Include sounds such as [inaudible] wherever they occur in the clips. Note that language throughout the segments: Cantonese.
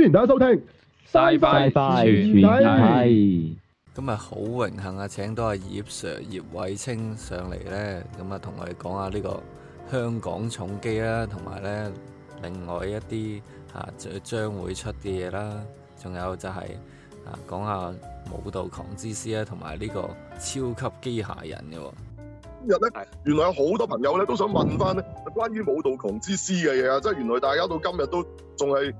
歡迎大家收聽，Sci-Fi 全面睇，今日好榮幸啊，請到阿葉 Sir 葉偉清上嚟咧，咁啊同我哋講下呢個香港重機啦，同埋咧另外一啲啊將會出啲嘢啦，仲有就係啊講下武道狂之詩啊，同埋呢個超級機械人嘅。今日咧，原來有好多朋友咧都想問翻咧關於武道狂之詩嘅嘢啊，即係原來大家到今日都仲係。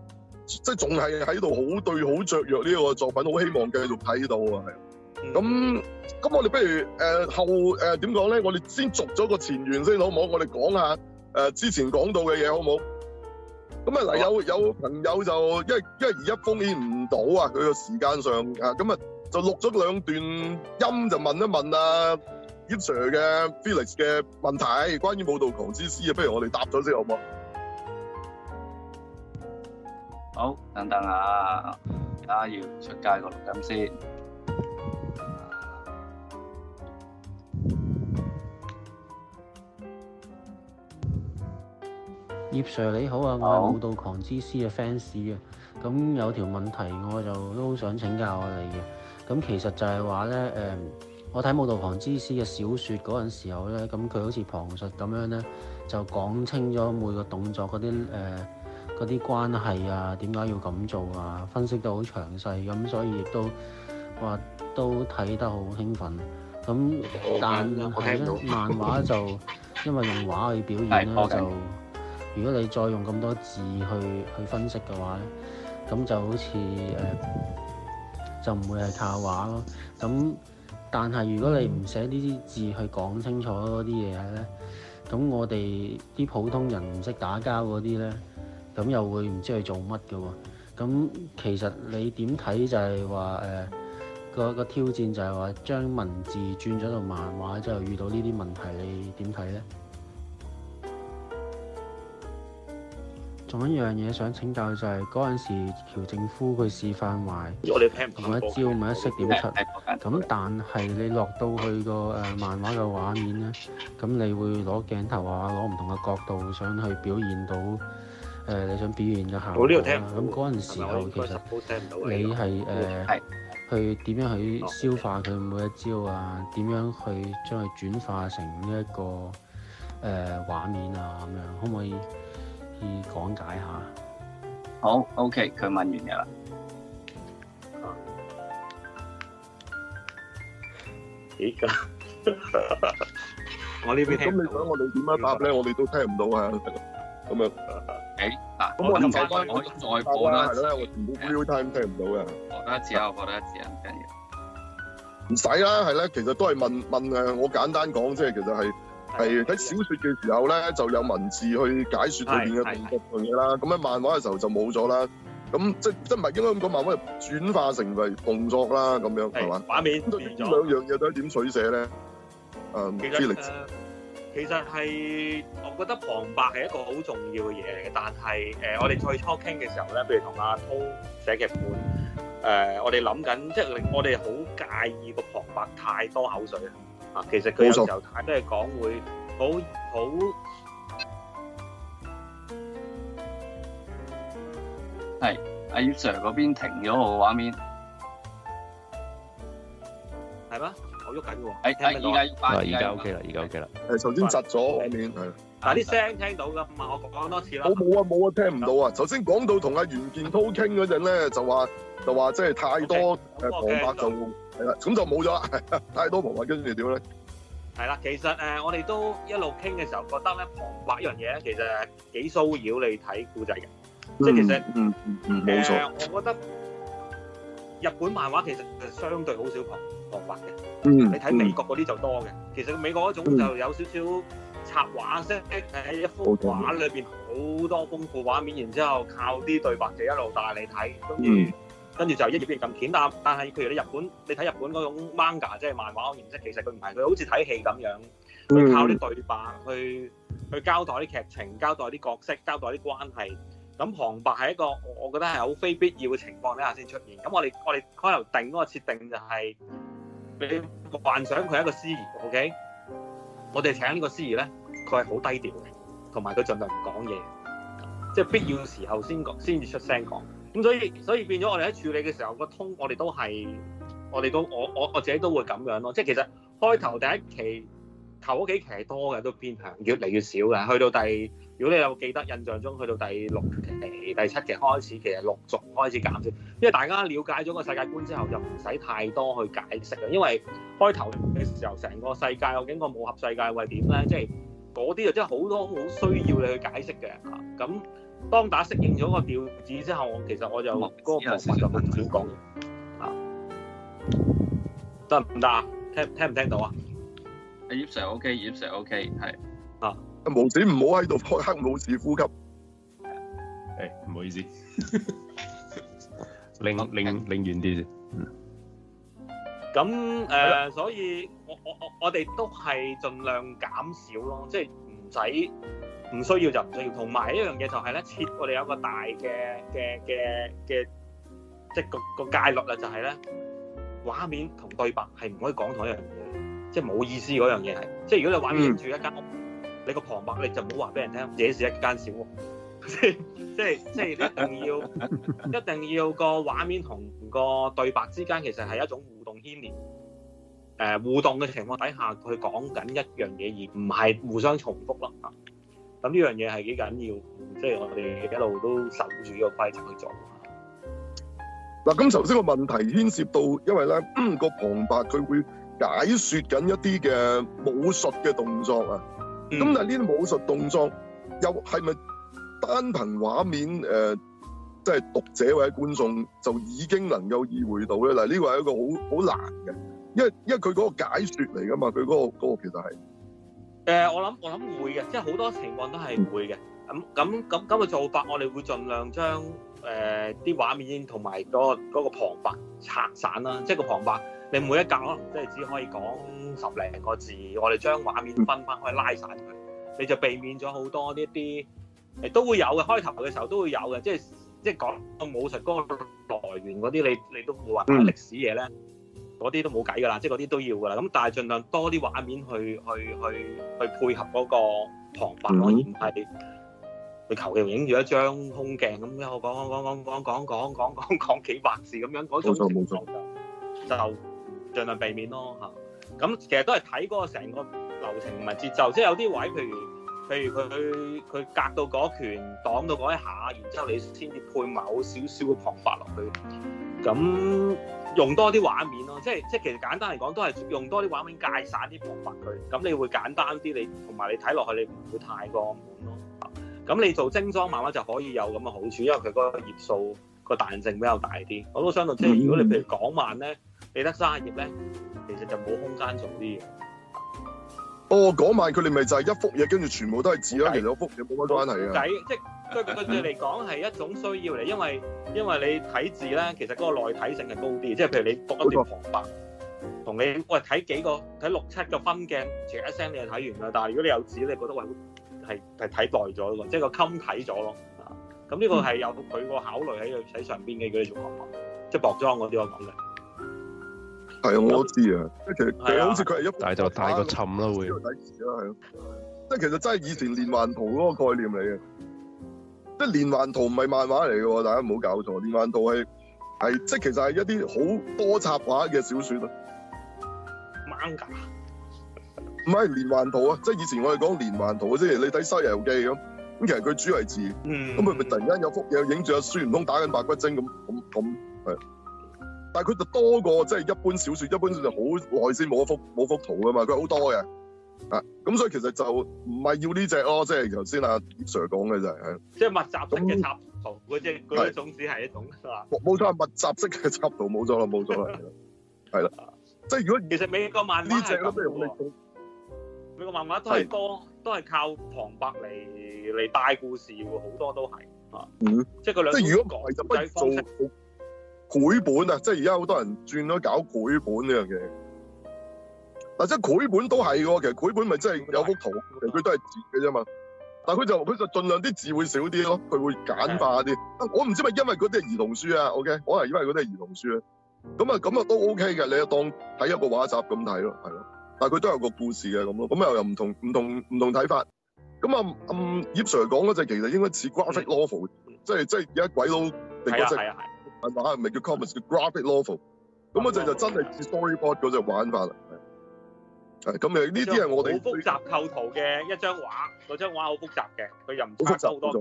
即係仲係喺度好對好雀躍呢個作品，好希望繼續睇到啊！係咁咁，我哋不如誒後誒點講咧？我哋先續咗個前緣先，好唔好？我哋講下誒、呃、之前講到嘅嘢，好唔好？咁啊嗱，有有朋友就因為因為而 follow 唔到啊，佢個時間上啊咁啊就錄咗兩段音，就問一問啊 Yip、嗯啊、Sir 嘅 Felix 嘅問題，關於武道狂之詩啊，不如我哋答咗先，好唔好？好，等等啊！而家要出街個錄音先。葉 Sir 你好啊，我係武道狂之詩嘅 fans 啊。咁有條問題，我就都想請教下你嘅。咁其實就係話咧，誒、呃，我睇武道狂之詩嘅小說嗰陣時候咧，咁佢好似旁述咁樣咧，就講清咗每個動作嗰啲誒。呃嗰啲關係啊，點解要咁做啊？分析得好詳細咁，所以亦都話都睇得好興奮。咁但係咧，漫畫就因為用畫去表現呢， [laughs] 就如果你再用咁多字去去分析嘅話咧，咁就好似、呃、就唔會係靠畫咯。咁但係如果你唔寫呢啲字去講清楚嗰啲嘢咧，咁我哋啲普通人唔識打交嗰啲咧。咁又會唔知佢做乜嘅喎？咁其實你點睇就係話、呃嗰個、嗰個挑戰就係話將文字轉咗到漫畫之後遇到呢啲問題，你點睇呢？仲、嗯、有一樣嘢想請教就係嗰陣時，喬政夫佢示範埋，唔、嗯、一招唔一式點出？咁、嗯、但係你落到去個、呃、漫畫嘅畫面呢，咁你會攞鏡頭啊，攞唔同嘅角度想去表現到。誒你想表現嘅效果啦，咁嗰陣時候其實你係誒去點樣去消化佢每一招啊？點樣去將佢轉化成呢一個誒畫面啊？咁樣可唔可以去講解下？好，OK，佢問完嘅啦。咦咁？我呢邊咁你想我哋點樣答咧？我哋都聽唔到啊！咁啊，誒嗱，咁我唔該，我再播啦。唔要睇聽唔到嘅。我得一次啊，我得一次啊，唔緊要。唔使啦，係啦，其實都係問問誒，我簡單講啫。其實係係喺小説嘅時候咧，就有文字去解説裏面嘅動作去啦。咁喺漫畫嘅時候就冇咗啦。咁即即唔係應該咁講，漫畫轉化成為動作啦，咁樣係嘛，畫面。兩樣嘢點點取捨咧？誒，Felix。其實係，我覺得旁白係一個好重要嘅嘢嚟嘅，但係誒、呃，我哋最初傾嘅時候咧，譬如同阿濤寫劇本，誒、呃，我哋諗緊，即係令我哋好介意個旁白太多口水啊！啊，其實佢有時候太多講會好好係阿 Sir 嗰邊停咗我個畫面，係咩？」喐緊喎，係係而家而家 O K 啦，而家 O K 啦。係頭先窒咗，係咪？嗱，啲聲聽到㗎，唔係我講咁多次啦。好冇啊，冇啊，聽唔到啊！頭先講到同阿袁健滔傾嗰陣咧，就話就話即係太多誒旁白就係啦，咁就冇咗啦。太多旁白，跟住點咧？係啦，其實誒，我哋都一路傾嘅時候，覺得咧旁白呢樣嘢咧，其實幾騷擾你睇故仔嘅。即係其實嗯嗯冇錯，我覺得日本漫畫其實係相對好少旁旁白嘅。嗯嗯、你睇美國嗰啲就多嘅，其實美國嗰種就有少少插畫式喺、嗯、一幅畫裏邊好多豐富畫面，然之後靠啲對白嘅一路帶你睇、嗯，跟住跟住就一頁一頁咁捲。但但係譬如你日本，你睇日本嗰種 manga，即係漫畫形式，其實佢唔係佢好似睇戲咁樣，佢靠啲對白去去交代啲劇情、交代啲角色、交代啲關係。咁旁白係一個我我覺得係好非必要嘅情況底下先出現。咁我哋我哋開頭定嗰個設定就係、是。你幻想佢係一個司儀，OK？我哋請呢個司儀咧，佢係好低調嘅，同埋佢盡量唔講嘢，即係必要時候先講，先至出聲講。咁所以，所以變咗我哋喺處理嘅時候，個通我哋都係，我哋都我我我自己都會咁樣咯。即係其實開頭第一期頭幾期係多嘅都變向，越嚟越少嘅，去到第。如果你有記得印象中去到第六期、第七期開始，其實陸續開始減少，因為大家了解咗個世界觀之後，就唔使太多去解釋啦。因為開頭嘅時候，成個世界究竟個武俠世界會點咧，即係嗰啲就真係好多好需要你去解釋嘅嚇。咁、啊、當打適應咗個調子之後，我其實我就嗰、嗯那個部分就唔少講嘅得唔得？聽聽唔聽到啊？阿葉 Sir OK，葉 Sir OK，係啊。無紙，唔好喺度學黑武士呼吸。誒，唔好意思，擰擰擰遠啲先。咁誒，所以我我我我哋都係盡量減少咯，即係唔使唔需要就唔需要。同埋一樣嘢就係咧，設我哋有一個大嘅嘅嘅嘅，即係個個戒律啦，就係咧，畫面同對白係唔可以講同一樣嘢，即係冇意思嗰樣嘢係。即係如果你畫面住一間屋。你個旁白你就唔好話俾人聽，呢係一間小屋，即係即係即係一定要一定要個畫面同個對白之間其實係一種互動牽連，誒、呃、互動嘅情況底下佢講緊一樣嘢而唔係互相重複咯嚇。咁、啊、呢樣嘢係幾緊要，即、嗯、係、就是、我哋一路都守住呢個規則去做。嗱，咁頭先個問題牽涉到，因為咧、嗯，呢個旁白佢會解説緊一啲嘅武術嘅動作啊。咁、嗯、但係呢啲武術動作，又係咪單憑畫面即係、呃就是、讀者或者觀眾就已經能夠意會到咧？嗱，呢個係一個好好難嘅，因為因佢嗰個解說嚟㗎嘛，佢嗰、那個那個其實係、呃、我諗我諗會嘅，即係好多情況都係會嘅。咁咁咁咁嘅做法，我哋會盡量將啲、呃、畫面同埋嗰個嗰、那個旁白拆散啦，即、就、係、是、個旁白。你每一格可能真係只可以講十零個字，我哋將畫面分翻開、嗯、拉散佢，你就避免咗好多呢啲，亦都會有嘅。開頭嘅時候都會有嘅，即係即係講武術嗰個來源嗰啲，你你都冇話講歷史嘢咧，嗰啲都冇計㗎啦，即係嗰啲都要㗎啦。咁但係盡量多啲畫面去去去去去配合嗰個旁白，嗯、而唔係去求其影住一張空鏡咁樣講講講講講講講講講講幾百字咁樣講就冇錯冇錯就。儘量避免咯嚇，咁、嗯、其實都係睇嗰個成個流程同埋節奏，即係有啲位置譬，譬如譬如佢佢隔到嗰拳擋到嗰一下，然之後你先至配埋好少少嘅旁白落去，咁、嗯、用多啲畫面咯，即係即係其實簡單嚟講，都係用多啲畫面解散啲旁白佢，咁、嗯、你會簡單啲，你同埋你睇落去你唔會太過悶咯。咁你做精裝漫畫就可以有咁嘅好處，因為佢嗰個頁數個彈性比較大啲。我都想問聽，如果你譬如港漫咧？你得三頁咧，其實就冇空間做啲嘢。哦，講埋佢哋咪就係一幅嘢，跟住全部都係字啦。其實幅嘢冇乜關係嘅。睇， [laughs] 即對佢哋嚟講係一種需要嚟，因為因為你睇字咧，其實嗰個耐睇性係高啲。即係譬如你讀一段旁白，同你喂睇、哎、幾個睇六七個分鏡，一聲你就睇完啦。但係如果你有字，你覺得喂係係睇耐咗咯，即係 [laughs] 個襟睇咗咯。咁呢個係有佢個考慮喺喺上邊嘅，如果你做旁白，即係薄裝嗰啲我講嘅。係啊，我都知啊。即係其實其實好似佢係一就大就帶個沉會。係睇字啦，係咯。即係其實真係以前連環圖嗰個概念嚟嘅。即係連環圖唔係漫畫嚟嘅，大家唔好搞錯。連環圖係係即係其實係一啲好多插畫嘅小說啊。漫畫唔係連環圖啊，即係以前我哋講連環圖嘅啫。你睇《西遊記》咁咁，其實佢主係字。嗯。咁佢咪突然間有幅嘢影住阿孫悟空打緊白骨精咁咁咁係。但係佢就多過即係一般小説，一般小説好耐先冇幅冇幅圖㗎嘛，佢好多嘅啊，咁所以其實就唔係要呢隻咯，即係頭先阿葉 Sir 講嘅就係、是，即係密集式嘅插圖嗰、嗯、只嗰種子係一種冇錯、嗯，密集式嘅插圖冇錯啦，冇錯啦，係 [laughs] 啦，即係如果其實美國漫呢隻都係好嚟講，美國漫畫都係多，都係靠旁白嚟嚟帶故事喎，好多都係啊，嗯、即係佢兩種講係設計方繪本啊，即係而家好多人轉咗搞繪本呢樣嘢。嗱，即係繪本都係嘅，其實繪本咪真係有幅圖，佢都係字嘅啫嘛。但係佢就佢就盡量啲字會少啲咯，佢會簡化啲。我唔知咪因為嗰啲係兒童書啊，OK，可能因為嗰啲係兒童書。咁啊咁啊都 OK 嘅，你就當睇一個畫集咁睇咯，係咯。但係佢都有個故事嘅咁咯，咁又又唔同唔同唔同睇法。咁啊，葉、嗯、Sir 講咧其實應該似 graphic novel，即係即係而家鬼佬係咪？唔係叫 commerce，叫 graphic novel。咁嗰陣就真係至 storyboard 嗰隻玩法啦。係咁，呢啲係我哋好複雜構圖嘅一張畫，嗰張畫好複雜嘅，佢又唔分好多格，很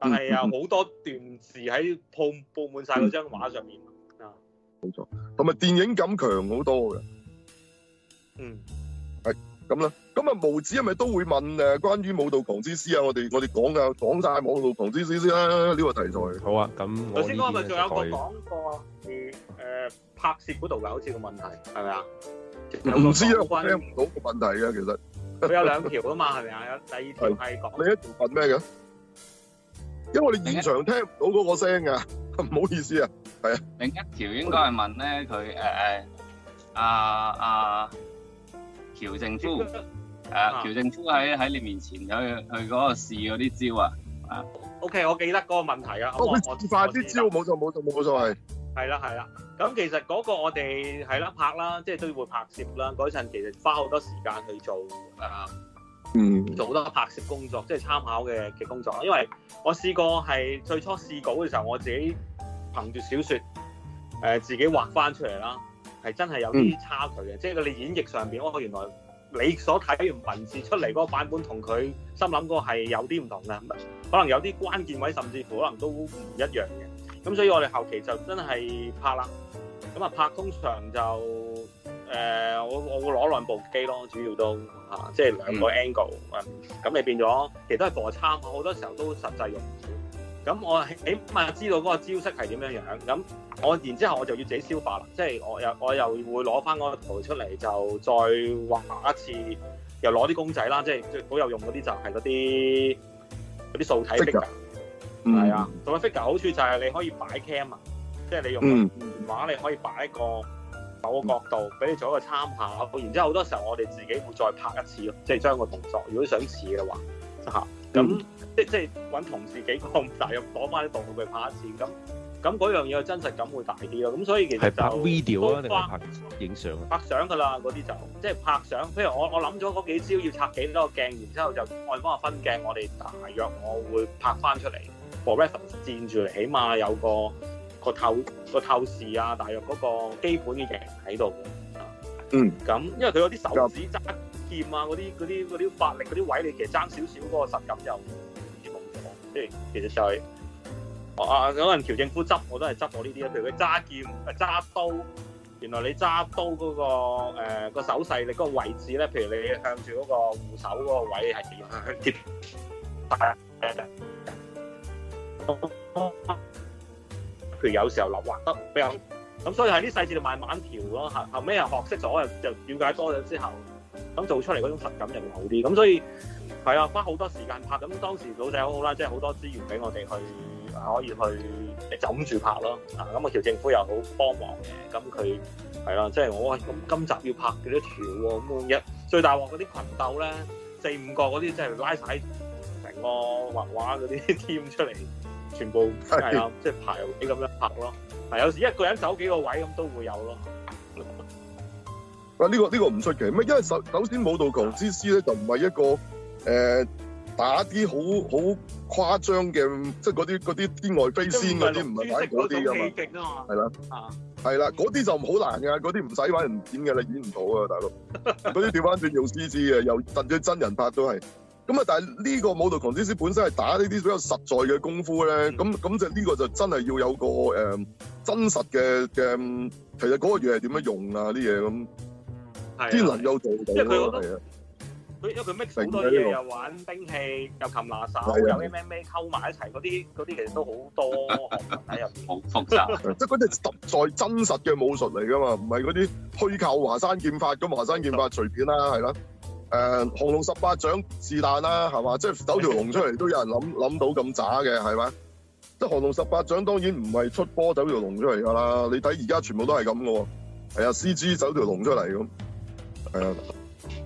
但係又好多段字喺鋪鋪滿晒嗰張畫上面。啊、嗯、冇、嗯、錯、同、嗯、埋電影感強好多嘅。嗯。咁啦，咁啊毛子係咪都會問誒關於武道狂之詩啊？我哋我哋講啊講晒武道狂之詩先啦，呢個題材。好啊，咁頭先嗰個仲有個講過，嗯誒拍攝嗰度嘅好似個問題，係咪啊？唔知啊，聽唔到個問題嘅其實。佢有兩條啊嘛，係咪啊？第二條係講。另一條問咩嘅？因為你現場聽唔到嗰個聲嘅，唔好意思啊。係啊，另一條應該係問咧佢誒啊啊。喬靖夫，誒、啊，喬靖夫喺喺你面前去去嗰個試嗰啲招啊，啊，O K，我記得嗰個問題啊，我快我啲招冇錯冇錯冇冇錯，係啦係啦，咁其實嗰個我哋係啦拍啦，即係都會拍攝啦，嗰陣其實花好多時間去做誒，嗯，做好多拍攝工作，即係參考嘅嘅工作，因為我試過係最初試稿嘅時候，我自己憑住小說誒、呃、自己畫翻出嚟啦。係真係有啲差距嘅，即係你演繹上邊哦，原來你所睇完文字出嚟嗰個版本同佢心諗嗰個係有啲唔同嘅，可能有啲關鍵位甚至乎可能都唔一樣嘅。咁所以我哋後期就真係拍啦。咁啊，拍通常就誒、呃、我我會攞兩部機咯，主要都嚇，即係兩個 angle、啊。咁你變咗，其實都係貨差嘛。我好多時候都實際用。咁我起碼知道嗰個招式係點樣樣。咁我然之後我就要自己消化啦。即、就、係、是、我又我又會攞翻嗰個圖出嚟，就再畫一次。又攞啲公仔啦，即係即係好有用嗰啲就係嗰啲啲數體、嗯的嗯、的 figure。係啊，同埋 figure 好處就係你可以擺 camera，即係你用電話你可以擺一個、嗯、某個角度，俾你做一個參考。然之後好多時候我哋自己會再拍一次咯，即係將個動作，如果想似嘅話。咁、啊嗯、即即揾同事幾個，大約攞翻一部去拍一下先咁，咁嗰樣嘢嘅真實感會大啲咯。咁所以其實係拍 video 啊，定影相拍相㗎啦，嗰啲就即係拍相。譬如我我諗咗嗰幾招，要拆幾多個鏡，然之後就按翻個分鏡，我哋大約我會拍翻出嚟。reference 墊住嚟，起碼有個，個透個透視啊，大約嗰個基本嘅形喺度。嗯。咁因為佢有啲手指劍啊！嗰啲嗰啲啲發力嗰啲位，你其實爭少少嗰個實感就唔知咁左，即係其實就係啊。可能調正夫執我都係執我呢啲啊。譬如佢揸劍啊，揸刀，原來你揸刀嗰、嗰個誒、呃、手勢，你嗰個位置咧，譬如你向住嗰個護手嗰個位係點啊？樣 [laughs] 譬如有時候立話得比較咁，所以喺啲細節就慢慢調咯。後尾又學識咗，又就了解多咗之後。咁做出嚟嗰種實感就會好啲，咁所以係啊，花好多時間拍。咁當時老細好好啦，即係好多資源俾我哋去可以去枕住拍咯。啊，咁、嗯、啊，條政府又好幫忙嘅，咁佢係啦，即係我話咁、哎、今集要拍幾多條喎？咁一最大鑊嗰啲群鬥咧，四五個嗰啲，即係拉晒成個畫畫嗰啲 team 出嚟， [laughs] 全部係啊，即係排位咁樣拍咯。啊，拍啊，有時一個人走幾個位咁都會有咯。啊！呢個呢個唔出奇，咩？因為首首先武道狂之詩咧，就唔係一個誒打啲好好誇張嘅，即係嗰啲嗰啲天外飛仙嗰啲，唔係打嗰啲噶嘛。係啦，係啦，嗰啲就唔好難噶，嗰啲唔使揾人演噶啦，演唔到啊，大佬。嗰啲調翻轉用 CG 嘅，又揼啲真人拍都係。咁啊，但係呢個武道狂之詩本身係打呢啲比較實在嘅功夫咧。咁咁就呢個就真係要有個誒真實嘅嘅，其實嗰個嘢係點樣用啊啲嘢咁。天能又做到，因為佢好多，佢、啊、因為佢 mix 好多嘢，明明又玩兵器，又擒拿手，啊啊、又咩咩 a 溝埋一齊嗰啲，嗰啲其實都好多，又複雜， [laughs] 即係嗰啲實在真實嘅武術嚟噶嘛，唔係嗰啲虛構華山劍法咁。華山劍法隨便啦，係咯、啊，誒、嗯，降龍十八掌是但啦，係嘛，即係走條龍出嚟都有人諗諗 [laughs] 到咁渣嘅，係嘛，即係降龍十八掌當然唔係出波走條龍出嚟㗎啦，你睇而家全部都係咁嘅喎，係啊，CG 走條龍出嚟咁。係啊，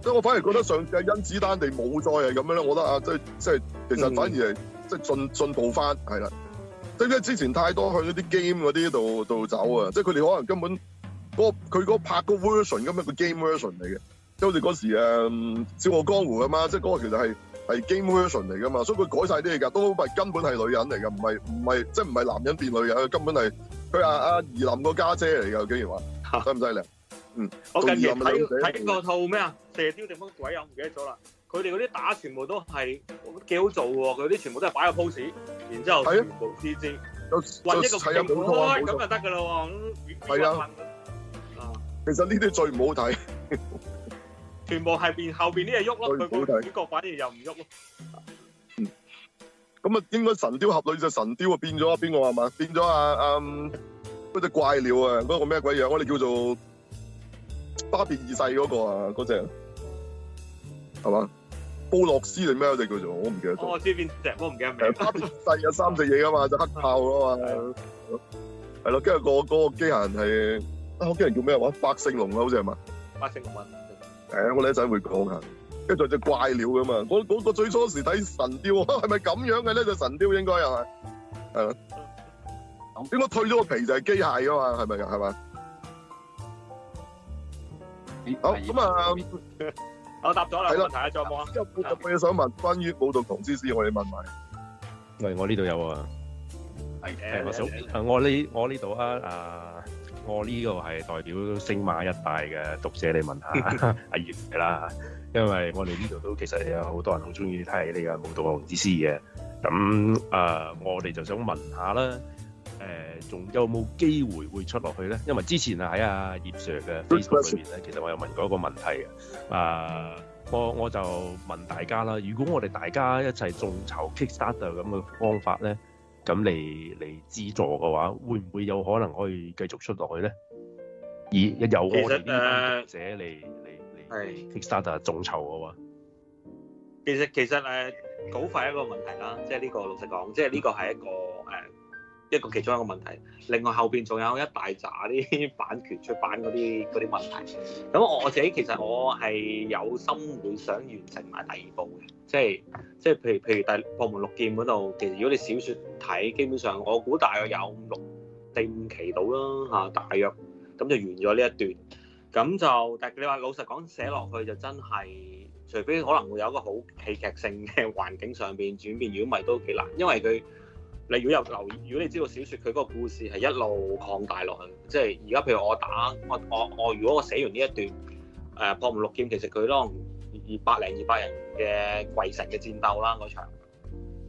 即係我反而覺得上次阿甄子丹地冇再係咁樣咧，我覺得啊，即係即係，其實反而係即係進進步翻係啦，即係因為之前太多去嗰啲 game 嗰啲度度走啊、嗯，即係佢哋可能根本嗰佢嗰拍個 version 咁一個 game version 嚟嘅。即好似嗰時誒笑傲江湖啊嘛，即係嗰個其實係係 game version 嚟噶嘛。所以佢改晒啲嘢噶，都係根本係女人嚟嘅，唔係唔係即係唔係男人變女人，根本係佢話阿儀琳個家姐嚟噶，竟然話犀唔犀利？啊欲嗯，我近期睇睇邊個套咩啊？射鵰定乜鬼又唔記得咗啦。佢哋嗰啲打全部都係幾好做喎，佢啲全部都係擺個 pose，然之後全部 CG，就一個係啊冇錯，咁就得噶啦喎。係啊，啊，其實呢啲最唔好睇，全部係變後面啲嘢喐咯，佢個主角反而又唔喐咯。嗯，咁啊，應該神雕俠侶就神雕變咗邊個係嘛？變咗啊啊嗰隻怪鳥啊，嗰個咩鬼樣？我哋叫做。巴別二世嗰個啊，嗰隻係嘛？布洛斯定咩？嗰隻叫做我唔記得咗。我知邊隻，我唔記得名。 [laughs] 巴別二世有三隻嘢噶嘛，啊、就是、黑豹噶嘛。係、啊、咯，跟住、那個嗰、那個機械人係，嗰、啊那個機械人、啊那個、叫咩話？玩百勝龍啦，好似係嘛？百勝龍啊！誒，我呢仔會講啊，跟住就隻怪鳥噶嘛。我最初時睇神雕，係咪咁樣嘅咧？就是、神雕應該又係？係。點、嗯、退咗個皮就係機械噶嘛？係咪啊？係嘛？好，咁啊，我答咗啦。係啦，睇下仲有冇啊？我有想問關於武道狂之詩，我哋問埋。喂，我呢度有啊。係嘅。係我想，我呢我呢度啊，我呢度係代表星馬一帶嘅讀者嚟問下阿葉啦。因為我哋呢度都其實有好多人好鍾意睇呢個武道狂之詩嘅。咁啊，我哋就想問下啦。誒、呃，仲有冇機會會出落去咧？因為之前在啊，喺阿葉 Sir 嘅 Facebook 裏面咧，其實我有問過一個問題嘅。啊、呃，我我就問大家啦，如果我哋大家一齊眾籌 Kickstarter 咁嘅方法咧，咁嚟嚟資助嘅話，會唔會有可能可以繼續出落去咧？以有我者嚟嚟嚟 Kickstarter 眾籌嘅話，其實其實誒稿費係一個問題啦，即係呢個老實講，即係呢個係一個誒。嗯一個其中一個問題，另外後邊仲有一大紮啲版權出版嗰啲啲問題。咁我自己其實我係有心會想完成埋第二部嘅，即係即係譬如譬如第《破門六劍》嗰度，其實如果你小説睇，基本上我估大約有六五六定期到啦吓，大約咁就完咗呢一段。咁就但係你話老實講寫落去就真係，除非可能會有一個好戲劇性嘅環境上邊轉變，如果唔係都幾難，因為佢。你如果有留意，如果你知道小説佢嗰個故事係一路擴大落去的，即係而家譬如我打我我我，我我如果我寫完呢一段，誒、呃《破門六劍》，其實佢都二百零二百人嘅圍城嘅戰鬥啦，嗰場，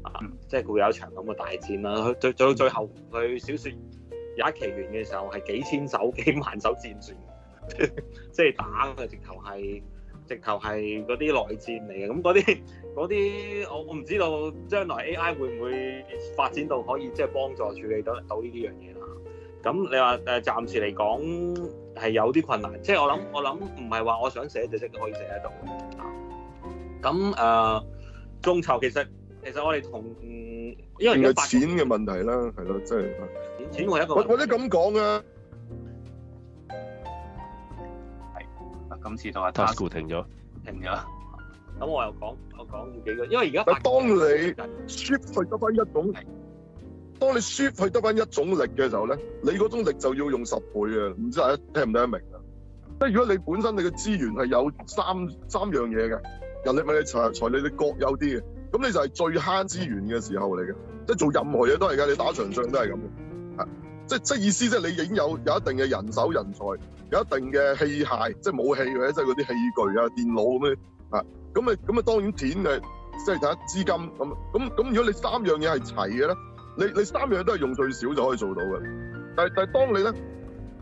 啊、即係會有一場咁嘅大戰啦。佢最做到最，最後，佢小説有一期完嘅時候係幾千艘、幾萬艘戰船， [laughs] 即係打佢直頭係。直頭係嗰啲內戰嚟嘅，咁嗰啲啲，我我唔知道將來 AI 會唔會發展到可以即係、就是、幫助處理到到呢啲樣嘢啦。咁你話誒暫時嚟講係有啲困難，即、就、係、是、我諗我諗唔係話我想寫就即可以寫得到嘅。咁、呃、眾籌其實其實我哋同因為有錢錢嘅問題啦，係咯，即、就、係、是、錢係一個問題。我我覺得咁講嘅。今次同阿 t e s 停咗，停咗。咁我又講，我講幾句，因為而家。當你 shift 去得翻一種力，當你 shift 去得翻一種力嘅時候咧，你嗰種力就要用十倍啊，唔知大家聽唔聽得明啊？即係如果你本身你嘅資源係有三三樣嘢嘅，人力你、物力財力你你各有啲嘅，咁你就係最慳資源嘅時候嚟嘅，即係做任何嘢都係㗎，你打場仗都係咁。即即意思即係你已經有有一定嘅人手人才，有一定嘅器械，即係武器或者即係嗰啲器具啊、電腦咁樣啊，咁啊咁啊，當然錢嘅，即係睇下資金咁，咁咁如果你三樣嘢係齊嘅咧，你你三樣都係用最少就可以做到嘅。但係但係當你咧，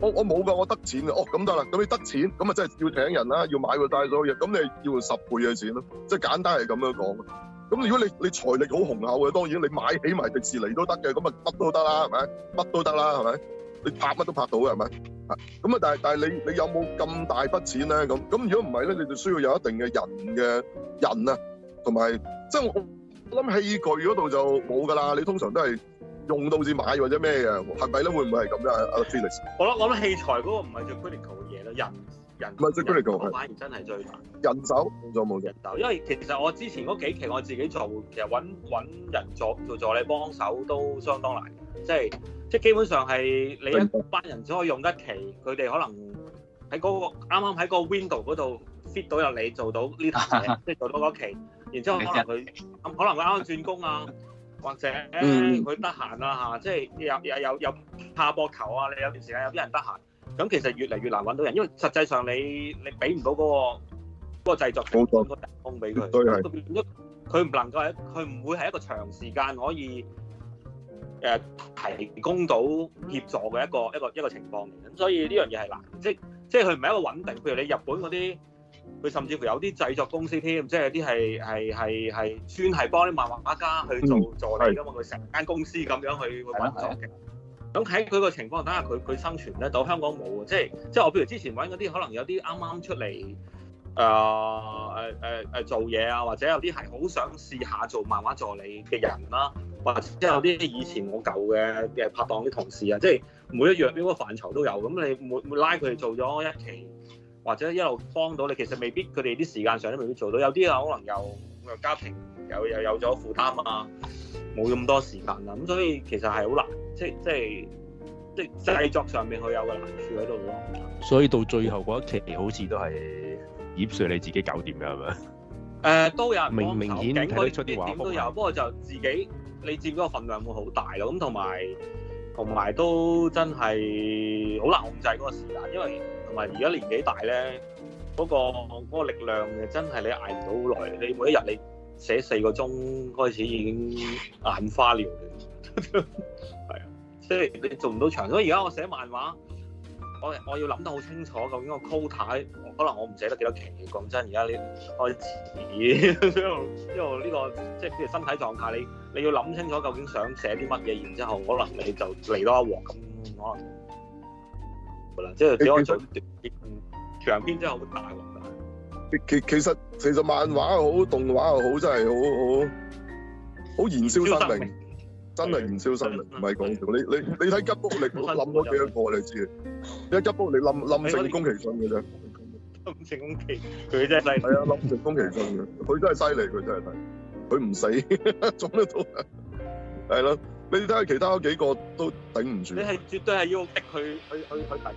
我我冇㗎，我得錢㗎，哦咁得啦，咁你得錢，咁啊即係要請人啦，要買個帶所有嘢，咁你係要十倍嘅錢咯，即係簡單係咁樣講。咁如果你你財力好雄厚嘅，當然你買起埋迪士尼都得嘅，咁啊乜都得啦，係咪？乜都得啦，係咪？你拍乜都拍到嘅，係咪？咁啊，但係但係你你有冇咁大筆錢咧？咁咁如果唔係咧，你就需要有一定嘅人嘅人啊，同埋即係我諗器具嗰度就冇㗎啦。你通常都係用到至買或者咩嘅，係咪咧？會唔會係咁樣？Alex，我諗我諗器材嗰個唔係最 critical 嘅嘢啦，人。唔，反而真係最難人手助冇人手，因為其實我之前嗰幾期我自己做，其實揾揾人助做助理幫手都相當難，即係即係基本上係你一班人只可以用一期，佢哋可能喺嗰、嗰個啱啱喺嗰個 window 嗰度 fit 到有你做到呢套嘢，做到嗰 [laughs] 期，然之後可能佢咁 [laughs] 可能啱啱轉工啊，或者佢得閒啦嚇，即、嗯、係、啊就是、有又又又拍波球啊，你有段時間有啲人得閒。咁其實越嚟越難揾到人，因為實際上你你俾唔到嗰個嗰個製作提供個打工俾佢，對係，佢唔能夠喺佢唔會係一個長時間可以誒提供到協助嘅一個一個一個情況嚟，咁所以呢樣嘢係難，即即係佢唔係一個穩定。譬如你日本嗰啲，佢甚至乎有啲製作公司添，即係有啲係係係係算係幫啲漫畫家去做助理㗎嘛，佢成間公司咁樣去去揾做嘅。咁喺佢個情況下，睇下佢佢生存咧。到香港冇啊，即係即係我。譬如之前揾嗰啲，可能有啲啱啱出嚟，誒誒誒誒做嘢啊，或者有啲係好想試下做漫畫助理嘅人啦、啊，或者有啲以前我舊嘅嘅拍檔啲同事啊，即係每一樣邊個範疇都有。咁你會會拉佢哋做咗一期，或者一路幫到你，其實未必佢哋啲時間上都未必做到。有啲啊，可能又～個家庭又又有咗負擔啊，冇咁多時間啦，咁所以其實係好難，即係即係即係製作上面佢有個難處喺度咯。所以到最後嗰一期好似都係葉 Sir 你自己搞掂㗎，係咪？誒、呃、都有明明，明顯睇得出啲點、那個、都有、啊，不過就自己你佔嗰個份量會好大咯。咁同埋同埋都真係好難控制嗰個時間，因為同埋而家年紀大咧。嗰個嗰個力量嘅真係你捱唔到好耐，你每一日你寫四個鐘開始已經眼花繚亂，係 [laughs] 啊，即係你做唔到長。所以而家我寫漫畫，我我要諗得好清楚，究竟個 quota 可能我唔寫得幾多期咁。講真而家你開始， [laughs] 因為因為呢個即係譬如身體狀態，你你要諗清楚究竟想寫啲乜嘢，然之後可能你就嚟多一鑊咁可能，即係只可以做短啲。長篇真係好大喎，其其實其實漫畫又好，動畫又好，真係好好好燃燒生命，真係燃燒生命，唔係講笑。你你你睇吉卜力冧咗幾多個你知，你喺吉卜力冧冧成宮崎駿嘅啫，冧成宮崎佢真係犀利，係啊，冧成宮崎駿嘅，佢真係犀利，佢真係睇，佢唔死，做得到。係咯，你睇下其他幾個都頂唔住，你係絕對係要逼佢，佢佢佢睇。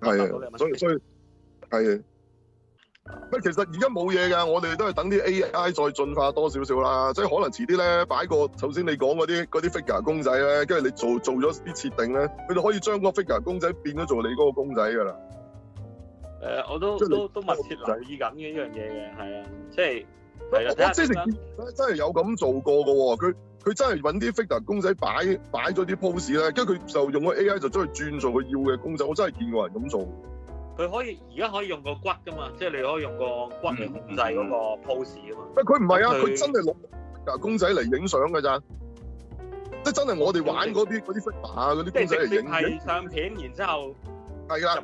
係啊，所以所以係，唔係其實而家冇嘢噶，我哋都係等啲 AI 再進化多少少啦，即係可能遲啲咧擺個頭先，你講嗰啲嗰啲 figure 公仔咧，跟住你做做咗啲設定咧，佢就可以將個 figure 公仔變咗做你嗰個公仔噶啦。誒，我都都都密切留意緊嘅呢樣嘢嘅，係啊，即係。我我真係真係有咁做過嘅喎。佢佢真係揾啲 figure 公仔擺擺咗啲 pose 咧，跟住佢就用個 AI 就將佢轉做佢要嘅公仔。我真係見過人咁做。佢可以而家可以用個骨噶嘛，即係你可以用個骨嚟控制嗰個 pose 啊嘛。唔，佢唔係啊，佢真係攞公仔嚟影相嘅咋。即係真係我哋玩嗰啲啲 figure 啊，嗰啲公仔嚟影相片，然後之後。係啊。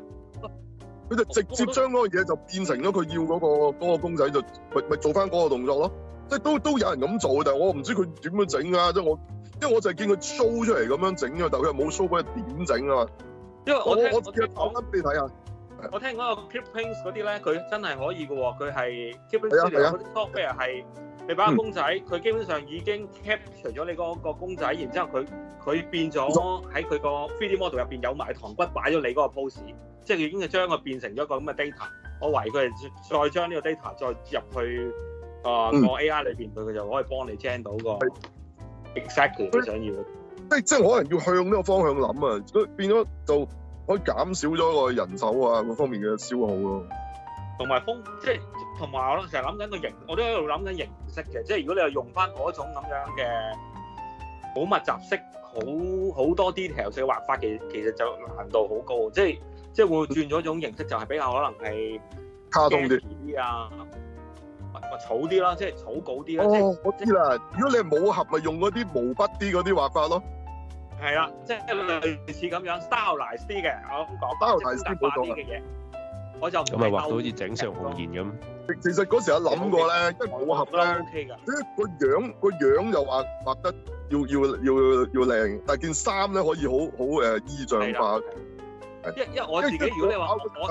佢就直接將嗰個嘢就變成咗佢要嗰、嗰個嗰個公仔就咪咪做翻嗰個動作咯，即係都都有人咁做，但係我唔知佢點樣整啊！即係我因為我就係見佢 show 出嚟咁樣整嘅，但佢又冇 show，佢點整啊？因為我因為我講俾你睇下，我聽嗰個 Keepings 啲咧，佢真係可以嘅喎，佢係 Keepings 嗰啲 t 係你擺個公仔，佢、嗯、基本上已經 cap 除咗你嗰個公仔，然之後佢佢變咗喺佢個 3D model 入邊有埋糖骨擺咗你嗰個 pose。即係已經係將佢變成咗一個咁嘅 data。我懷疑佢係再將呢個 data 再入去啊個 A.I. 裏邊，佢佢就可以幫你聽到個 exactly。佢想要即係即係，我可能要向呢個方向諗啊，變咗就可以減少咗個人手啊嗰方面嘅消耗咯。同埋風即係同埋，我成日諗緊個形，我都喺度諗緊形式嘅。即係如果你係用翻嗰種咁樣嘅好密集式，好好多 detail 嘅畫法，其其實就難度好高，即係。即係會轉咗一種形式，就係、是、比較可能係卡通啲啊，或草啲啦，即係草稿啲啦。我知啦，如果你係武俠，咪用嗰啲毛筆啲嗰啲畫法咯。係啦，即係類似咁樣 stylised 啲嘅，我講。stylised 啲嘅嘢，我就咁咪畫到好似整上紅顏咁。其實嗰時有諗過咧，因為武俠咧，個樣個樣又畫,畫得要要要要靚，但係件衫咧可以好好誒意象化。因因為我自己，如果你話我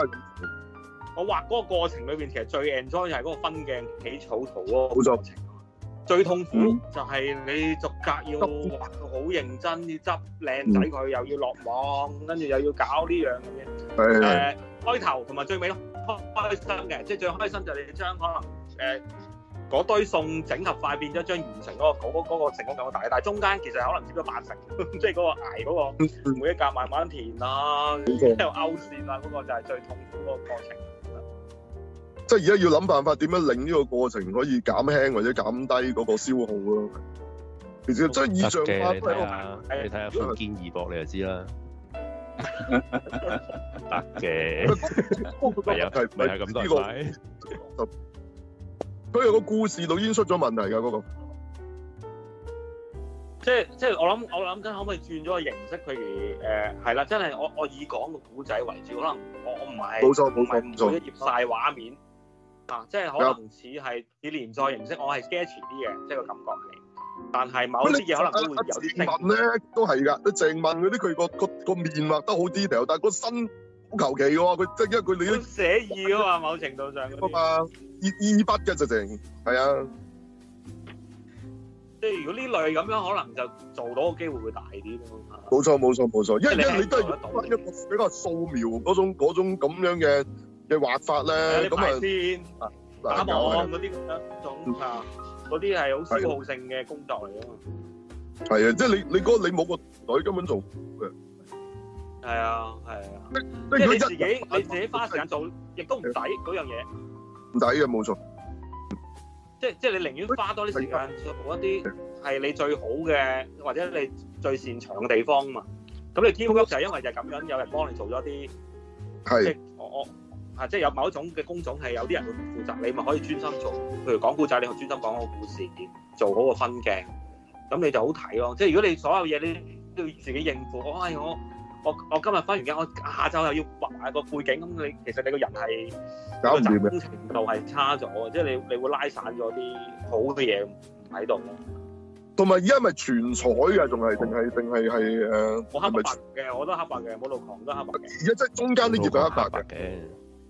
我，我畫嗰個過程裏邊，其實最 enjoy 就係嗰個分鏡起草圖咯，好過程，最痛苦就係你逐格要畫好認真，要執靚仔佢、嗯，又要落網，跟住又要搞呢樣咁樣。誒開頭同埋最尾開開心嘅，即係最開心就係你將可能誒。呃嗰堆餸整合快變咗將完成嗰個嗰嗰嗰個成功咁大，但係中間其實可能接咗八成，即係嗰個捱嗰個每一格慢慢填啦，又勾線啦，嗰個就係最痛苦嗰個過程。即係而家要諗辦法點樣令呢個過程可以減輕或者減低嗰個消耗咯。其實即係以上，你睇下，你睇下《復見二伯》你就知啦。得嘅，係啊，唔係咁多塊。佢有個故事度已經出咗問題㗎，嗰個即係即係我諗，我諗緊可唔可以轉咗個形式佢嚟。誒係啦，真係我我以講個古仔為主，可能我我唔係冇錯，冇講咁重，冇一頁晒畫面啊，即係可能似係以連載形式，我係 sketch 啲嘅，即係個感覺嚟。但係某啲嘢可能都會有。靜文咧都係㗎，靜文嗰啲佢個個個面畫得好 detail，但係個身。好求其嘅喎，佢即係因為佢你要寫意嘅嘛，某程度上嗰啲，依依筆嘅直情，係啊。即係如果呢類咁樣，可能就做到個機會會大啲咯。冇錯冇錯冇錯，因為你都係用一個比較素描嗰種嗰種咁樣嘅嘅畫法咧。咁啊，打網嗰啲一種啊，嗰啲係好消耗性嘅工作嚟嘅。係啊，即係你你嗰你冇個隊根本做嘅。係啊，係啊，即係你自己你自己花時間做，亦都唔抵嗰樣嘢，唔抵嘅，冇錯，即係即係你寧願花多啲時間做一啲係你最好嘅或者你最擅長嘅地方嘛。咁你 t i 就係因為就係咁樣，有人幫你做咗啲，即係我我啊，即係有某一種嘅工種係有啲人會負責你，咪可以專心做。譬如講古仔，你去專心講嗰個故事，做好個分鏡，咁你就好睇咯。即係如果你所有嘢你都要自己應付，我係我。我我今日翻完家，我下晝又要畫個背景，咁你其實你個人係集中程度係差咗，即係你你會拉散咗啲好嘅嘢喺度。同埋而家咪全彩嘅，仲係定係定係係誒？我黑白嘅，我都黑白嘅，武道狂都黑白嘅。而家即係中間啲頁都黑白嘅，啊，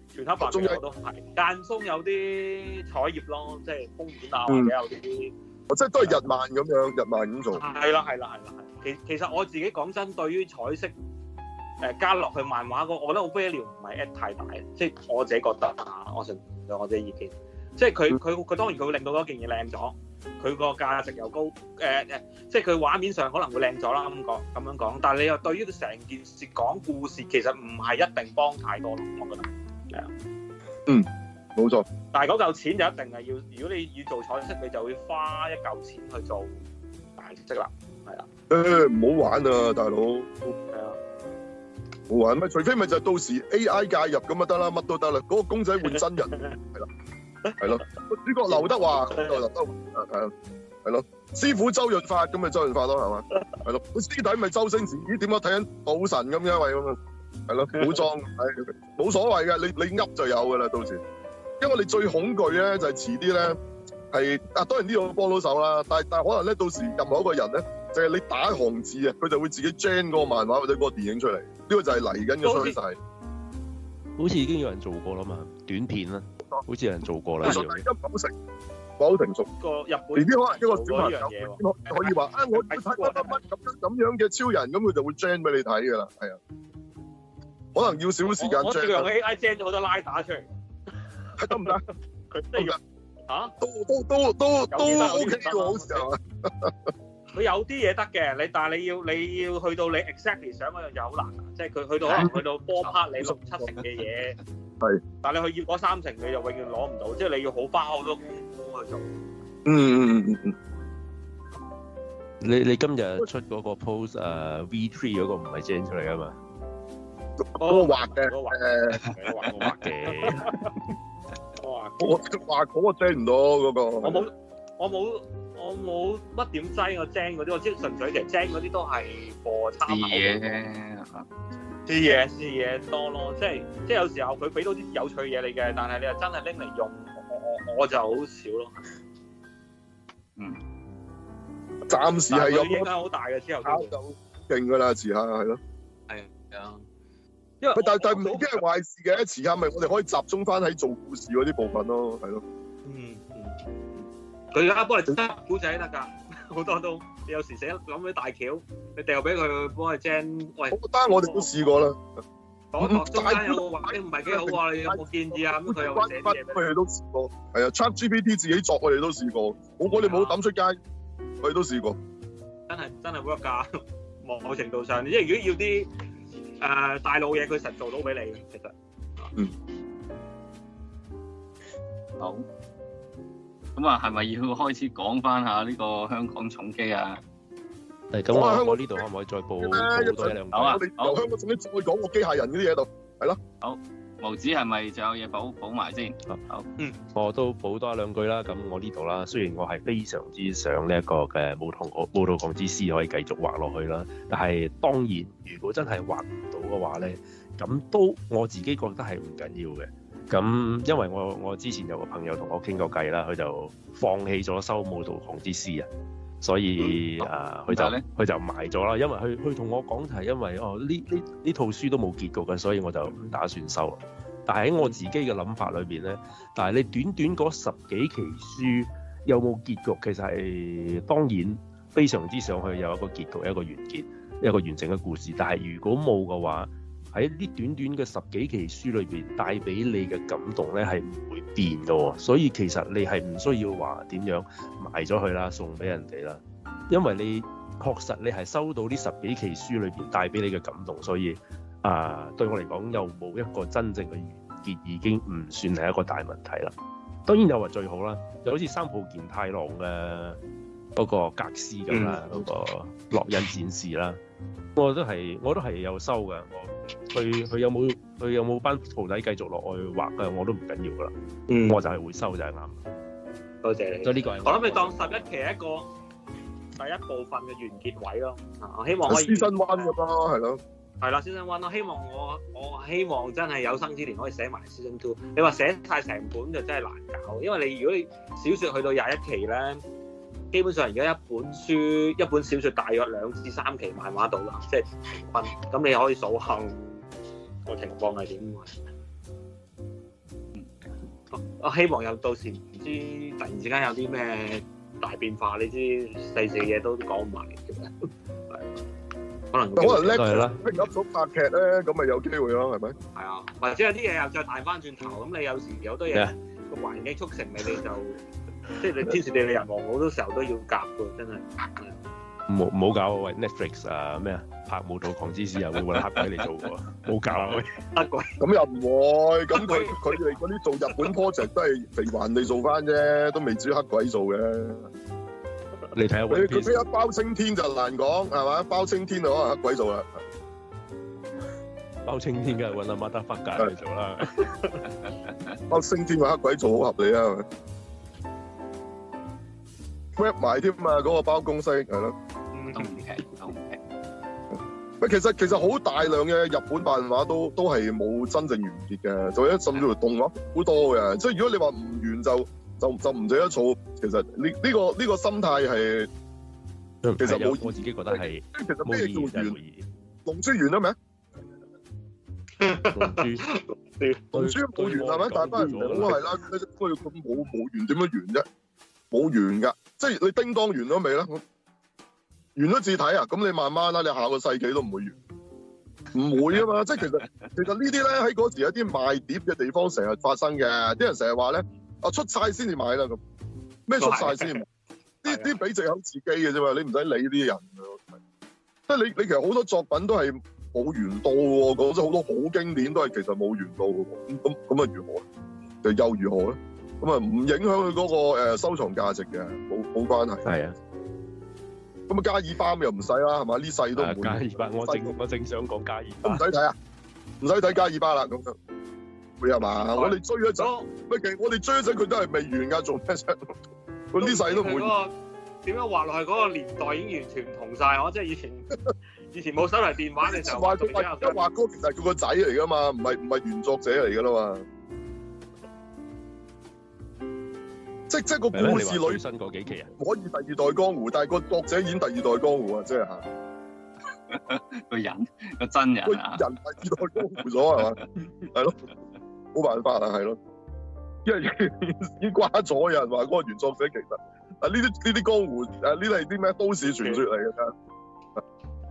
全黑白的我是，啊、中間都係間中有啲彩頁咯，即係風箏，嗯、啊有啲。哦，即係都係日漫咁樣，日漫咁做。係啦，係啦，係啦，其其實我自己講真，對於彩色。誒加落去漫畫嗰，我覺得好微妙，唔係 at 太大，即係我自己覺得啊，我想講我自己意見，即係佢佢佢當然佢會令到嗰件嘢靚咗，佢個價值又高，誒、呃、誒，即係佢畫面上可能會靚咗啦咁講，咁樣講，但係你又對於成件事講故事，其實唔係一定幫太多，我覺得係啊，嗯，冇錯，但係嗰嚿錢就一定係要，如果你要做彩色，你就會花一嚿錢去做大色啦，係啊，欸、唔好玩啊，大佬。冇玩咪，除非咪就到時 AI 介入咁咪得啦，乜都得啦。嗰個公仔換真人，係啦，係咯。個主角劉德華，劉德華，係啊，係咯。師傅周潤發，咁咪周潤發咯，係嘛？係咯。個師弟咪周星馳，咦？點解睇緊賭神咁樣喂咁樣？係咯，古裝，係冇所謂嘅。你你噏就有噶啦，到時。因為你最恐懼咧，就係遲啲咧，係啊。當然呢度幫到手啦，但係但係可能咧，到時任何一個人咧。就係、是、你打一行字啊，佢就會自己 gen 嗰個漫畫或者嗰個電影出嚟。呢、這個就係嚟緊嘅趨勢。好似已經有人做過啦嘛，短片啦、嗯，好似有人做過啦。唔好成，唔好成熟。個日本，B B 可能一個小朋友可以可以話啊，哎、我睇乜乜咁樣嘅超人，咁佢就會 gen 俾你睇噶啦。係啊，可能要少少時間。我仲用起 AI gen 好多拉打出嚟，係得唔得？佢真噶？吓？都都都都都 OK 嘅，好笑啊！行佢有啲嘢得嘅，你但係你要你要去到你 exactly 想嗰樣就好難啦，即係佢去到可能去到波拍你六七成嘅嘢，係， [laughs] 但係你去要嗰三成，你就永遠攞唔到，即係你要好花好多功夫去做。嗯嗯嗯嗯嗯。你你今日出嗰個 pose 啊、uh，V3 嗰個唔係整出嚟啊嘛？我、那個、畫嘅、 [laughs] [laughs] 那個那個那個，我畫嘅，我畫嘅。我話我畫唔到嗰我冇，我冇。我冇乜點劑我精嗰啲，我即係純粹其實精嗰啲都係貨差嘢啫，啲嘢啲嘢多咯，即係即係有時候佢俾到啲有趣嘢你嘅，但係你又真係拎嚟用，我我就好少咯。嗯，暫時係有。影響好大嘅之後，就勁噶啦，遲下係咯。係啊，因為我但我但唔到驚係壞事嘅，遲下咪我哋可以集中翻喺做故事嗰啲部分咯，係咯。佢而家幫你整得古仔得㗎，好多都你有時寫諗起大橋，你掉俾佢幫你整，喂，單我哋都試過啦。大古玩唔係幾好啊？你有冇建議啊？咁佢又寫嘢。佢哋都試過，係啊，Chat GPT 自己作我哋都試過，我我哋冇抌出街，佢哋都試過，真係真係 work 㗎。某程度上，即係如果要啲誒大路嘢，佢實做到俾你，其實嗯好。咁啊，係咪要開始講翻下呢個香港重機啊？嚟、嗯、咁我呢度可唔可以再補，補多一兩句？好啊，好啊，好，香港仲可講個機械人嗰啲嘢度，係咯。好，無指係咪仲有嘢補補埋先？好，嗯，我都補多一兩句啦。咁我呢度啦，雖然我係非常之想呢一個嘅武道武武道狂之詩可以繼續畫落去啦，但係當然如果真係畫唔到嘅話咧，咁都我自己覺得係唔緊要嘅。咁、嗯、因為我我之前有個朋友同我傾過計啦，佢就放棄咗收武房《武道狂之詩》啊，所以啊，佢就佢就埋咗啦。因為佢佢同我講係因為哦，呢呢呢套書都冇結局嘅，所以我就唔打算收。但喺我自己嘅諗法裏邊咧，但係你短短嗰十幾期書有冇結局？其實係當然非常之想去有一個結局，一個完結，一個完整嘅故事。但係如果冇嘅話，喺呢短短嘅十幾期書裏邊帶俾你嘅感動咧，係唔會變噶。所以其實你係唔需要話點樣賣咗佢啦，送俾人哋啦。因為你確實你係收到呢十幾期書裏邊帶俾你嘅感動，所以啊、呃、對我嚟講又冇一個真正嘅完結，已經唔算係一個大問題啦。當然又話最好啦，就好似三浦健太郎嘅嗰個格斯咁啦，嗰個烙印戰士啦。我都係，我都係有收噶。我佢佢有冇佢有冇班徒弟繼續落去畫噶，我都唔緊要噶啦。嗯，我就係會收就啱、是。多謝。你，所以呢個我諗你當十一期一個第一部分嘅完結位咯。我希望可以。就 season one 咯，係咯。係啦，season one 咯。希望我我希望真係有生之年可以寫埋 season two。你話寫太成本就真係難搞，因為你如果你小說去到廿一期咧。基本上而家一本書一本小説大約兩至三期漫畫度啦，即係平均。咁你可以數下個情況係點啊？我我希望有到時唔知突然之間有啲咩大變化，你知細細嘢都講唔埋嘅。係，可能可能 Netflix 咧，咁咪有機會咯，係咪？係啊，或者有啲嘢又再彈翻轉頭，咁你有時有好多嘢個環境促成你哋就。即係你《天時地利人和》，好多時候都要夾嘅，真係。唔好唔好搞啊喂！Netflix 啊咩啊拍武道狂之詩啊，會搵黑鬼嚟做啊？冇搞黑鬼。咁又唔會，咁佢佢哋嗰啲做日本 project 都係平凡地做翻啫，都未至於黑鬼做嘅。你睇下，你佢一包青天就難講，係嘛？包青天就可能黑鬼做啦。包青天梗係搵阿馬德發解嚟做啦。包青天搵黑鬼做好合理啊！埋添嘛，嗰個包公式係咯，動劇動劇。喂，其實其實好大量嘅日本漫畫都都係冇真正完結嘅，就一浸住條洞咯，好多嘅。所以如果你話唔完就就就唔值得儲，其實呢呢個呢個心態係其實我自己覺得係冇意義。龍珠完咗未？龍珠龍珠冇完係咪？大班人唔明啊係啦，佢佢佢冇冇完點樣完啫？冇完㗎。即係你叮當完咗未咧？完咗字體啊？咁你慢慢啦，你下個世紀都唔會完，唔會啊嘛！即係其實其實這些呢啲咧喺嗰時有啲賣碟嘅地方成日發生嘅，啲人成日話咧啊出晒先至買啦咁，咩出晒先？啲啲俾借口自己嘅啫嘛，你唔使理呢啲人。即係你你其實好多作品都係冇原刀嘅喎，講真好多好經典都係其實冇原刀嘅喎，咁咁啊如何？就又如何咧？咁啊，唔影響佢嗰個收藏價值嘅，冇冇關係。係啊，咁啊，加爾巴又唔使啦，係嘛？呢世都唔會。加爾巴，我正我正想講加爾巴。唔使睇啊，唔使睇加爾巴啦，咁就會係嘛？我哋追一陣，麥、嗯、我哋追一陣，佢都係未完㗎，做咩上。佢呢世都唔會。點、嗰個、樣畫落去？嗰、嗰個年代已經完全唔同晒。我即係以前， [laughs] 以前冇手提電話嘅時候。 [laughs] 說他畫哥其實佢個仔嚟㗎嘛，唔係唔係原作者嚟㗎啦嘛。即即個故事裏，新嗰幾期人可以第二代江湖，但係個作者演第二代江湖啊！即係嚇，個 [laughs] 人個真人、啊、人第二代江湖咗係嘛？係 [laughs] 咯，冇辦法啊，係咯，因為已經瓜咗，有人話嗰個原作者，其實啊呢啲呢啲江湖啊呢啲係啲咩都市傳說嚟㗎，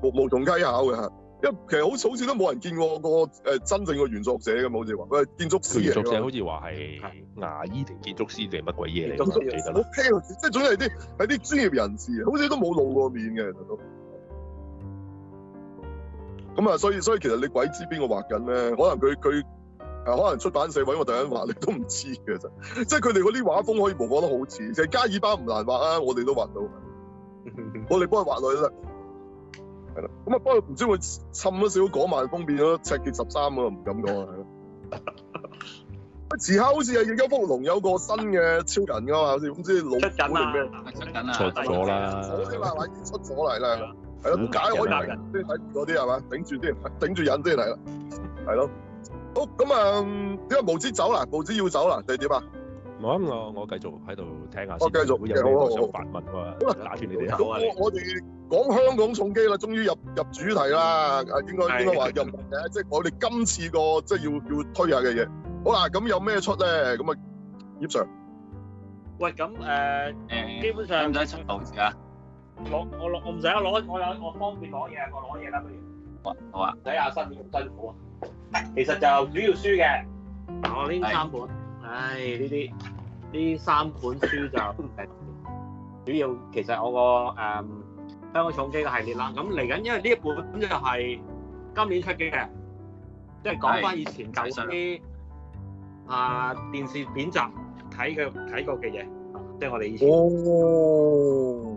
無無從稽考㗎。因其實好好似都冇人見過個誒真正嘅原作者咁，好似話，喂，建築師原作者好似話係牙醫定建築師定乜鬼嘢嚟，唔記得啦。O K，即係總之係啲係啲專業人士，好似都冇露過面嘅其實都。咁啊，所以所以，所以其實你鬼知邊個畫緊咧？可能佢佢誒可能出版社委，我第一畫，你都唔知嘅啫。即係佢哋嗰啲畫風可以模仿得好似，其實加爾巴唔難畫啊，我哋都畫到。我哋幫佢畫耐啦。 [laughs] 係咯，咁啊，不過唔知會浸咗少嗰萬方便咯，赤血十三啊，唔敢講啊。遲下好似係有福龍，有個新嘅超人㗎嘛，好似總之出緊啦，錯咗啦。錯咗啦，已經出咗嚟啦，係啊，無解可以忍，你睇唔多啲係嘛？頂住啲，頂住忍啲嚟啦，係咯。好，咁啊，點解無知走啦？無知要走啦？定係點啊？唔好，我我繼續喺度聽下先。我繼續。會有好多想發問喎。好啊，打斷你哋下。我哋講香港重機啦，終於入入主題啦。啊，應該應該話又唔同即係我哋今次個即係要要推下嘅嘢。好啦，咁有咩出咧？咁啊，葉 Sir。喂，咁誒誒，基本上。使唔使出道具啊？攞我攞我唔使攞我有我方便攞嘢，我攞嘢啦不如。好啊。睇下辛唔辛苦啊？其實就主要書嘅。我拎三本。唉，呢啲呢三本書就都唔係主要，其實我個誒、嗯、香港重機嘅系列啦。咁嚟緊，因為呢一本就係今年出嘅，即係、就是、講翻以前舊啲啊電視片集睇嘅睇過嘅嘢，即、就、係、是、我哋以前的。哦哦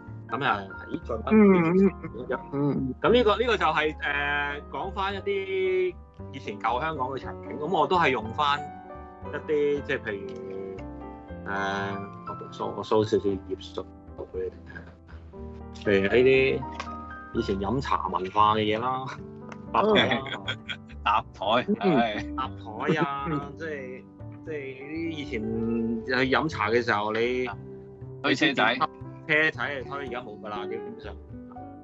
咁又喺進不變，咁呢個呢、呢個就係誒，講翻一啲以前舊香港嘅情景。咁我都係用翻一啲即係譬如誒、呃，我收我收少少葉叔，俾你聽。譬如喺啲以前飲茶文化嘅嘢啦，搭台，搭台啊！ [laughs] 即係即係啲以前去飲茶嘅時候，你推車仔。車睇啊，所以而家冇㗎喇，基本上，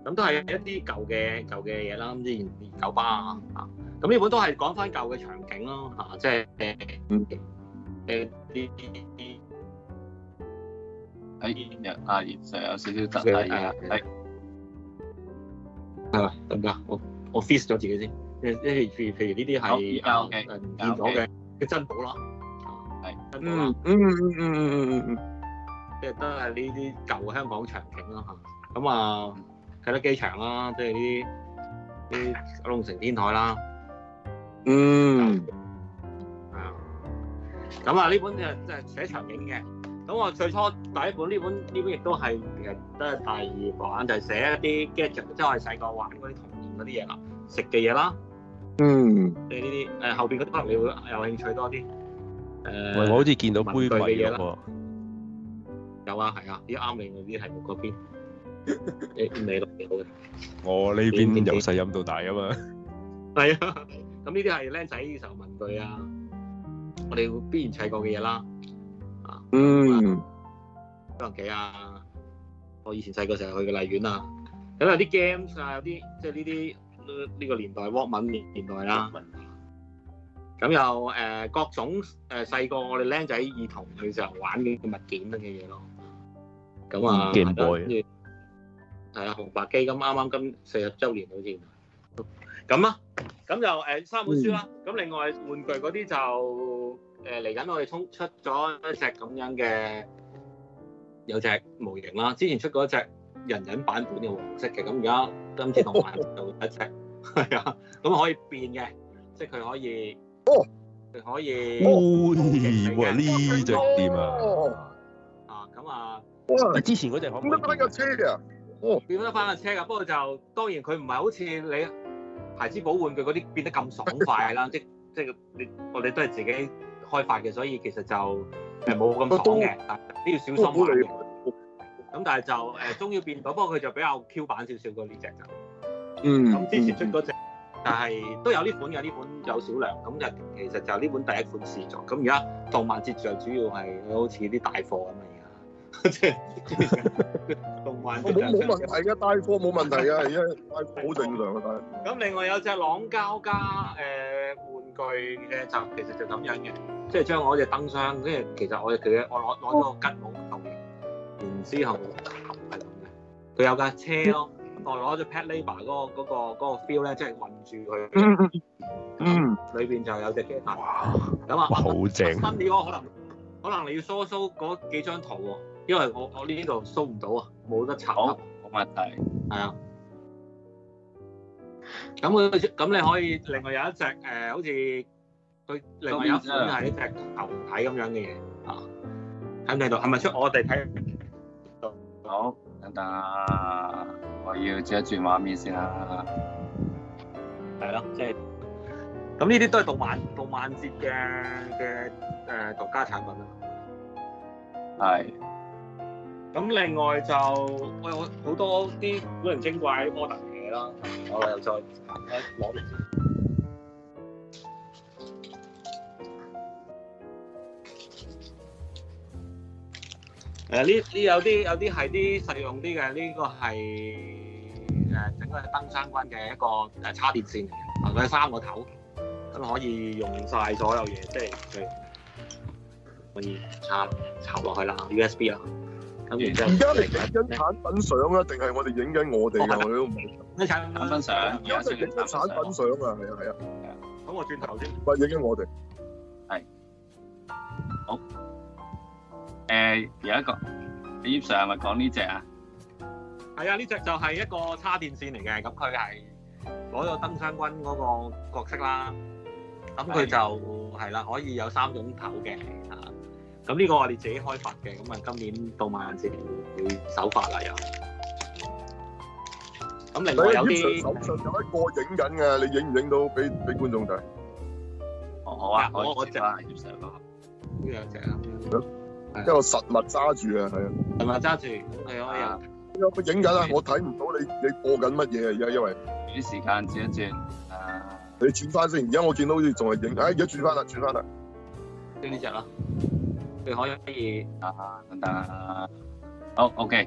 咁都係一啲舊嘅舊嘅嘢啦，咁啲舊巴啊，嚇，咁呢本都係講返舊嘅場景咯，嚇，即係誒，誒啲喺日下現實有少少突啊，係，係咪？唔該，我我 fix 咗自己先，誒，即係譬如譬如呢啲係啊，見到嘅嘅珍寶啦，係，嗯嗯嗯嗯嗯嗯嗯嗯。即係都係呢啲舊香港場景啦嚇，咁啊啟德機場啦，即係啲啲九龍城天台啦，嗯，係啊，咁啊呢本嘅即係寫場景嘅。咁我最初第一本呢本呢本亦都係其實都係第二版，就係寫一啲 gadget，即係我係細個玩嗰啲童年嗰啲嘢啦，食嘅嘢啦，嗯，即係呢啲誒後邊嗰啲可能你會有興趣多啲，誒，我好似見到杯具嘅嘢喎。有啊，係啊，啲啱你嗰啲係我嗰邊，你未錄嘅。我呢邊由細飲到大啊嘛。係啊，咁呢啲係僆仔時候問佢啊，我哋必然細個嘅嘢啦。啊，嗯，飛行棋啊，我以前細個成日去嘅荔園啊，咁有啲 game 啊，有啲即係呢啲呢個年代 word 文年代啦。咁有誒各種誒細個我哋僆仔兒童嘅時候玩嘅物件嘅嘢咯。咁啊，跟住，係啊，紅白機咁啱啱今四十週年好似，咁啊，咁就誒三本書啦。咁另外玩具嗰啲就誒嚟緊，我哋出出咗一隻咁樣嘅有隻模型啦。之前出過一隻人人版本嘅黃色嘅，咁而家今次同埋就一隻，係啊，咁可以變嘅，即係佢可以哦，佢可以哇！呢隻點啊？啊，咁啊～之前嗰隻變得翻架車噶哦，變得翻架車噶、哦，不過就當然佢唔係好似你孩之寶玩具嗰啲變得咁爽快啦，即即係你我哋都係自己開發嘅，所以其實就係冇咁爽嘅，但都要小心買嘅。咁但係就誒，終於變到，不過佢就比較 Q 版少少嗰呢隻就，嗯，咁之前出嗰隻，嗯，但係都有呢款，有呢款有少量，咁就其實就呢款第一款試作，咁而家動漫節就主要係好似啲大貨咁啊。即係動漫，冇冇問題㗎，帶貨冇問題㗎，而家帶貨好正常啊，帶。咁另外有隻朗膠家誒玩具咧，就其實就咁樣嘅，即係將我隻燈箱，跟住其實我嘅我攞攞咗吉姆同，然之後係咁嘅，佢有架車咯，我攞咗 Patlabor 嗰個嗰個嗰個 feel 咧，即係韞住佢，嗯嗯，嗯，裏邊就有隻機械人，哇，哇，好正，新年我可能可能你要 show show 嗰幾張圖喎。因為我我呢度收唔到啊，冇得炒。冇問題，係啊。咁咁你可以另外有一隻誒、呃，好似佢另外有款係一隻球體咁樣嘅嘢啊，喺唔喺度？係咪出我？我哋睇到。好，等等、啊、我要轉一轉畫面先啦。係咯、啊，即係咁呢啲都係動漫動漫節嘅嘅誒獨家產品啊。係。咁另外就，餵我好多啲古靈精怪 order 嘢啦，我又再攞嚟。誒呢呢有啲有啲係啲實用啲嘅，呢個係誒整個燈相關嘅一個誒叉電線嚟嘅，佢三個頭，咁可以用晒所有嘢，即係可以插插落去啦，USB 啦。而家嚟影緊產品相啊，定係我哋影緊我哋嘅我都唔明。咩產品相？而家先影產品相啊，係啊係啊。咁我轉頭先。喂影緊我哋。係。好。誒有一個，葉 Sir 係咪講呢隻啊？係啊，呢隻就係一個叉電線嚟嘅，咁佢係攞咗登山軍嗰個角色啦。咁佢就係啦，可以有三種頭嘅嚇。咁呢個我哋自己開發嘅，咁啊今年動漫節會首發啦又。咁另外有啲過影緊嘅，你影唔影到俾俾觀眾睇？我、哦、啊，我我只啊，葉翔嗰個呢兩隻啊，因為實物揸住啊，係啊，係咪揸住？你啊。以啊，有冇影緊啊？我睇唔到你你播緊乜嘢啊？而家因為啲時間轉一轉,轉,一轉啊，你轉翻先。而家我見到好似仲係影，哎，而家轉翻啦，轉翻啦，呢隻啦。你可以可以啊，等等，好 OK，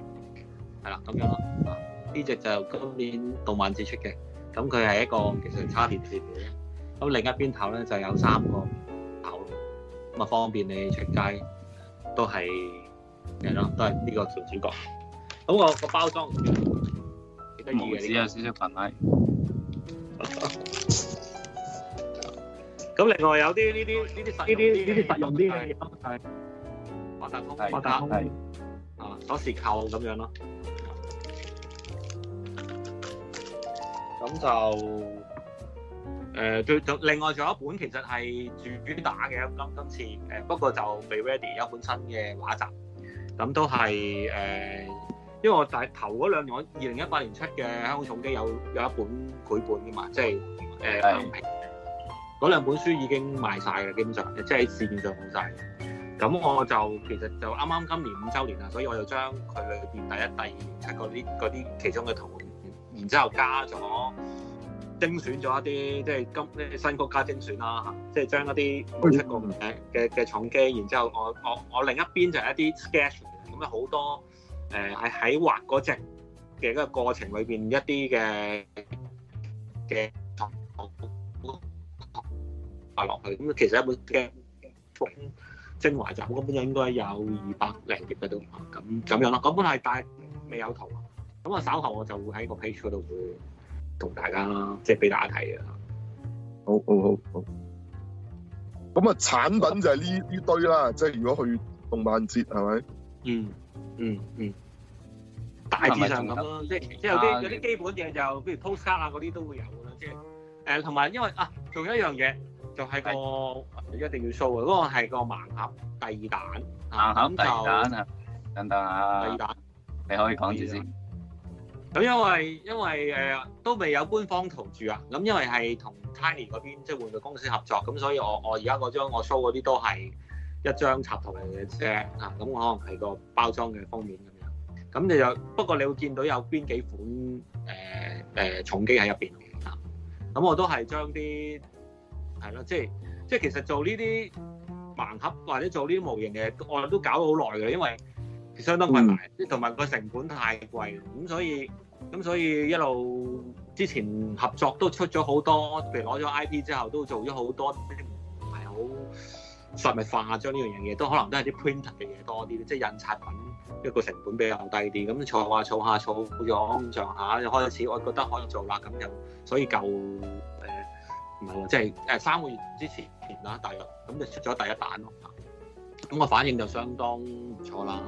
係啦，咁樣咯。呢隻就今年動漫節出嘅，咁佢係一個其實叉電線嘅，咁另一邊頭咧就有三個頭，咁啊方便你出街，都係係咯，都係呢個主角。咁我個包裝幾得意嘅，咁另外有啲呢啲呢啲呢啲呢啲實用啲嘅嘢。打工，我打工，啊，鎖匙扣咁樣咯。咁就誒，對對，另外仲有一本其實係主打嘅，今今次誒，不過就未 ready 有一本新嘅畫集。咁都係誒，因為我大頭嗰兩年，我二零一八年出嘅《香港重機》有有一本繪本嘅嘛，即係誒，兩本。嗰兩本書已經賣曬嘅，基本上即係市面上冇曬。咁我就其實就啱啱今年五週年啦，所以我就將佢裏邊第一、第二、第七嗰啲啲其中嘅圖，然之後加咗精選咗一啲即係今即係新曲加精選啦、啊，即、就、係、是、將一啲冇出過嘅嘅嘅重機，然之後我我我另一邊就係一啲 sketch 咁樣好多誒，喺、呃、喺畫嗰隻嘅嗰個過程裏邊一啲嘅嘅畫落去咁，其實一本 g 精華集嗰本就應該有二百零頁嘅都嘛，咁咁樣咯。嗰本係大未有圖，咁啊稍後我就會喺個 page 嗰度會同大家即係俾大家睇嘅。好，好好好。咁啊產品就係呢呢堆啦，即係如果去動漫節係咪？嗯嗯嗯。大致上咁咯，即係即係有啲啲基本嘢就，譬如 postcard 啊嗰啲都會有啦，即係誒同埋因為啊，仲有一樣嘢。就係、是、個一定要 show 嘅，如果我係個盲盒第二彈，盲盒第二彈啊，等等第二彈你可以講住先。咁因為因為誒、呃、都未有官方圖住啊，咁因為係同 Tiny 嗰邊即係、就是、換個公司合作，咁所以我我而家嗰張我 show 嗰啲都係一張插圖嚟嘅啫啊，咁我可能係個包裝嘅封面咁樣。咁你就不過你會見到有邊幾款誒誒、呃呃、重機喺入邊啊？咁我都係將啲。係咯，即係即係其實做呢啲盲盒或者做呢啲模型嘅，我都搞咗好耐嘅，因為相當困難，即係同埋個成本太貴了，咁所以咁所以一路之前合作都出咗好多，譬如攞咗 IP 之後都做咗好多，唔係好實物化將呢樣嘢，都可能都係啲 print 嘅嘢多啲，即係印刷品一個成本比較低啲，咁坐下坐下儲咗咁上下，就開始我覺得可以做啦，咁就所以舊誒。唔係喎，即係誒三個月之前前啦，大約咁就出咗第一彈咯。咁個反應就相當唔錯啦，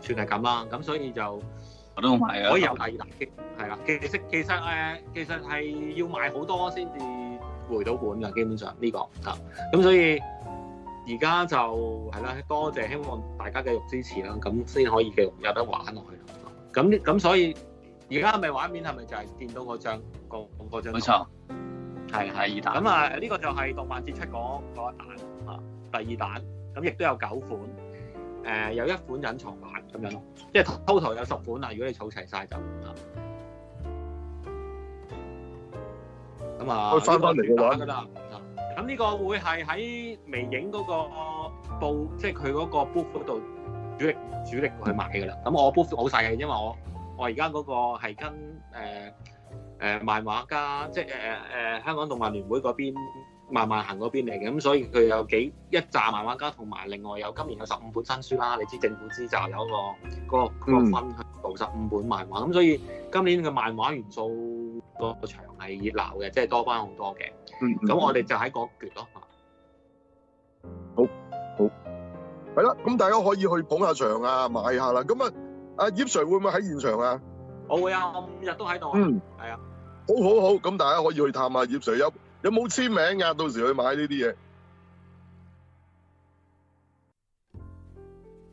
算係咁啦。咁所以就我都唔係啊，可以有第二彈嘅係啦。其實其實誒其實係要賣好多先至回到本嘅，基本上呢個啊，咁所以而家就係啦，多謝希望大家繼續支持啦，咁先可以繼續有得玩落去。咁咁所以而家咪畫面係咪就係見到嗰張個個張？冇錯。係係二彈咁啊！呢、這個就係《動漫節出、那個》出嗰一彈啊，第二彈咁，亦都有九款誒、呃，有一款隱藏版咁樣，即係偷頭有十款啊！如果你儲齊晒就啊，咁、這、啊、個，翻翻嚟嘅啦，咁呢個會係喺微影嗰個 book 即係佢嗰個 book 嗰度主力主力去買㗎啦。咁我 book 好細嘅，因為我我而家嗰個係跟誒。呃誒漫畫家，即係誒誒香港動漫聯會嗰邊漫漫行嗰邊嚟嘅，咁所以佢有幾一紮漫畫家，同埋另外有今年有十五本新書啦。你知政府資助有一個嗰個嗰個分去到十五本漫畫，咁所以今年嘅漫畫元素個場係熱鬧嘅，即係多翻好多嘅。嗯，咁我哋就喺嗰橛咯。好，好，係啦，咁大家可以去捧下場啊，買下啦。咁啊，阿葉 sir 會唔會喺現場啊？我會啊，我五日都喺度啊。嗯，係啊。好好好，咁大家可以去探下葉 Sir 有有冇簽名㗎？到時去買呢啲嘢。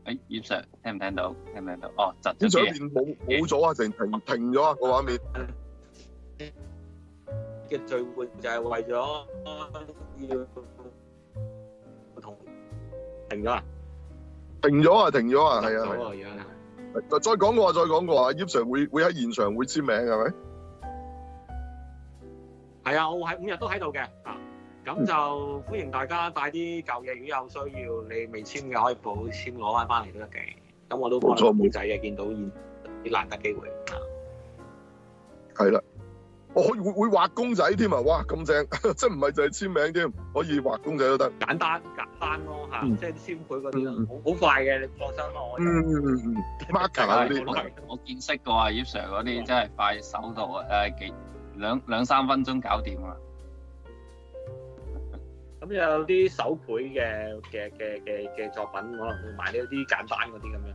誒，葉 Sir 聽唔聽到？聽唔聽到？哦，集體葉 Sir 一邊冇冇咗啊！成停停咗啊！個畫面嘅聚會就係為咗要同停咗啊！停咗啊！停咗啊！係啊係啊！而家係再講個話，再講個話，葉 Sir 會會喺現場會簽名係咪？係啊，我喺五日都喺度嘅，啊，咁就歡迎大家帶啲舊嘢，如果有需要，你未簽嘅可以補簽攞翻翻嚟都得嘅。咁我都冇錯，妹仔嘅，見到現啲難得機會啊，係啦，我可以會會畫公仔添啊，哇咁正，即係唔係淨係簽名添，可以畫公仔都得。簡單夾翻咯嚇，即係簽佢嗰啲，好好快嘅，你放心我。嗯嗯嗯嗯，孖鉛啊啲，我見識過阿 Yip Sir 嗰啲真係快手到啊，真係幾。兩兩三分鐘搞掂啦！咁有啲手繪嘅嘅嘅嘅嘅作品，可能會買呢啲簡單嗰啲咁樣。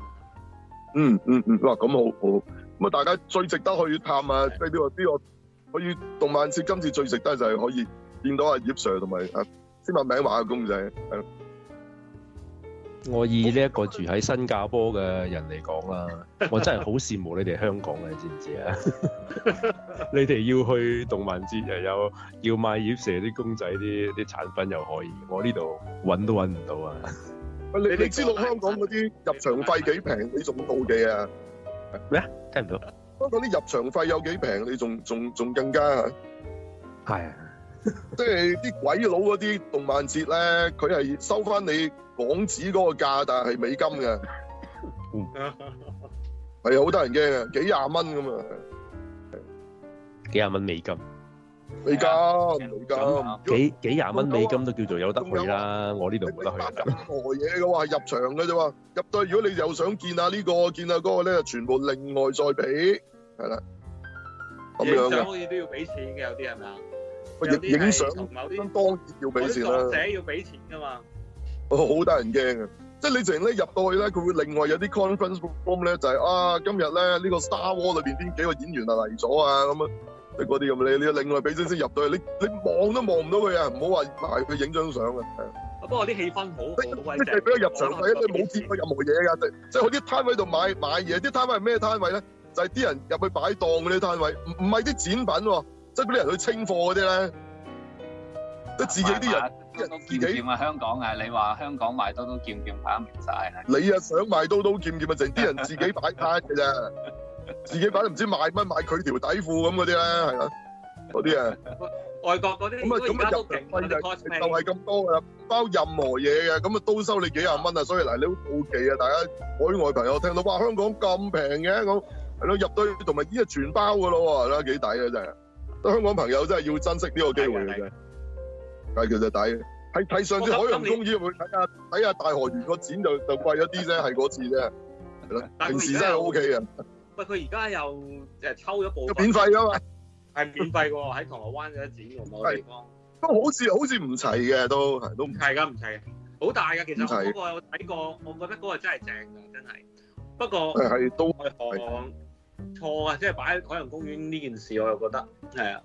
嗯嗯嗯，哇！咁好好，咁啊大家最值得去探啊！即係呢個呢個可以動漫節今次最值得就係可以見到阿葉 Sir 同埋啊簽名畫嘅公仔。我以呢一個住喺新加坡嘅人嚟講啦，我真係好羨慕你哋香港嘅，你知唔知啊？你哋 [laughs] 要去動漫節又有要買葉蛇啲公仔啲啲產品又可以，我呢度揾都揾唔到啊！你你知道香港嗰啲入場費幾平，你仲妒忌啊？咩？聽唔到？香港啲入場費有幾平？你仲仲仲更加嚇？係、啊。即係啲鬼佬嗰啲動漫節咧，佢係收翻你港紙嗰個價，但係係美金嘅。嗯。係啊，好得人驚啊，幾廿蚊咁啊。幾廿蚊美金？美金，美金。幾幾廿蚊美金都叫做有得去啦，我呢度冇得去。台嘢嘅話，入場嘅啫嘛。入到去，如果你又想見下呢個，見下嗰個咧，全部另外再俾，係啦。咁樣嘅。現場可以都要俾錢嘅，有啲係咪啊？影影相，當然要俾錢啦。或者要俾錢噶嘛。哦，好得人驚啊！即係你成咧入到去咧，佢會另外有啲 conference room 咧，就係啊，今日咧呢個 Star Wars 裏邊邊幾個演員啊嚟咗啊咁啊，即係嗰啲咁咧，呢另外俾啲先入到去。你你望都望唔到佢啊！唔好話埋去影張相啊。不過啲氣氛好，好威。即係俾個入場費，你冇見過任何嘢噶，即係即係去嗰啲攤位度買買嘢。啲攤位係咩攤位咧？就係啲人入去擺檔嗰啲攤位，唔唔係啲展品喎。即係嗰啲人去清貨嗰啲咧，即係自己啲人，自己點啊香港啊，你話香港賣刀刀劍劍擺唔曬，你又想賣刀刀劍劍啊？成啲人自己擺攤嘅啫，自己擺唔知賣乜賣佢條底褲咁嗰啲咧，係咯，嗰啲啊，外國嗰啲咁啊咁啊入平啊，就係咁多嘅，包任何嘢嘅，咁啊都收你幾廿蚊啊，所以嗱你好好奇啊，大家海外朋友聽到哇香港咁平嘅咁係咯，入到同埋啲啊全包嘅咯喎，真係幾抵嘅真係。香港朋友真係要珍惜呢個機會嘅，但係其實抵，喺睇上次海洋公園去睇下睇下大河原個展就就貴咗啲啫，係嗰次啫，平時真係 O K 嘅。喂，佢而家又誒抽一部分免費㗎嘛，係 [laughs] 免費喎，喺銅鑼灣有展嘅地方。不過好似好似唔齊嘅都係都唔係㗎唔齊嘅，好的的的的大嘅其實嗰個有睇過，我覺得嗰個真係正㗎，真係。不過係都係。錯啊！即係擺喺海洋公園呢件事，我又覺得係啊，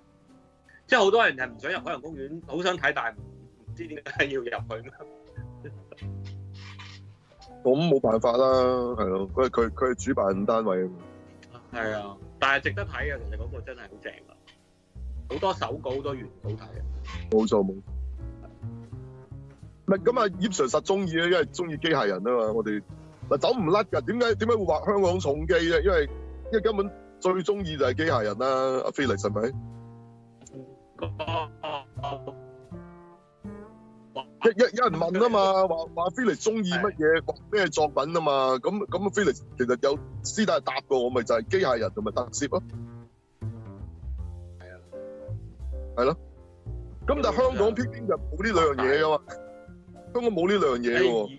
即係好多人係唔想入海洋公園，好想睇，但係唔知點解要入去。嗯，咁冇辦法啦，係咯，佢佢佢係主辦單位啊嘛。係啊，但係值得睇嘅，其實嗰個真係好正㗎，好多手稿好多原稿睇啊，冇錯冇。係咁啊，葉 sir 實中意啊，因為中意機械人啊嘛，我哋嗱走唔甩㗎，點解點解會畫香港重機啊？因為因為根本最中意就係機械人啦，阿菲力係咪？一一有人問啊嘛，話話菲力中意乜嘢或咩作品啊嘛，咁咁菲力其實有私底下答過我，咪就係機械人同埋特攝咯。係啊，係咯。咁但係香港偏偏就冇呢兩樣嘢嘅嘛，根本冇呢兩樣嘢喎。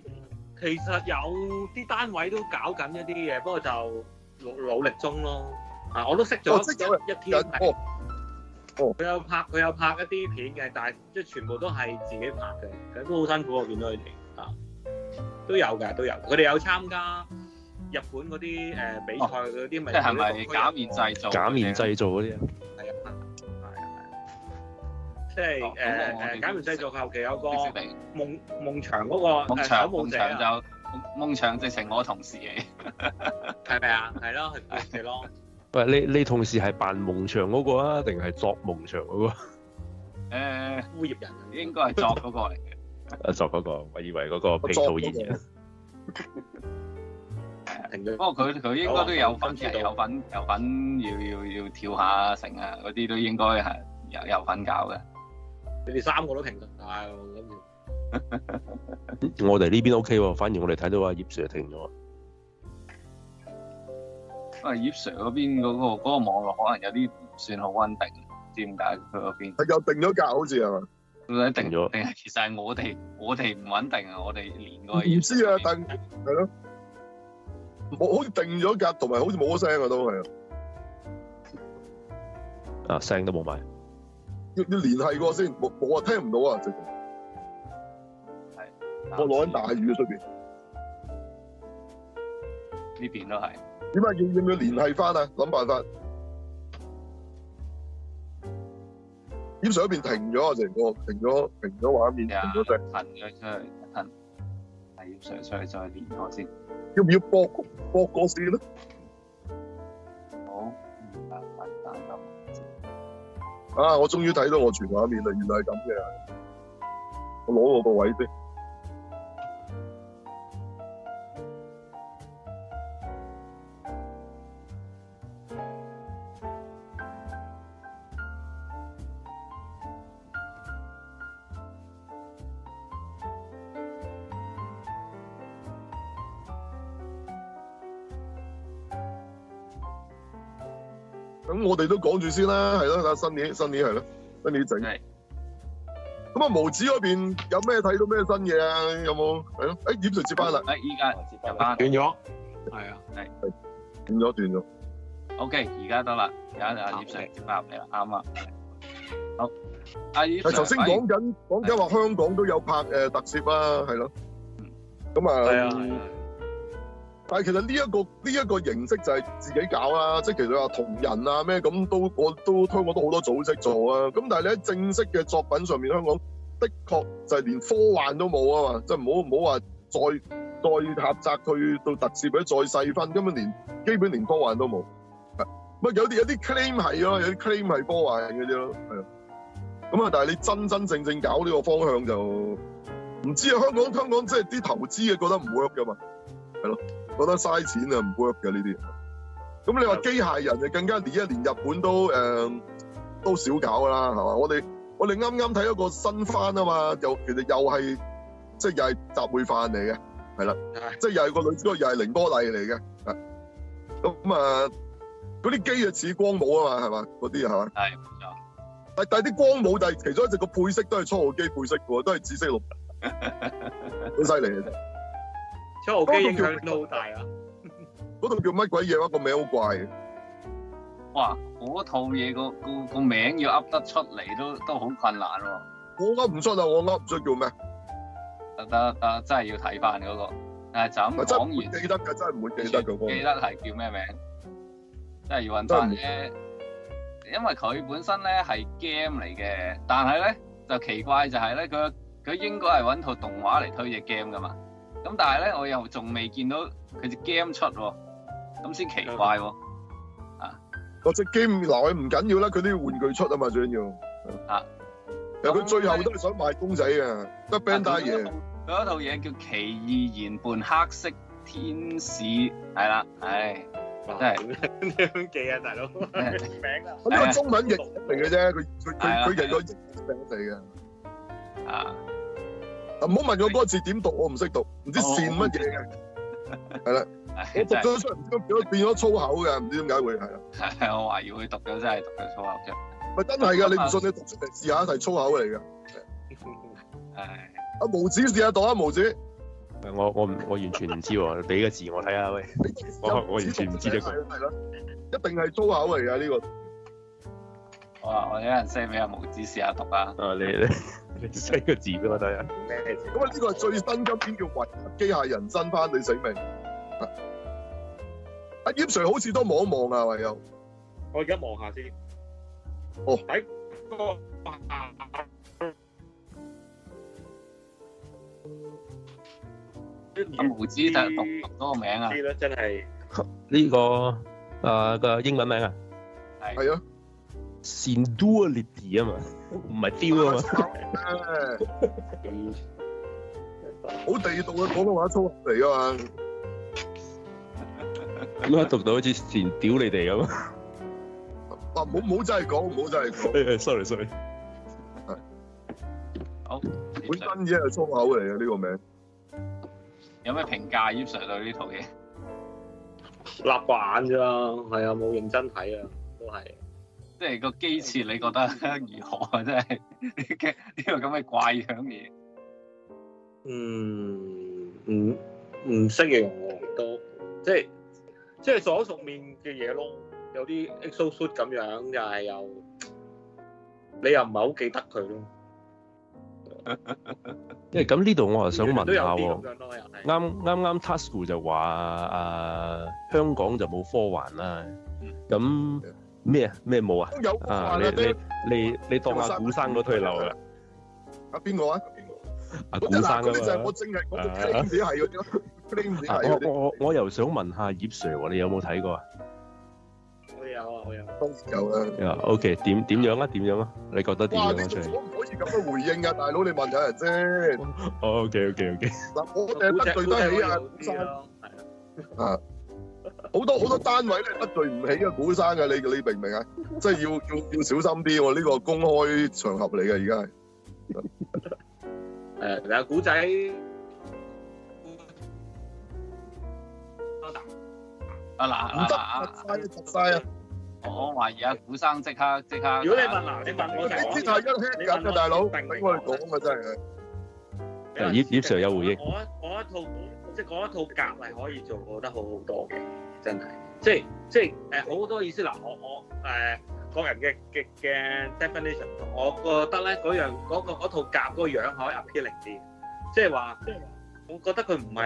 其實有啲單位都搞緊一啲嘢，不過就。努努力中咯，啊！我都識咗一天一天，佢、哦嗯嗯、有拍佢有拍一啲片嘅，但係即係全部都係自己拍嘅，都好辛苦。我見到佢哋啊，都有嘅都有嘅，佢哋有參加日本嗰啲誒比賽嗰啲，咪係咪假面製造、嗰個？假面、啊就係哦呃、製造嗰啲啊，係啊係啊，即係誒誒假面製造後期有一個夢夢長嗰、嗰個守護者啊。夢夢場直情我同事嚟，係咪啊？係咯，係咯。喂，你你同事係扮夢場嗰個啊，定係作夢場嗰個？誒，副業人應該係作嗰個嚟嘅。啊，作嗰個，我以為嗰個皮草演員。不過佢佢應該都有份，有份有份，要要要跳下成啊，嗰啲都應該係有有份搞嘅。你哋三個都平分晒喎，跟住。我哋呢邊 O K 喎，反而我哋睇到阿葉 Sir 停咗。啊，葉 Sir 嗰邊嗰個嗰個網絡可能有啲唔算好穩定，知唔知點解佢嗰邊？佢又定咗格好似係嘛？到底定咗？定其實係我哋我哋唔穩定啊！我哋連個葉 Sir 啊，但係咯，我好似定咗格，同埋好似冇聲啊都係啊，聲都冇埋，要要聯繫過先，冇冇啊，聽唔到啊直情。我落緊大雨啊，出邊呢邊都係。點解要要唔要聯繫翻啊？諗辦法。葉 Sir 嗰邊停咗啊，成個停咗停咗畫面，停咗出，褪咗出去褪。係葉 Sir 出去再連我先。要唔要搏搏個先咧？好，啊！我終於睇到我全畫面啦，原來係咁嘅。我攞我個位先。我哋都講住先啦，係咯，新年新年係咯，新年整。咁啊，無紙嗰邊有咩睇到咩新嘢啊？有冇？係咯，哎，葉 sir 接翻啦？哎，依家接翻，斷咗。係啊，係斷咗，斷咗。OK，而家得啦，而家就係葉 sir 接翻嚟啦，啱啦。好，阿葉。係頭先講緊講緊話香港都有拍誒特攝啊，係咯。嗯。咁啊。係啊。但係其實呢一個呢一個形式就係自己搞啦，即係其實話同人啊咩咁都我都推過都好多組織做啊。咁但係你喺正式嘅作品上面，香港的確就係連科幻都冇啊嘛，即係唔好唔好話再再狹窄去到特攝或者再細分，根本連基本上連科幻都冇。唔係有啲有啲 claim 係咯，有啲 claim 係科幻嗰啲咯，係啊。咁啊，但係你真真正正搞呢個方向就唔知啊。香港香港即係啲投資嘅覺得唔 work 㗎嘛，係咯。覺得嘥錢啊，唔 work 嘅呢啲。咁你話機械人就更加連一年日本都誒、嗯、都少搞啦，係嘛？我哋我哋啱啱睇咗個新番啊嘛，又其實又係即係又係集會飯嚟嘅，係啦，即係又係個女主角又係綾波麗嚟嘅，咁啊嗰啲機啊似光武啊嘛，係嘛，嗰啲係嘛？係，但但係啲光武但係其中一隻個配色都係初號機配色嘅喎，都係紫色綠色，好犀利嘅啫。初號機影響都好大啊！嗰套叫乜鬼嘢啊？個名好怪啊！哇，嗰套嘢、個個、個名要噏得出嚟都都好困難喎！我噏唔出啊！我噏唔出叫咩？得得得，啊、真係要睇翻嗰個但誒，就咁、是、講完，記得噶，真係唔會記得嗰記得係叫咩名？真係要搵翻嘢。因為佢本身咧係 game 嚟嘅，但係咧就奇怪就係咧，佢佢應該係揾套動畫嚟推隻 game 噶嘛。咁但係咧，我又仲未見到佢隻 game 出喎，咁先奇怪喎，啊！嗰隻 game 嚟，佢唔緊要啦，佢都要玩具出啊嘛，最緊要。啊！又佢最後都係想賣公仔嘅，得 Bandai 嘢。佢嗰套嘢叫《奇異賢伴黑色天使》，係啦，唉，真係點記啊，大佬？名啊！佢呢個中文譯名嘅啫，佢佢佢譯個英文名嚟嘅。啊！唔好問我嗰個字點讀，我唔識讀，唔知道善乜嘢嘅，係、哦、啦。 [laughs] 我讀咗出唔知變咗粗口嘅，唔知點解會係啦。係 [laughs] 我懷疑佢讀咗真係讀咗粗口啫。咪真係㗎，你唔信你讀出嚟試下，係粗口嚟嘅。係。阿毛子試下讀啊，毛子？誒，我我我完全唔知喎，俾 [laughs] 個字我睇下喂。我我完全唔知呢個。 [laughs] 一定係粗口嚟㗎呢個。我我有人 send 俾阿毛子試下讀啊！你你寫個字俾我睇下，咩字？咁啊呢個係最新今篇叫《混機械人生》翻你死未？阿葉 Sir 好似都望一望啊，唯有我而家望下先。哦，喺阿毛子就讀讀嗰個名啊！呢啲咧真係呢個誒嘅英文名啊，係係咯。善都啊你哋啊嘛，唔係屌啊嘛，好 [laughs] 地道嘅廣東話粗口嚟啊嘛，咁啊讀到好似善屌你哋咁啊，唔好唔好真係講唔好真係講，sorry sorry， [laughs] 好，本身已經係粗口嚟嘅呢個名，有咩評價？葉 Sir 對呢套嘢， [laughs] 立板咋，係啊冇認真睇啊，都係。即係個機設，你覺得如何啊？真係呢個呢個咁嘅怪樣嘢。嗯，唔唔適應喎，都即係即係熟口熟面嘅嘢咯，有啲 exosuit 咁樣又係又你又唔係好記得佢咯。即係咁呢度我又想問下喎，啱啱啱 Tasuku 就話啊，香港就冇科幻啦，咁。咩啊？咩冇啊？啊！你你你你當阿古生嗰推流啊？阿邊個啊？阿古生嗰個。嗱，佢就我正日嗰啲，係嗰啲。我我我我又想問下葉 Sir，你有冇睇過啊？我有啊，我有，當時有啦。啊，OK，點點樣啊？點樣啊？你覺得點樣啊？出嚟？可唔可以咁樣回應啊？大佬，你問下人先。OK，OK，OK。嗱，我哋對得起阿古生，係啊。好多好多單位咧得罪唔起嘅古生嘅，你你明唔明啊？即係要要要小心啲喎，呢個公開場合嚟嘅，而家係。誒，睇下古仔。阿南，唔得啊！快服曬啊！我懷疑阿古生即刻即刻。如果你問南，你問我，呢啲係陰天嚟嘅大佬，唔該講嘅真係。葉葉 Sir 有回應。我我一套即係我一套格係可以做，我覺得好好多嘅。真係，即係即係誒好多意思嗱，我我誒個人嘅嘅嘅 definition，我覺得咧嗰樣嗰個嗰套甲嗰個樣可以 appealing 啲，即係話，我覺得佢唔係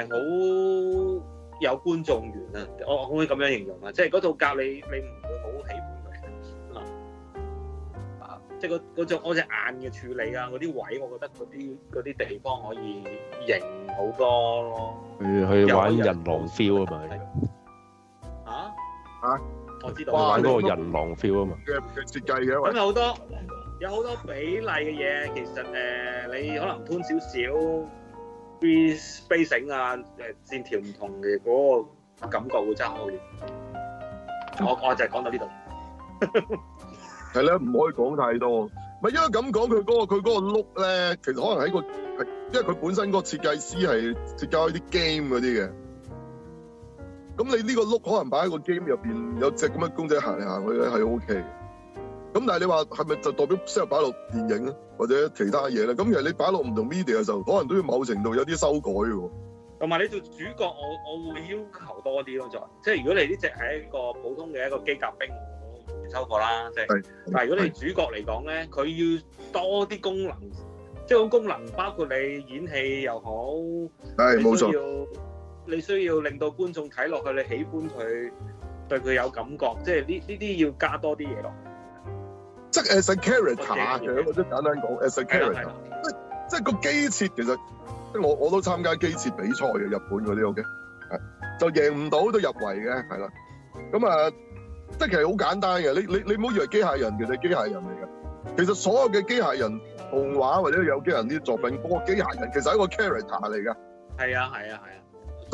好有觀眾緣啊，我可唔可以咁樣形容啊？即係嗰套甲你你唔會好喜歡佢，嗱，啊，即係嗰嗰隻嗰隻眼嘅處理啊，嗰啲位我覺得嗰啲嗰啲地方可以型好多咯，去去玩人狼 feel 啊嘛～啊！我知道玩嗰個人狼 feel 啊嘛，咁有好多，有好多比例嘅嘢，其實誒你可能吞少少啲 spacing 啊，誒線條唔同嘅嗰個感覺會差好遠。我我就係講到呢度。係咧，唔可以講太多。唔係因為咁講佢嗰個佢嗰個 look 咧，其實可能喺個，因為佢本身個設計師係設計開啲 game 嗰啲嘅。咁你呢個碌可能擺喺個 game 入邊有隻咁嘅公仔行嚟行去咧，係 OK 嘅。咁但係你話係咪就代表適合擺落電影咧，或者其他嘢咧？咁其實你擺落唔同 media 嘅時候，可能都要某程度有啲修改嘅喎。同埋你做主角，我我會要求多啲咯，再即係如果你呢只係一個普通嘅一個機甲兵，我唔收貨啦，即係。但係如果你主角嚟講咧，佢要多啲功能，即係功能包括你演戲又好，係冇錯。你需要令到觀眾睇落去，你喜歡佢，對佢有感覺，即係呢呢啲要加多啲嘢落，即係 as a character，或者簡單講 as a character，即係即係個機設其實即係我我都參加機設比賽嘅，日本嗰啲 OK 係就贏唔到都入圍嘅係啦。咁啊，即係其實好簡單嘅，你你你唔好以為機械人其實係機械人嚟㗎，其實所有嘅機械人動畫或者有機人啲作品嗰、嗰個機械人其實係一個 character 嚟㗎，係啊係啊係啊。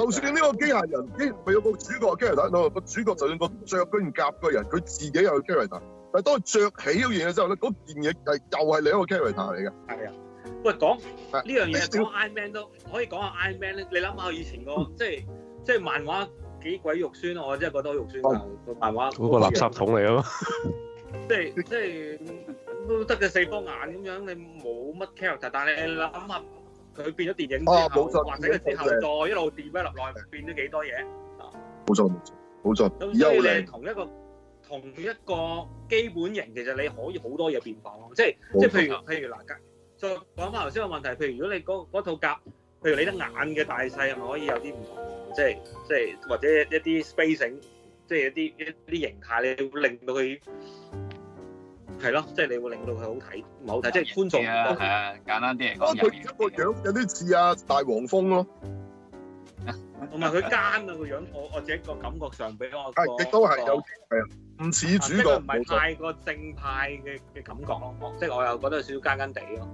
就算呢個機械人，依然係有個主角 character。我 [laughs] 話個主角就算個著軍甲個人，佢自己有 character。但當佢着起咗樣嘢之後咧，嗰件嘢係又係另一個 character 嚟嘅。係啊，喂，講呢樣嘢講 Iron Man 都可以講下 Iron Man 咧。你諗下，以前個 [laughs] 即係即係漫畫幾鬼肉酸啊！我真係覺得好肉酸啊個漫畫。嗰個垃圾桶嚟咯， [laughs] 即係即係都得嘅四方眼咁樣，你冇乜 character。但你諗下。佢變咗電影之後，啊、或者嘅時候，再一路 develop 落變咗幾多嘢啊？冇錯冇錯冇錯。咁所以你同一個同一個基本型，其實你可以好多嘢變化咯。即係即係譬如譬如嗱，再講翻頭先個問題，譬如如果你嗰套夾，譬如你得眼嘅大細係咪可以有啲唔同？即係即係或者一啲 spacing，即係一啲一啲形態，你會令到佢。係咯，即係你會令到佢好睇，唔好睇，即係觀眾。係啊，係啊，簡單啲嚟講。啊，佢而家個樣有啲似啊大黃蜂咯。同埋佢奸啊個樣，我我自己個感覺上俾我。啊，亦都係有，係啊，唔似主角。即係唔係太過正派嘅嘅感覺咯，即係我又覺得有少少奸奸地咯。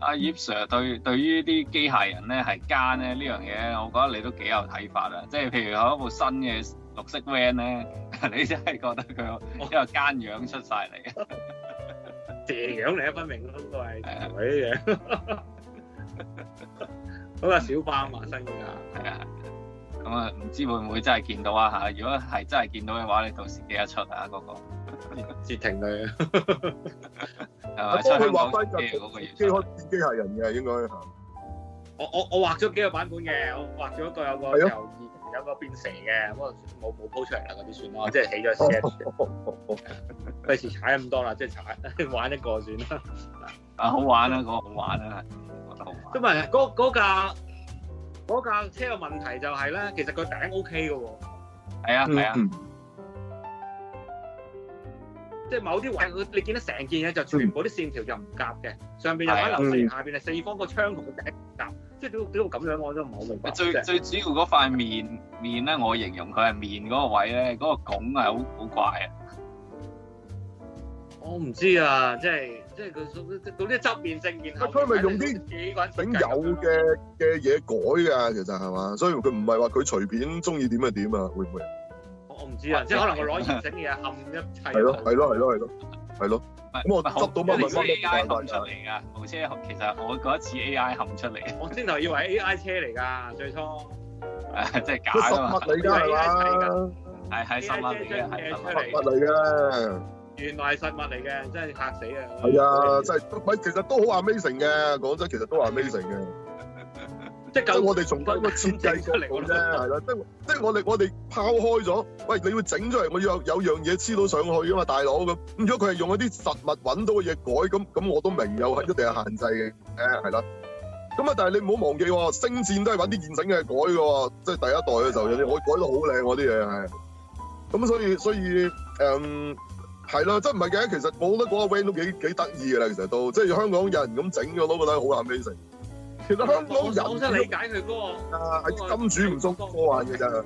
阿 Yip Sir 對對於啲機械人咧係奸咧呢樣嘢，我覺得你都幾有睇法啊！即係譬如有一部新嘅綠色 Van 咧。你真係覺得佢有奸樣出曬嚟，邪樣嚟得分明咯，都係嗰啲樣。咁啊，小巴啊，新噶。係啊。咁啊，唔知會唔會真係見到啊？嚇！如果係真係見到嘅話，你到時記得出啊？嗰個截停佢！啊，都畫翻機嗰個嘢，機開機械人嘅應該。我我我畫咗幾個版本嘅，我畫咗一個有個猶豫。有個變成嘅，冇冇 po 出嚟啦，嗰啲算啦，即係起咗 set，費事踩咁多啦，即係踩玩一個算啦。啊，好玩啊，嗰、嗯嗰個好玩啊，我覺得好玩，啊。因為嗰架架車嘅問題就係，是，咧，其實佢頂 O K 嘅喎。係啊，係啊。嗯啊嗯，即係某啲位，你見到成件嘢就全部啲線條就唔夾嘅，上邊係一個流線，下邊係四方個窗同個頂夾即係點點到咁樣，我都唔好明白。最、就是、最主要嗰塊面面咧，我形容佢係面嗰個位咧，嗰、嗰個拱係好好怪啊！我唔知啊，即，即，即，即面面是是係即係佢嗰啲側面性然後。佢係咪用啲整有嘅嘅嘢改㗎，其實係嘛？所以佢唔係話佢隨便中意點就點啊，會唔會？我唔知啊，即係可能佢攞完整嘢冚一切。係咯係咯係咯係咯。係咯，咁我執到乜乜乜嘢嘢嘅，部車㗎，其實我嗰一次 A I 冚出嚟。 [laughs] 我先頭以為 A I 車嚟噶，最初，誒， [laughs] 真係假啊嘛，係係實物嚟嘅，係係實物嚟嘅，係實物嚟嘅，原來係實物嚟嘅，真係嚇死啊！係啊，真係，其實都好 Amazing 嘅，講真其實都 Amazing 嘅。即係我哋從一個設計出嚟咁啫，係咯，即係即係我哋我哋拋開咗，喂，你要整出嚟，我要有有樣嘢黐到上去啊嘛，大佬咁。咁如果佢係用一啲實物揾到嘅嘢改，咁咁我都明，有一定係限制嘅，係啦。咁啊，但係你唔好忘記喎，星戰都係揾啲現成嘅改嘅喎，即係第一代嘅時候有啲改改得好靚喎啲嘢係。咁所以所以誒係咯，真唔係嘅，其實我覺得 Van 都幾幾得意嘅啦，其實都即係香港人咁整嘅都覺得好啱味成。其實香港，我好想理解佢嗰個啊，係金主唔足貨啊，其實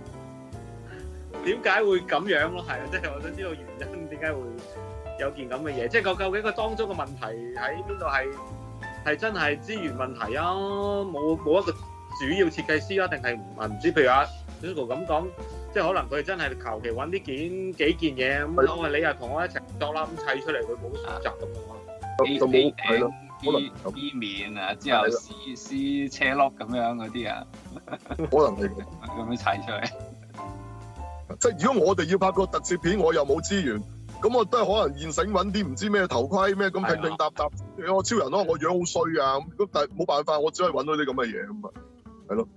點解會咁樣咯？係啊，即係我想知道原因點解會有件咁嘅嘢，即係究竟佢當中嘅問題喺邊度？係係真係資源問題啊，冇冇一個主要設計師啊，定係唔唔知？譬如阿小豪咁講，即係可能佢真係求其揾啲件幾件嘢咁，我話你又同我一齊做啦，咁砌出嚟佢冇選擇咁樣咯，就冇係咯。B 啲面啊，之後撕撕車碌咁樣嗰啲啊，可能係咁樣砌出嚟。即係如果我哋要拍個特攝片，我又冇資源，咁我都係可能現成揾啲唔知咩頭盔咩咁拼拼搭搭。我超人咯，我樣好衰啊咁，但係冇辦法，我只係揾到啲咁嘅嘢咁啊，係咯。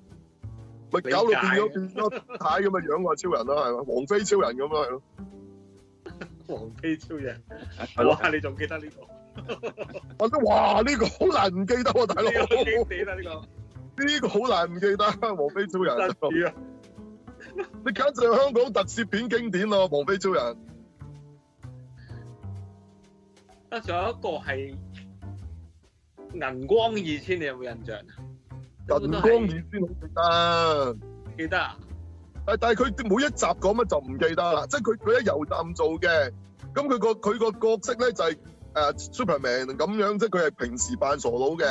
咪搞到變咗變咗太咁嘅樣啊，超人啦，係嘛，王菲超人咁啊，係咯。王菲超人，哇，你仲記得呢個？我都哇！呢個好難唔記得啊，大佬經典啦呢個，呢個好難唔記得《黃飛超人》。得意啊！你簡直係香港特攝片經典咯，《黃飛超人》。啊，仲有一個係《銀光二千》，你有冇印象啊？銀光二千，記得記得啊！但但係佢每一集講乜就唔記得啦，即係佢佢喺油站做嘅，咁佢個佢個角色咧就係。誒、uh, Superman 咁樣，即係佢係平時扮傻佬嘅。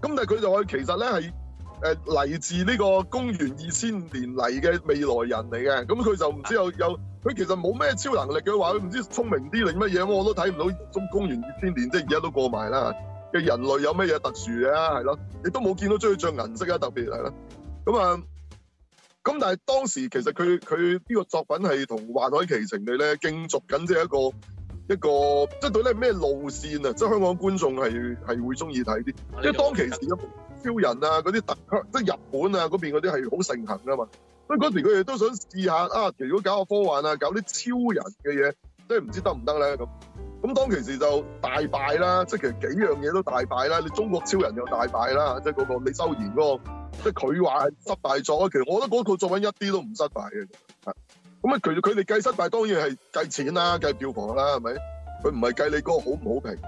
咁但係佢就話其實咧係誒嚟自呢個公元二千年嚟嘅未來人嚟嘅。咁佢就唔知有有佢其實冇咩超能力嘅話，佢唔知聰明啲定乜嘢我都睇唔到。咁公元二千年即係而家都過埋啦嘅人類有咩嘢特殊嘅？係咯，你都冇見到中意著銀色啊，特別係啦。咁啊，咁但係當時其實佢佢呢個作品係同《幻海奇情》嘅咧競逐緊，即係一個。一個即到底係咩路線啊，即香港觀眾係係會中意睇啲，即係當其時有、啊、超人啊，嗰啲特攝即日本啊嗰邊嗰啲係好盛行噶嘛，所以嗰時佢哋都想試下啊，其實如果搞個科幻啊，搞啲超人嘅嘢，即係唔知得唔得咧咁。咁當其時就大敗啦，即其實幾樣嘢都大敗啦。你中國超人又大敗啦，即係嗰個李修賢嗰、嗰個，即佢話失敗咗，其實我覺得嗰套作品一啲都唔失敗嘅。咁啊，其實佢哋計失敗當然係計錢啦，計票房啦，係咪？佢唔係計你個好唔好評。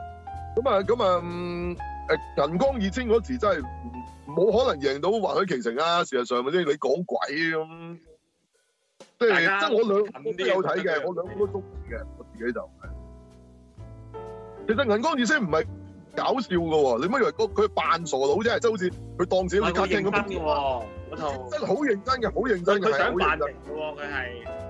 咁啊，咁啊，誒，銀光二千嗰時真係冇可能贏到華海奇城啊！事實上，咪即係你講鬼咁。即係即係我兩個都有睇嘅，我兩個都中意嘅。我自己就係。其實銀光二千唔係搞笑噶喎，你乜以為個佢扮傻佬啫？即係好似佢當自己係卡丁咁。好認真嘅喎，嗰套真係好認真嘅，好認真嘅。佢想扮嘅喎，佢係。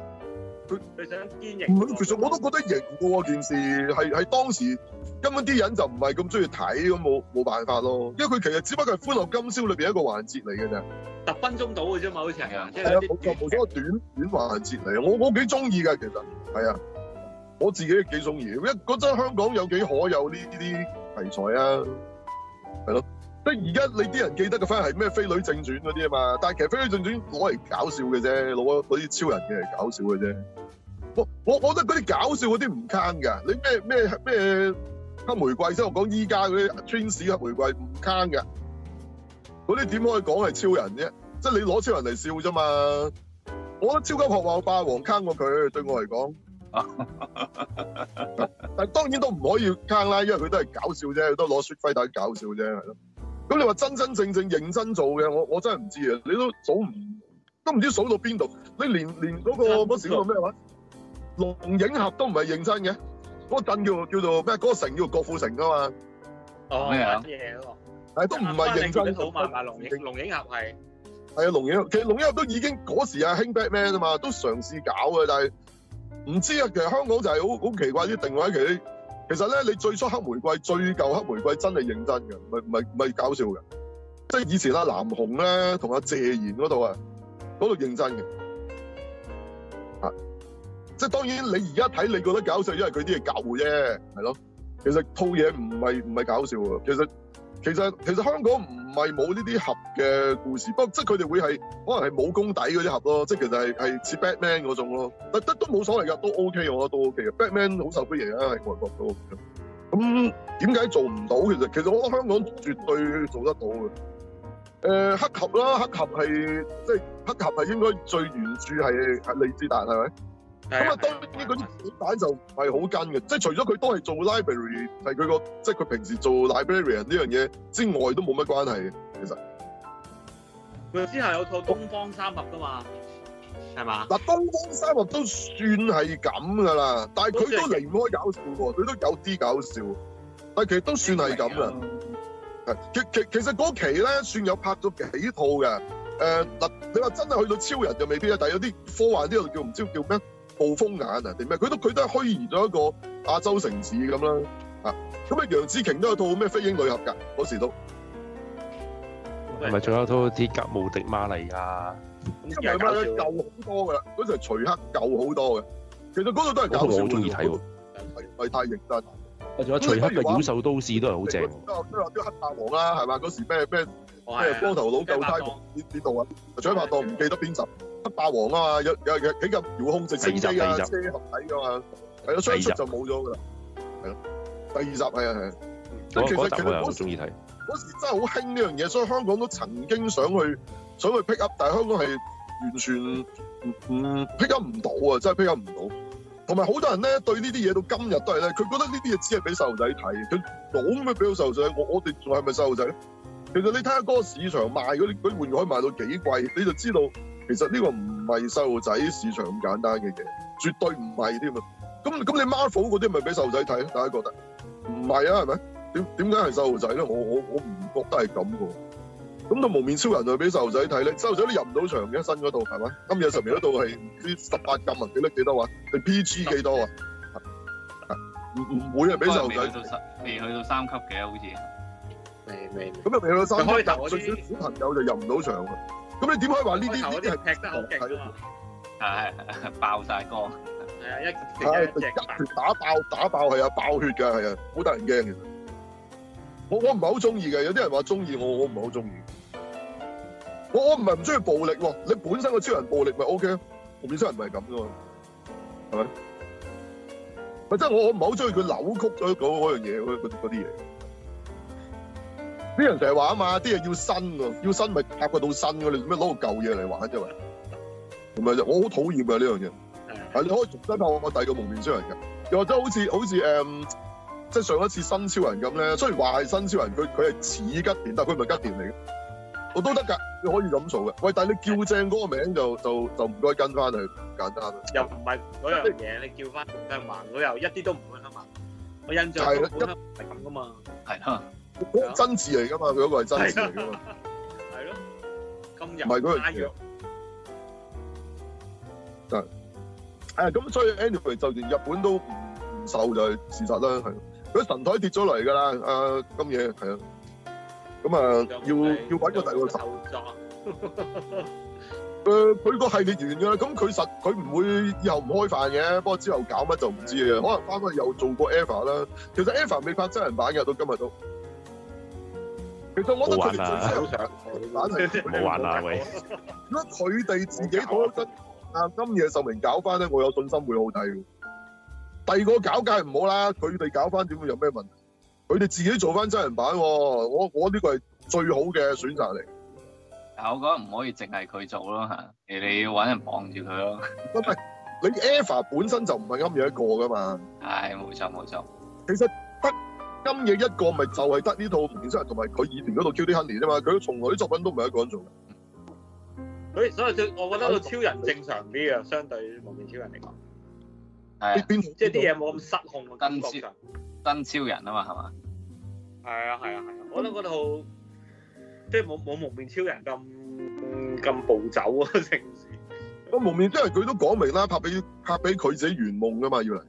佢佢想堅型，其實我都覺得型喎。件事係係當時根本啲人就唔係咁中意睇咁，冇冇辦法咯。因為佢其實只不過係《歡樂今宵》裏邊一個環節嚟嘅啫，十分鐘到嘅啫嘛，好似係啊。係啊，即係，冇錯，短短環節嚟。我我幾中意嘅，其實係啊，我自己幾中意。一嗰陣香港有幾可有呢啲題材啊？係咯。即係而家你啲人記得嘅翻係咩《飛女正傳》嗰啲啊嘛，但係其實《飛女正傳》攞嚟搞笑嘅啫，攞攞啲超人嘅嚟搞笑嘅啫。我我覺得嗰啲搞笑嗰啲唔坑噶，你咩咩咩黑玫瑰即係我講依家嗰啲《Twins 黑玫瑰》唔坑噶，嗰啲點可以講係超人啫？即係你攞超人嚟笑啫嘛。我覺得《超級學校霸王》坑過佢，對我嚟講。但係當然都唔可以坑啦，因為佢都係搞笑啫，都攞雪輝打搞笑啫。咁你話真真正正認真做嘅，我我真係唔知啊！你都數唔都唔知數到邊度？你連連嗰個嗰時嗰個咩話龍影俠都唔係認真嘅，嗰陣叫叫做咩？嗰個城叫做郭富城㗎嘛？咩啊？係都唔係認真龍影龍影俠係係啊龍影，其實龍影俠都已經嗰時啊興 Batman 啊嘛，都嘗試搞嘅，但係唔知啊。其實香港就係好好奇怪啲定位，其實。其實咧，你最初黑玫瑰，最舊黑玫瑰真係認真嘅，唔係唔係唔係搞笑嘅。即係以前阿南紅咧，同阿、啊、謝賢嗰度啊，嗰度認真嘅。啊，即係當然你而家睇你覺得搞笑，因為佢啲嘢舊啫，係咯。其實套嘢唔係唔係搞笑啊，其實。其實其實香港唔係冇呢啲俠嘅故事，不過即係佢哋會係可能係武功底嗰啲俠咯，即係其實係係似 Batman 嗰種咯，但得都冇所謂噶，都 OK 我覺得都 OK 嘅。Batman 好受歡迎啊，喺外國都咁點解做唔到？其實其實我覺得香港絕對做得到嘅。誒黑俠啦，黑俠係即係黑俠係應該最原著係係李志達係咪？是咁啊，當然嗰啲點解就唔係好跟嘅，即係除咗佢都係做 library，係佢個即係佢平時做 librarian 呢樣嘢之外，都冇乜關係嘅其實。佢之後有套東方三俠《東方三俠》噶嘛，係嘛？嗱，《東方三俠》都算係咁噶啦，但係佢都離開搞笑喎，佢都有啲搞笑，但係其實都算係咁啦。其其其實嗰期咧，算有拍咗幾套嘅。誒、呃、嗱，你話真係去到超人就未必啦，但係有啲科幻啲叫唔知叫咩？暴風眼啊，定咩？佢都佢都係虛擬咗一個亞洲城市咁啦，啊！咁啊，楊紫瓊都有套咩《飛鷹女俠》㗎，嗰時都。係咪？仲有套《鐵甲無敵瑪利亞》嚟㗎。《鐵甲無敵馬》舊好多㗎啦，嗰時徐克舊好多嘅。其實嗰度都係舊。不過我好中意睇喎，唔係太認真。啊！仲有徐克嘅《妖獸都市》都係好正喎。都有都有啲黑霸王啦，係嘛？嗰時咩咩咩光頭佬救差唔啲啲度啊！搶拍檔唔記得邊集。霸王啊嘛，有有有幾架遙控直升機啊車合體噶嘛。係咯，雙出就冇咗噶啦，係咯，第二集係啊係啊，我嗰集，集，集，哦，集我係好中意睇，嗰時真係好興呢樣嘢，所以香港都曾經想去想去 pick up，但係香港係完全唔 pick up 唔到啊，真係 pick up 唔到。同埋好多人咧對呢啲嘢到今日都係咧，佢覺得呢啲嘢只係俾細路仔睇，佢冇咩俾到細路仔，我我哋仲係咪細路仔咧？其實你睇下嗰個市場賣嗰啲嗰啲玩具可以賣到幾貴，你就知道。其實呢個唔係細路仔市場咁簡單嘅嘢，絕對唔係添啊！咁咁你 Marvel 嗰啲咪俾細路仔睇咧？大家覺得唔係啊？係咪？點點解係細路仔咧？我我我唔覺得係咁噶。咁到蒙面超人又俾細路仔睇咧？細路仔都入唔到場嘅，新嗰度係咪？今日上面嗰度係唔知十八禁啊？幾多幾多話？係 PG 幾多啊？唔唔會啊！俾細路仔未去到三級嘅好似，未未。咁又未去到三級，最緊要小朋友就入唔到場啊！咁你點可以話呢啲？嗰啲係踢得好勁啊！係係係，爆曬缸！係啊，一隻一隻打打爆打爆係啊，爆血㗎係啊，好得人驚其實。我我唔係好中意嘅，有啲人話中意我，我唔係好中意。我我唔係唔中意暴力喎。你本身個超人暴力咪 O K 咯？我本身人唔係咁嘅喎，係咪？咪即係我我唔係好中意佢扭曲咗嗰嗰樣嘢嗰嗰啲嘢。啲人成日話啊嘛，啲嘢要新噶，要新咪拍佢到新噶，你做咩攞個舊嘢嚟玩啫？喂，同埋就我好討厭噶呢樣嘢。係你可以重新拍我，我第二個蒙面超人嘅，又或者好似好似誒，即係上一次新超人咁咧。雖然話係新超人，佢佢係似吉田，但係佢唔係吉田嚟嘅，我都得噶，你可以咁做嘅。喂，但係你叫正嗰個名就就就唔該跟翻佢，簡單啊。又唔係嗰樣嘢，你叫翻向華，我又一啲都唔會向華。我印象係吉，係咁噶嘛。係啊。真字嚟噶嘛？佢嗰個係真字嚟噶嘛？係咯，今日唔係嗰樣嘅，但係誒，咁所以 anyway 就連日本都唔受就係事實啦，係佢神台跌咗嚟噶啦，啊，今夜係啊，咁啊要要搵個第二個實，誒，佢個系列完噶啦，咁佢實佢唔會又唔開飯嘅，不過之後搞乜就唔知嘅，可能翻去又做過 Eva 啦，其實 Eva 未拍真人版嘅，到今日都。好玩啊！好玩啊！喂，如果佢哋自己攞得，但庵野秀明搞翻咧，我有信心會好啲。第二個搞梗係唔好啦，佢哋搞翻點會有咩問題？佢哋自己做翻真人版，我我呢個係最好嘅選擇嚟。但我覺得唔可以淨係佢做咯吓，而你要搵人望住佢咯。唔係，你 EVA 本身就唔係庵野一個噶嘛。唉，冇錯冇錯。其實不。今嘢一個咪就係得呢套蒙面超人同埋佢以前嗰套超啲亨利啫嘛，佢從來啲作品都唔係一個人做嘅。所以所以最我覺得個超人正常啲啊，相對蒙面超人嚟講。係，即係啲嘢冇咁失控啊。新超新超人啊嘛係嘛？係啊係啊係啊！我覺得嗰套即係冇冇蒙面超人咁咁暴走啊！成件事。個蒙面即係佢都講明啦，拍俾拍俾佢自己圓夢㗎嘛，要嚟。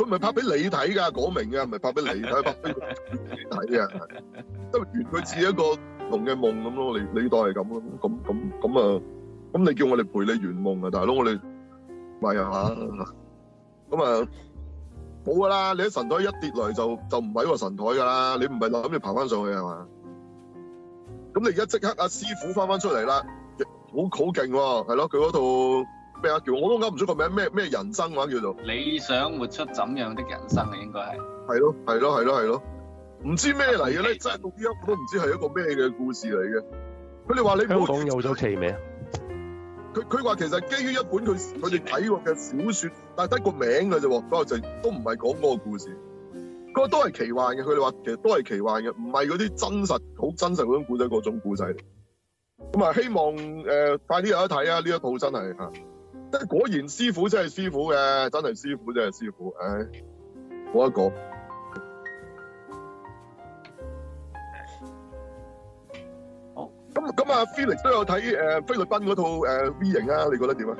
佢唔係拍俾你睇噶，講明嘅，唔係拍俾你睇，拍俾佢自己睇啊！都完，佢似一個龍嘅夢咁咯，你你當係咁咯，咁咁咁啊！咁你叫我哋陪你圓夢啊，大佬，我哋咪啊！咁啊，冇噶啦，你喺神台一跌落嚟就就唔係個神台噶啦，你唔係諗住爬翻上去係嘛？咁你而家即刻阿師傅翻翻出嚟啦，好好勁喎，係咯，佢嗰度。我都噏唔出個名，咩咩人生嘅，啊、話叫做？你想活出怎樣的人生啊？應該係。係咯，係咯，係咯，係咯。唔知咩嚟嘅咧，真係到呢一度我都唔知係一個咩嘅故事嚟嘅。佢哋話你香港有咗奇名。佢佢話其實基於一本佢佢哋睇過嘅小説，但得個名嘅啫喎，就都係都唔係講嗰個故事。個都係奇幻嘅，佢哋話其實都係奇幻嘅，唔係嗰啲真實好真實嗰種故仔嗰種故仔。咁啊，希望誒、呃、快啲有得睇啊！呢一套真係嚇。真果然師傅，真係師傅嘅，真係師傅真係師傅，唉，冇得講。好，咁咁啊，Felix 都有睇，誒菲律賓嗰套誒 V 型啊，你覺得點啊？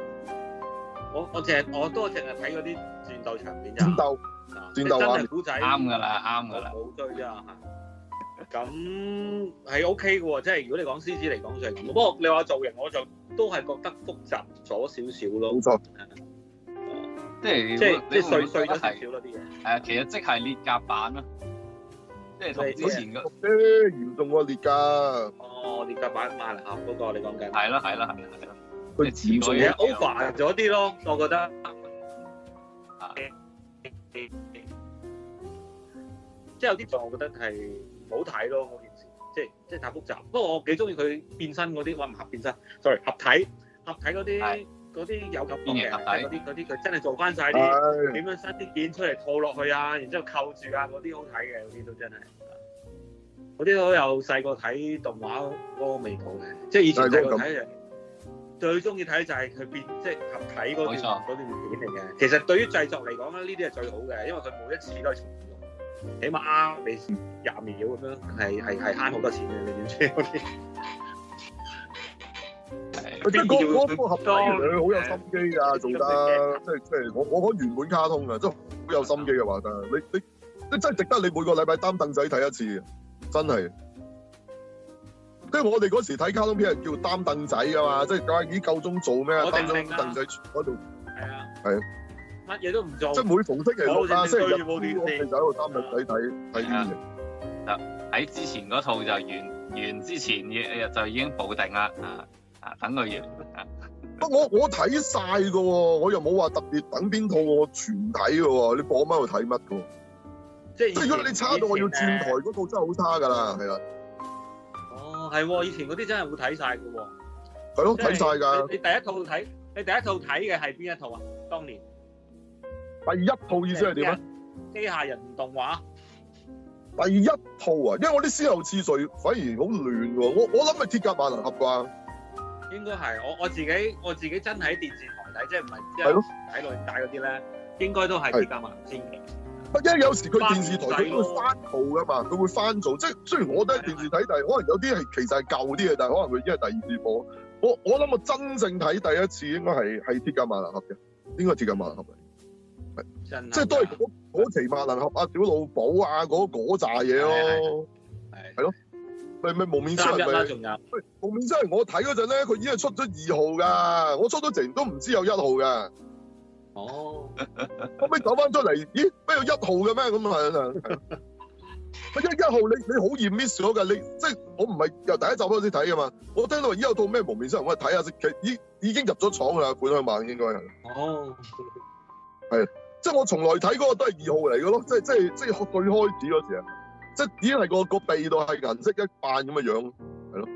我我淨係我都淨係睇嗰啲戰鬥場面咋？戰鬥，戰鬥啊！真係古仔，啱噶啦，啱噶啦，冇追啫。咁係 O K 嘅喎，即係如果你講獅子嚟講就係咁，不過你話造型我就都係覺得複雜咗少少咯。冇錯，啊、即係即係碎碎咗少咗啲嘢。係啊，其實即係裂甲板啦，即係之前嘅嚴重過裂甲。哦，裂甲板萬能盒嗰個你講緊。係啦，係啦，係啦，係啦，佢似咗嘢，over 咗啲咯，我覺得。嗯嗯嗯嗯、即係有啲嘢，我覺得係。好睇咯，嗰件事即係即係太複雜。不過我幾中意佢變身嗰啲，我唔合變身，sorry，合體合體嗰啲嗰啲有咁變嘅，嗰啲嗰啲佢真係做翻晒啲點樣塞啲件出嚟套落去啊，然之後扣住啊，嗰啲好睇嘅，嗰啲都真係。嗰啲都有細個睇動畫嗰個味道嘅，即係以前細個睇嘅。最中意睇就係佢變即係合體嗰段嗰段片嚟嘅。其實對於製作嚟講咧，呢啲係最好嘅，因為佢每一次都係。起碼你廿秒咁樣係係係慳好多錢嘅，你點知嗰啲？嗰啲叫嗰個合作，原來佢好有心機噶，做得即係即係我我講原本卡通啊，都好有心機嘅話得。你你真係值得你每個禮拜擔凳仔睇一次嘅，真係。即係我哋嗰時睇卡通片係叫擔凳仔㗎嘛，即係嗰幾夠鍾做咩？擔張凳仔坐嗰度。係啊。係。乜嘢都唔做，即係每逢星期六啊，星期二播啲，就喺度擔命仔睇。係啊，喺之前嗰套就完完之前嘅就已經補定啦。啊啊，等佢完。不過，我我睇晒㗎喎，我又冇話特別等邊套喎，我全睇㗎喎。你播乜我睇乜㗎喎？即係如果你差到我要轉台嗰套真係好差㗎啦，係啦。哦，係喎，以前嗰啲真係會睇晒㗎喎。係咯，睇晒㗎。你第一套睇，你第一套睇嘅係邊一套啊？當年。第一套意思係點咧？機械人動畫。第一套啊，因為我啲思後次序反而好亂喎，我我諗係鐵甲萬能俠啩。應該係，我我自己我自己真係喺電視台睇，即係唔係即係睇到大帶嗰啲咧，應該都係鐵甲萬能俠嘅。因為有時佢電視台佢都會翻號噶嘛，佢會翻做，即係雖然我都喺電視睇，但係可能有啲係其實係舊啲嘅，但係可能佢因為第二次播，我我諗我真正睇第一次應該係係鐵甲萬能俠嘅，應該鐵甲萬能俠。即係都係嗰嗰萬能俠啊，小老寶啊，嗰嗰扎嘢咯，係係咯，咪咪無面生咪？無面生、啊、我睇嗰陣咧，佢已經出咗二號㗎、嗯，我出咗前都唔知有一號㗎。哦，後 [laughs] 尾走翻出嚟，咦？咩有一號嘅咩？咁啊係啊係。一一 [laughs] 號你你好易 miss 咗㗎，你，你即係我唔係由第一集開始睇㗎嘛，我聽到而家有套咩無面生，我睇下先。其實已已經入咗廠㗎啦，本香萬應該係。哦，係。即係我從來睇嗰個都係二號嚟嘅咯，即係即係即係最開始嗰時啊，即已經係個鼻度係銀色一瓣咁嘅樣，係咯。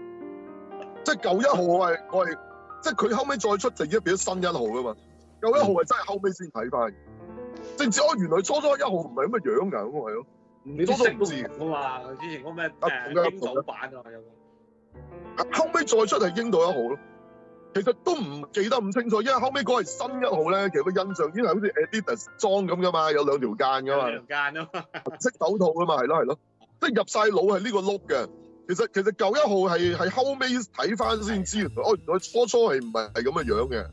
即舊一號係我係我係，即佢後尾再出就已經變咗新一號㗎嘛。舊一號係真係後尾先睇翻。甚至我原來初初一號唔係咁嘅樣嘅，咁咪咯。你都都唔知、啊。我話之前嗰咩誒英島版啊有，啊啊啊啊啊。後尾再出係英島一號咯。其實都唔記得唔清楚，因為後尾嗰係新一號咧，其實個印象已經係好似 Adidas 裝咁噶嘛，有兩條間噶嘛，兩條間咯，紅色手套噶嘛，係咯係咯，即係入曬腦係呢個 look 嘅。其實其實舊一號係係後尾睇翻先知，哦原來初初係唔係係咁嘅樣嘅。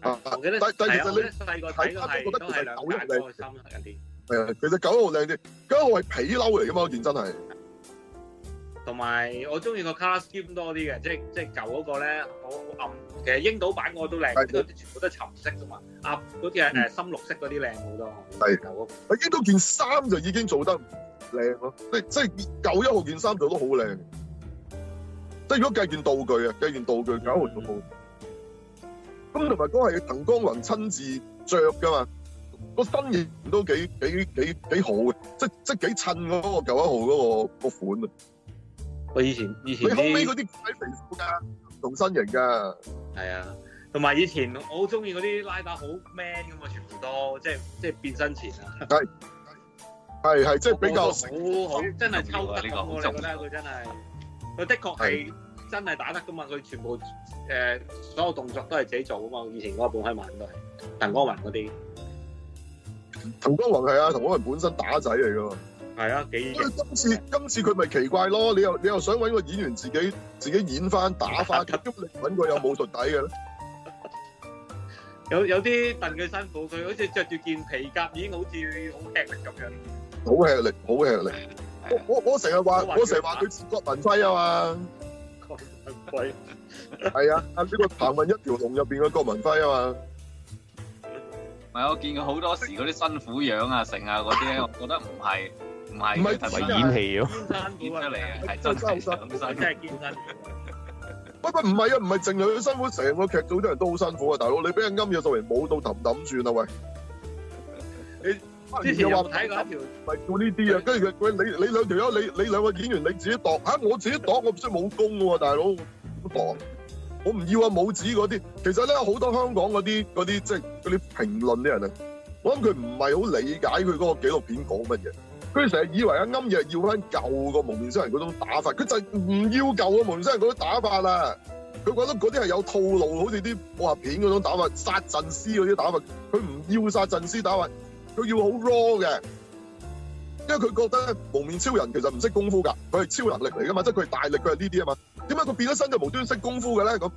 啊，但但其實你細個睇都覺得係舊一號靚啲，係啊，其實舊一號靚啲，舊一號係皮褸嚟噶嘛，件真係。同埋我中意、就是就是、個 c a s s i c 多啲嘅，即係即係舊嗰個咧，好好暗。其實英島版我都靚，全部都係沉色噶嘛。啊，嗰啲係深綠色嗰啲靚好多。係舊嗰、那個，啊英島件衫就已經做得靚咯，即係即係九一號件衫做得好靚。即、就、係、是、如果計件道具啊，計件道具九號都冇？咁同埋嗰個係光雲親自着噶嘛，個身意都幾,幾,幾,幾好嘅，即、就、即、是、幾襯嗰個九一號嗰、那個那個款啊。我以前以前啲，佢後尾嗰啲鬼肥佬噶，動新型噶，係啊，同埋以前我好中意嗰啲拉打好 man 噶嘛，全部都即係即係變身前啊，係係係即係比較好好，真係抽得咁喎、呢個呢個！你覺得佢真係佢的確係真係打得噶嘛？佢全部誒、呃、所有動作都係自己做噶嘛？以前嗰個半開曼都係，鄧光雲嗰啲，鄧光雲係啊，鄧光雲本身打仔嚟噶嘛。係啊，今次今次佢咪奇怪咯？你又你又想揾個演員自己自己演翻打翻，咁你揾個有冇武術底嘅咧？有有啲戥佢辛苦，佢好似着住件皮夾，已經好似好吃力咁樣。好吃力，好吃力！我我我成日話，我成日話佢郭文輝啊嘛。郭文輝係啊，呢個行運一條龍入邊嘅郭文輝啊嘛。唔係我見過好多時嗰啲辛苦樣啊，成啊嗰啲，我覺得唔係。唔係，係咪演戲要健身？健身嚟啊，真係健身。唔係唔係啊，唔係淨係佢辛苦，成個劇組啲人都好辛苦啊，大佬。你俾人噏嘢做完，舞到揼揼算啦喂。你之前又話睇過一條，唔係做呢啲啊。跟住佢，你你兩條友，你你兩個演員你自己度吓，我自己度我唔識武功嘅喎，大佬。度我唔要啊，武指嗰啲。其實咧，好多香港嗰啲嗰啲即係嗰啲評論啲人咧，我諗佢唔係好理解佢嗰個紀錄片講乜嘢。佢成日以為阿啱嘢係要翻舊個蒙面超人嗰種打法，佢就係唔要舊個蒙面超人嗰種打法啦。佢覺得嗰啲係有套路，好似啲武俠片嗰種打法，殺陣師嗰啲打法，佢唔要殺陣師打法，佢要好 raw 嘅。因為佢覺得咧，蒙面超人其實唔識功夫㗎，佢係超能力嚟㗎嘛，即係佢係大力他這些，佢係呢啲啊嘛。點解佢變咗身就無端識功夫嘅咧？咁？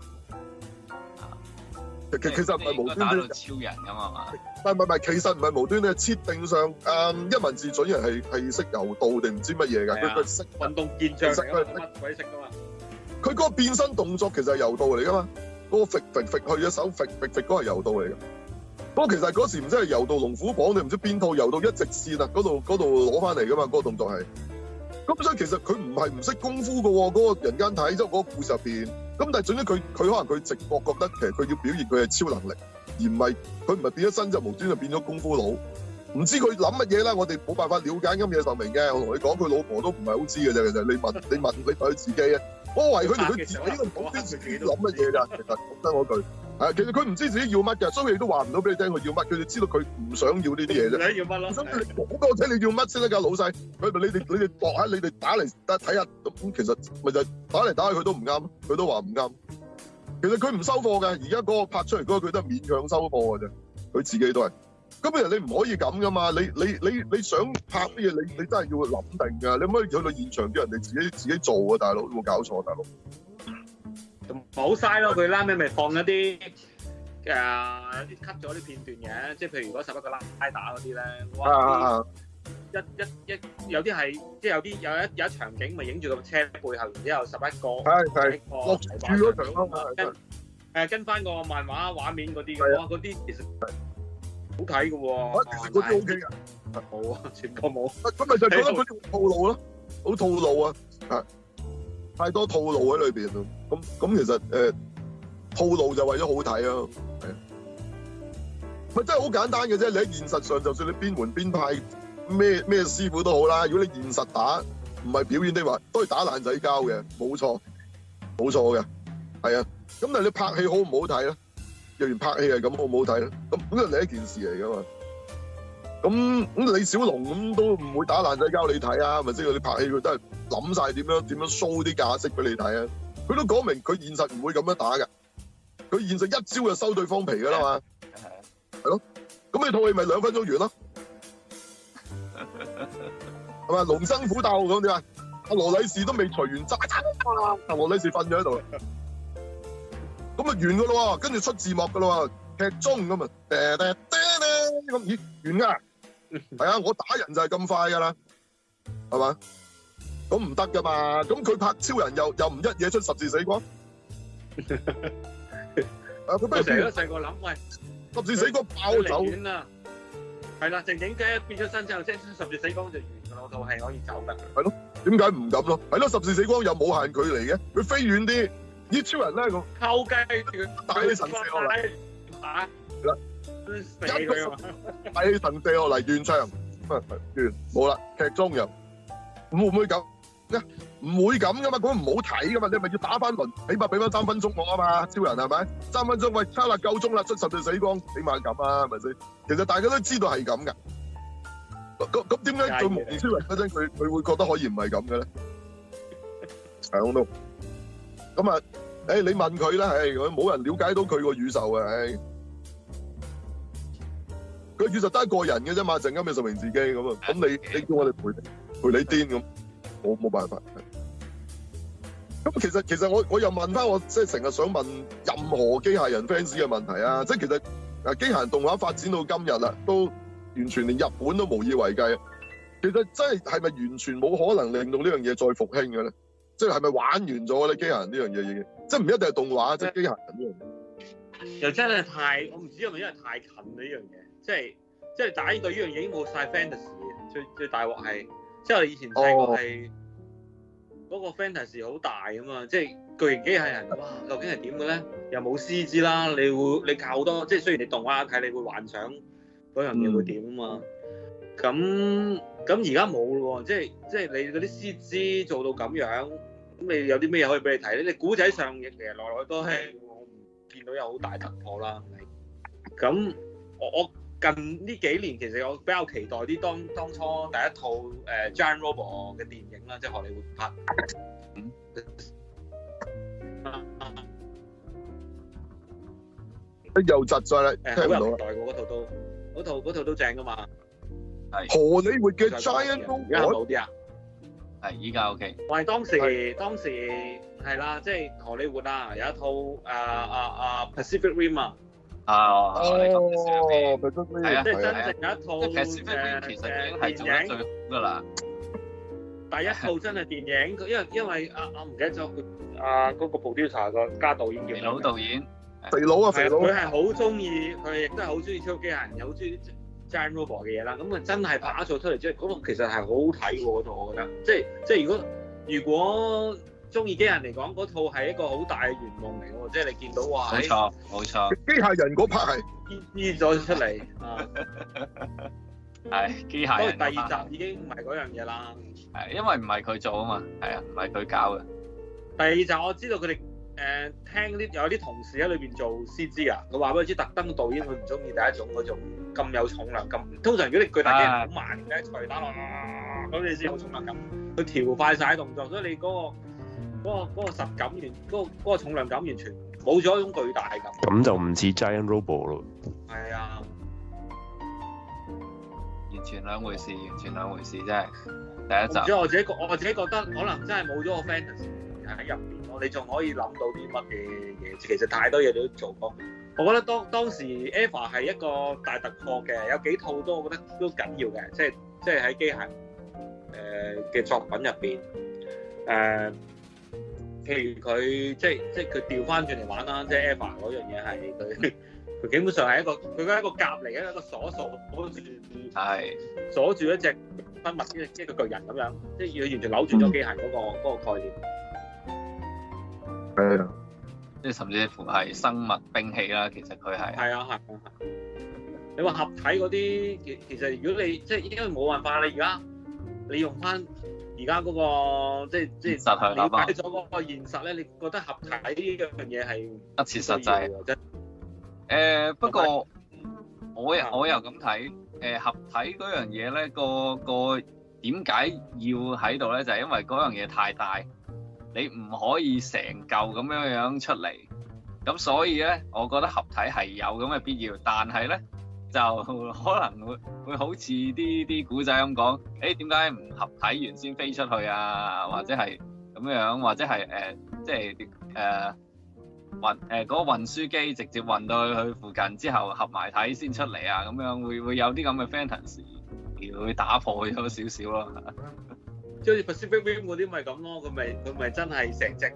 其其實，唔係無端端嘅，超人噶嘛嘛，但係唔係，其實唔係無端咧，設定上，誒一文字隼人係係識柔道定唔知乜嘢嘅，佢係識運動健將，乜鬼識噶嘛？佢嗰個變身動作其實係柔道嚟噶嘛，嗰個揈揈揈佢嘅手揈揈揈嗰係柔道嚟嘅。不過其實嗰時唔知係柔道龍虎榜定唔知邊套柔道一直線啊，嗰度嗰度攞翻嚟噶嘛，嗰個動作係。咁所以其實佢唔係唔識功夫噶，嗰個人間體即係嗰個故事入邊。咁但係，總之佢佢可能佢直覺覺得其實佢要表現佢係超能力，而唔係佢唔係變咗身就無端就變咗功夫佬。唔知佢諗乜嘢啦，我哋冇辦法了解金嘢壽明嘅。我同你講，佢老婆都唔係好知嘅啫。其實你問，你問佢自己啊，我懷疑佢連佢自己都唔知自己諗乜嘢㗎。其實講真嗰句，係其實佢唔知自己要乜嘅，所以亦都話唔到俾你聽佢要乜。佢哋知道佢唔想要呢啲嘢啫。你想要乜咯？我想你講過聽，你要乜先得㗎，老細。佢咪你哋你哋搏下，你哋打嚟睇下。咁其實咪就打嚟打去，佢都唔啱，佢都話唔啱。其實佢唔收貨嘅，而家嗰個拍出嚟嗰個，佢都係勉強收貨嘅啫。佢自己都係。咁啊！你唔可以咁噶嘛！你你你你想拍啲嘢，你你真係要諗定噶！你唔可以去到現場叫人哋自己自己做啊，大佬！冇搞錯，大佬。冇嘥咯，佢拉尾咪放一啲，誒有啲 cut 咗啲片段嘅，即係譬如嗰十一個拉打嗰啲咧，哇！一一一有啲係，即係有啲有一有一場景咪影住個車背後，然之後十一個，係係，我住嗰場啊嘛，誒跟翻個漫畫畫面嗰啲嘅，哇！嗰啲其實。好睇嘅喎，其實嗰啲 O K 嘅，冇啊，全部冇，咁咪就覺得嗰啲套路咯，好套路啊，係太多套路喺裏邊咯，咁咁其實誒套路就為咗好睇咯，係咪真係好簡單嘅啫？你喺現實上，就算你邊門邊派咩咩師傅都好啦，如果你現實打唔係表演的話，都係打爛仔交嘅，冇錯，冇錯嘅，係啊，咁但係你拍戲好唔好睇咧？入完拍戲係咁好唔好睇咧？咁呢個另一件事嚟噶嘛？咁咁李小龍咁都唔會打爛仔交你睇啊，咪知咯？你拍戲佢都係諗晒點樣點樣 show 啲架式俾你睇啊？佢都講明佢現實唔會咁樣打嘅，佢現實一招就收對方皮噶啦嘛，係 [laughs] 咯？咁你套戲咪兩分鐘完咯，啊？係 [laughs] 咪？龍爭虎鬥咁點啊？阿、啊啊、羅禮士都未除完渣啊嘛！阿羅禮士瞓咗喺度。咁咪完噶咯，跟住出字幕噶咯，劇中咁啊，喋喋喋咧咁，咦，完噶，係啊，我打人就係咁快噶啦，係嘛，咁唔得噶嘛，咁佢拍超人又又唔一嘢出十字死光，佢不如成日都細個諗，喂，十字死光爆走啊，係啦，靜靜嘅變咗身之後即係出十字死光就完噶咯，套係可以走噶，係咯，點解唔敢咯？係咯，十字死光又冇限距離嘅，佢飛遠啲。呢超人咧，扣雞，大神射落嚟，吓，一個大神射落嚟，完場，唔係完，冇啦，劇終又會唔會咁咧？唔會咁噶嘛，咁唔好睇噶嘛，你咪要打翻輪，起碼俾翻三分鐘我啊嘛，超人係咪？三分鐘，喂，差啦，夠鐘啦，出十對死光，起碼咁啊，係咪先？其實大家都知道係咁噶，咁咁點解佢演超人嗰陣，佢佢會覺得可以唔係咁嘅咧？響到。咁啊，誒你問佢啦，係佢冇人瞭解到佢個宇宙嘅，係佢宇宙得一個人嘅啫嘛，陣間咪證明自己咁啊，咁你你叫我哋陪陪你癲咁，我冇辦法。咁其實其實我我又問翻我即係成日想問任何機械人 fans 嘅問題啊，即係其實機械人動畫發展到今日啊，都完全連日本都無以為繼。其實真係係咪完全冇可能令到呢樣嘢再復興嘅咧？即係係咪玩完咗咧機械人呢樣嘢？即係唔一定係動畫，即係機械人呢樣嘢。又真係太，我唔知係咪因為太近呢樣嘢。即係即係打到呢樣嘢已經冇晒 fantasy。最最大鑊係，即係我哋以前細個係嗰個 fantasy 好大噶嘛。哦、即係巨型機械人，哇！究竟係點嘅咧？又冇獅子啦，你會你靠多即係雖然你動畫睇，你會幻想嗰樣嘢會點啊嘛。咁、嗯。咁而家冇咯喎，即係即係你嗰啲詩詞做到咁樣，咁你有啲咩嘢可以俾你睇咧？你古仔上映其實來來都係，我唔見到有好大突破啦，係咪？咁我我近呢幾年其實我比較期待啲當當初第一套誒 John Robb 嘅電影啦，即係荷里活拍。嗯。啊！又窒咗啦，聽唔到啊。八十年代我嗰套都，嗰套嗰套都正噶嘛。荷里活嘅 Giant，而家好啲啊？係依家 OK。喂，當時當時係啦，即係荷里活啊，有一套誒誒誒 Pacific Rim 啊。啊，荷里活嘅時候，係啊，即係真正有一套誒誒電影做得最好㗎啦。第一套真係電影，因為因為阿阿唔記得咗佢阿嗰個 producer 個加導演叫咩名？肥佬導演，肥佬啊，肥佬。佢係好中意，佢亦都係好中意超級機械人，又好中意，Giant Robot 嘅嘢啦，咁啊真係拍咗出嚟之後，嗰套其實係好好睇喎，嗰套我覺得，即係即係如果如果中意機人嚟講，嗰套係一個好大嘅圓夢嚟嘅喎，即係你見到話，冇錯冇錯、哎，機械人嗰拍係依咗出嚟，係 [laughs] 機械人。不過第二集已經唔係嗰樣嘢啦。係因為唔係佢做啊嘛，係啊唔係佢搞嘅。第二集我知道佢哋。誒聽嗰啲有啲同事喺裏邊做 CG 啊，佢話俾你知，特登導演佢唔中意第一種嗰種咁有重量咁，通常嗰啲巨大嘅好慢嘅一錘打落，咁你先有重量感，佢調快曬動作，所以你嗰個嗰個嗰個實感完，嗰個嗰個重量感完全冇咗一種巨大感。咁就唔似 Giant Robot 咯。係啊，完全兩回事，完全兩回事，真係第一集。唔知我自己覺，我自己覺得可能真係冇咗個 fantasy 喺入邊。你仲可以諗到啲乜嘅嘢？其實太多嘢你都做過。我覺得當當時 Eva 係一個大突破嘅，有幾套都我覺得都緊要嘅。即係即係喺機械誒嘅作品入邊誒，譬如佢即係即係佢調返轉嚟玩啦。即係 Eva 嗰樣嘢係佢，佢基本上係一個佢嗰一個夾嚟嘅一個鎖鎖鎖住，係鎖住一隻生物，即係一個巨人咁樣，即係要完全扭轉咗機械嗰個嗰個概念。係啦，即係甚至乎係生物兵器啦，其實佢係係啊係，你話合體嗰啲，其其實如果你即係因為冇辦法，你而家你用翻而家嗰個即係即係了解咗嗰個現實咧，你覺得合體呢樣嘢係不切實際？誒，不過我我又咁睇，誒，合體嗰樣嘢咧個個點解要喺度咧？就係因為嗰樣嘢太大。你唔可以成嚿咁樣樣出嚟，咁所以咧，我覺得合體係有咁嘅必要，但係咧就可能會會好似啲啲古仔咁講，誒點解唔合體完先飛出去啊？或者係咁樣，或者係誒即係誒運誒嗰個運輸機直接運到去佢附近之後合埋體先出嚟啊？咁樣會會有啲咁嘅 fantasy 而會打破咗少少囉！將啲 Pacific Rim 嗰啲咪咁咯，佢咪佢咪真係成隻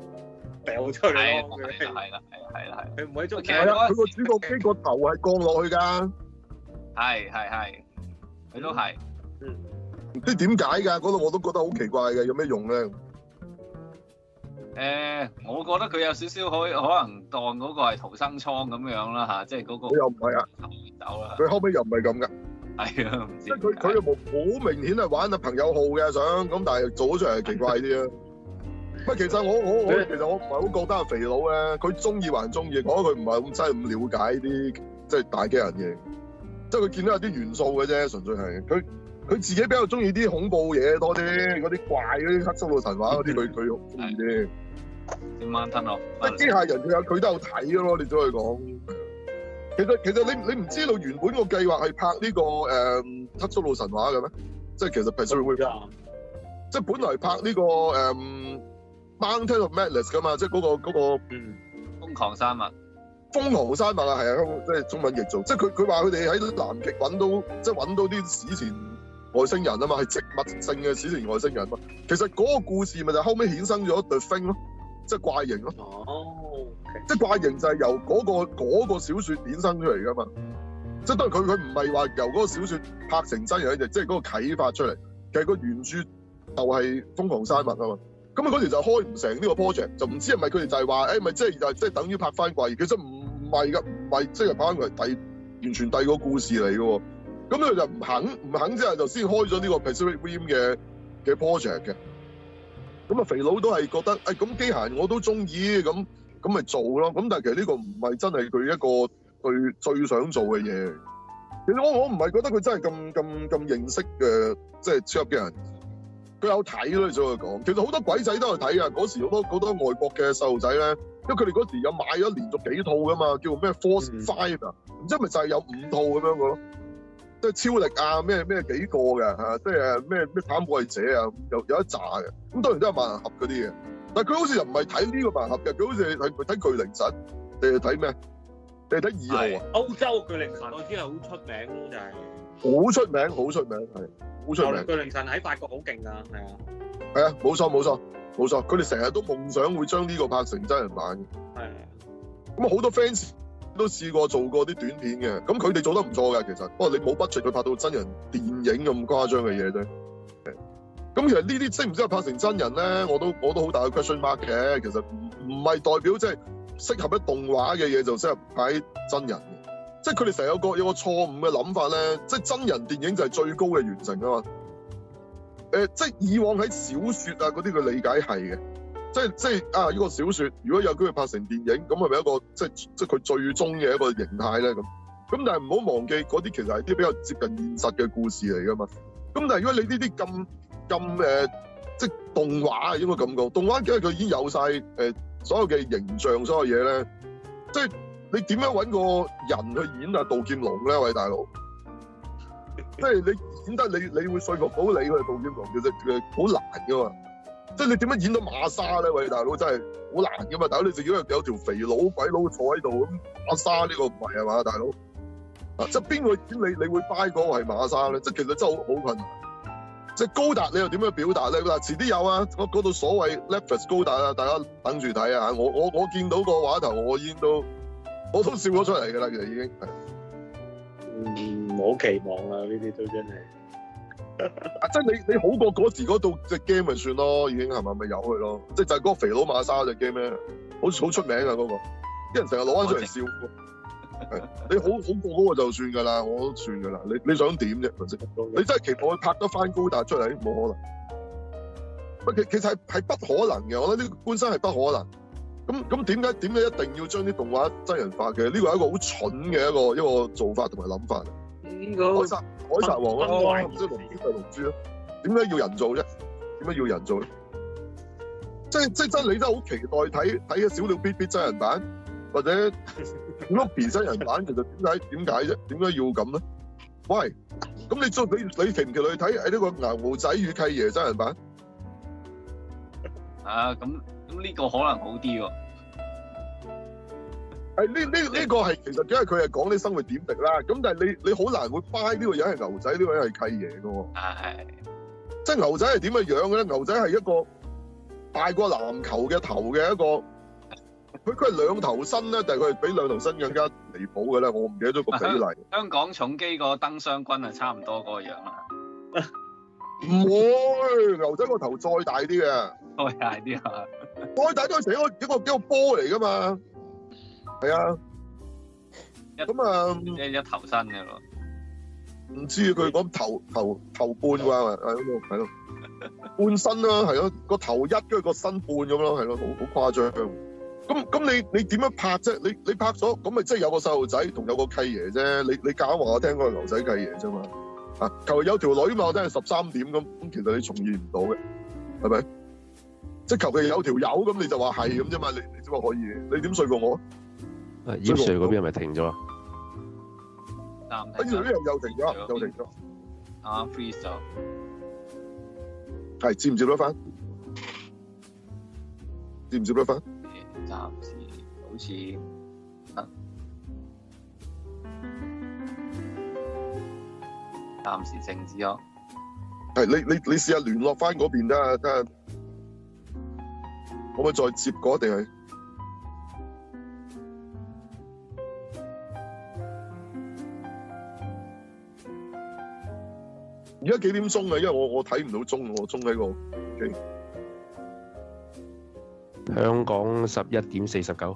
掉出嚟咯，佢係啦係啦係啦係。佢唔喺中間，佢個主角機個頭係降落去㗎。係係係，佢都係。嗯，即點解㗎？嗰度我都覺得好奇怪嘅，有咩用咧？誒，我覺得佢有少少可可能當嗰個係逃生艙咁樣啦嚇，即係嗰個。又唔係啊？走啦！佢後尾又唔係咁㗎。係啊，即係佢佢又冇好明顯係玩啊朋友號嘅相咁，但係做咗出嚟奇怪啲啊。喂， [laughs] 其實我我我其實我唔係好覺得係肥佬嘅，佢中意還中意，我覺得佢唔係咁犀，咁了解啲即係大機人嘅，即係佢見到有啲元素嘅啫，純粹係佢佢自己比較中意啲恐怖嘢多啲，嗰啲怪嗰啲克蘇魯神話嗰啲，佢佢又中意啲。點樣吞落？即係機械人，佢有佢都有睇咯，你都可以講。其實其實你你唔知道原本個計劃係拍呢、這個誒、嗯《克蘇魯神話》嘅咩？即係其實《Pacific 會即係本來拍呢、這個誒《嗯、 [music] Mountains of Madness》噶嘛？即係嗰、那個嗰、那個、嗯《瘋狂山脈》。瘋狂山脈啊，係啊，即係中文譯做，即係佢佢話佢哋喺南極揾到，即係揾到啲史前外星人啊嘛，係植物性嘅史前外星人啊嘛。其實嗰個故事咪就後尾衍生咗 The Thing 咯，即係怪形咯。哦、oh.。即係怪形就係由嗰個嗰個小說衍生出嚟噶嘛，即係都係佢佢唔係話由嗰個小說拍成真嘅，就即係嗰個啟發出嚟。其實個原著就係瘋狂山脈啊嘛。咁啊嗰時就開唔成呢個 project，就唔知係咪佢哋就係話誒咪即係就即係就係即係等於拍翻怪形。其實唔唔係噶，唔係即係拍翻個第完全第二個故事嚟噶。咁佢就唔肯唔肯之後就先開咗呢個 Pacific Rim 嘅嘅 project 嘅。咁啊肥佬都係覺得誒咁機械我都中意咁。那咁咪做咯，咁但係其實呢個唔係真係佢一個佢最想做嘅嘢。其實我我唔係覺得佢真係咁咁咁認識嘅，即係超級嘅人。佢有睇咯，所以講，其實好多鬼仔都有睇啊。嗰時好多好多外國嘅細路仔咧，因為佢哋嗰時有買咗連續幾套㗎嘛，叫做咩 Force Five 啊，唔知係咪就係有五套咁樣嘅咯。即係超力啊，咩咩幾個嘅，嚇，即係咩咩膽鬼者啊，有有一扎嘅。咁當然都係萬能俠嗰啲嘢。但佢好似又唔係睇呢個盲盒嘅，佢好似係睇巨靈神，定係睇咩？定係睇二號啊？歐洲巨靈神，我知係好出名嘅，就係好出名，好出名，係好出名。巨靈神喺法國好勁㗎，係啊，係啊，冇錯冇錯冇錯，佢哋成日都夢想會將呢個拍成真人版嘅。係。咁好多 fans 都試過做過啲短片嘅，咁佢哋做得唔錯嘅其實，不過你冇 budget 佢拍到真人電影咁誇張嘅嘢啫。咁其實呢啲真唔真係拍成真人咧，我都我都好大嘅 question mark 嘅。其實唔唔係代表即係適合喺動畫嘅嘢就適合拍真人嘅。即係佢哋成日有個有個錯誤嘅諗法咧，即係真人電影就係最高嘅完成啊嘛。誒、呃，即係以往喺小説啊嗰啲嘅理解係嘅，即係即係啊呢、呢個小説如果有機會拍成電影，咁係咪一個即係即係佢最終嘅一個形態咧？咁咁但係唔好忘記嗰啲其實係啲比較接近現實嘅故事嚟噶嘛。咁但係如果你呢啲咁，咁誒，即係動畫啊，應該咁講。動畫因為佢已經有曬誒所有嘅形象，所有嘢咧，即係你點樣揾個人去演啊杜劍龍咧？喂，大佬，即係你演得你，你會說服到你係杜劍龍，其實誒好難噶嘛。即係你點樣演到馬沙咧，喂，大佬真係好難噶嘛。但係你仲要係有條肥佬鬼佬坐喺度咁，馬沙呢個唔係呀嘛，大佬啊，即係邊個演你，你會 buy 嗰個係馬沙咧？即係其實真係好好困難。即係高達，你又點樣表達咧？嗱，遲啲有啊，嗰嗰度所謂 Lepus 高達啊，大家等住睇啊嚇！我我我見到個話頭，我已經都我都笑咗出嚟㗎喇，其實已經。嗯、唔好期望啦，呢啲都真係。啊， [laughs] 即係你你好過嗰時嗰度隻 game 咪算咯，已經係咪咪有佢咯？即係就係、是、嗰個肥佬馬沙嗰隻 game 咩？好似好出名啊嗰、那個，啲人成日攞返出嚟笑。 [laughs] [laughs] 你好好過嗰個就算噶啦，我都算噶啦。你你想點啫？ [laughs] 你真係期望佢拍得翻高達出嚟？冇可能。不其其實係係不可能嘅。我覺得呢個本身係不可能。咁咁點解點解一定要將啲動畫真人化嘅？呢、這個係一個好蠢嘅一個一、這個做法同埋諗法。嗯，這個、海賊海賊王唔知龍珠定龍珠咯？點解要人做啫？點解要人做咧？即係即係真你真好期待睇睇小鳥 B B 真人版或者。 [laughs] 咁變身人版其實點解點解啫？點解要咁咧？喂，咁你再俾你奇唔奇去睇喺呢個牛仔與契爺真人版啊？咁咁呢個可能好啲喎。誒呢呢呢個係其實梗係佢係講啲生活點滴啦。咁但係你你好難會掰呢個人係牛仔，呢個人係契爺嘅喎。係。即係牛仔係點嘅樣咧？牛仔係一個大過籃球嘅頭嘅一個。佢佢係兩頭身咧，定係佢係比兩頭身更加離譜嘅咧？我唔記得咗個比例。香港重機個燈箱軍係差唔多嗰個樣啊。唔會，牛仔個頭再大啲啊，再大啲啊！再大都係寫幾個幾個幾個波嚟噶嘛。係啊。咁啊，一一頭身嘅咯。唔知啊，佢講頭頭頭半啩？係咯，係咯，半身啦，係咯，個頭一跟住個身半咁咯，係咯，好好誇張。咁咁你你點樣拍啫？你你拍咗咁咪即係有個細路仔同有個契爺啫？你你假話我聽講係牛仔契爺啫嘛？啊，求其有條女嘛，我真係十三點咁，咁其實你重現唔到嘅，係咪？即係求其有條友咁你就話係咁啫嘛？你你點話可以？你點睡過我、嗯、說過我要說啊？葉穗嗰邊係咪停咗啊？葉穗又停咗，又停咗。啊 f r e e z e 係接唔接到翻？接唔接到翻？接暫時好似得，暫時靜止咯，哦。係你你你試下聯絡返嗰邊啦，得，可唔可以再接嗰定係？而家幾點鐘啊？因為我我睇唔到鐘，我鐘喺個機。Okay. 香港十一點四十九。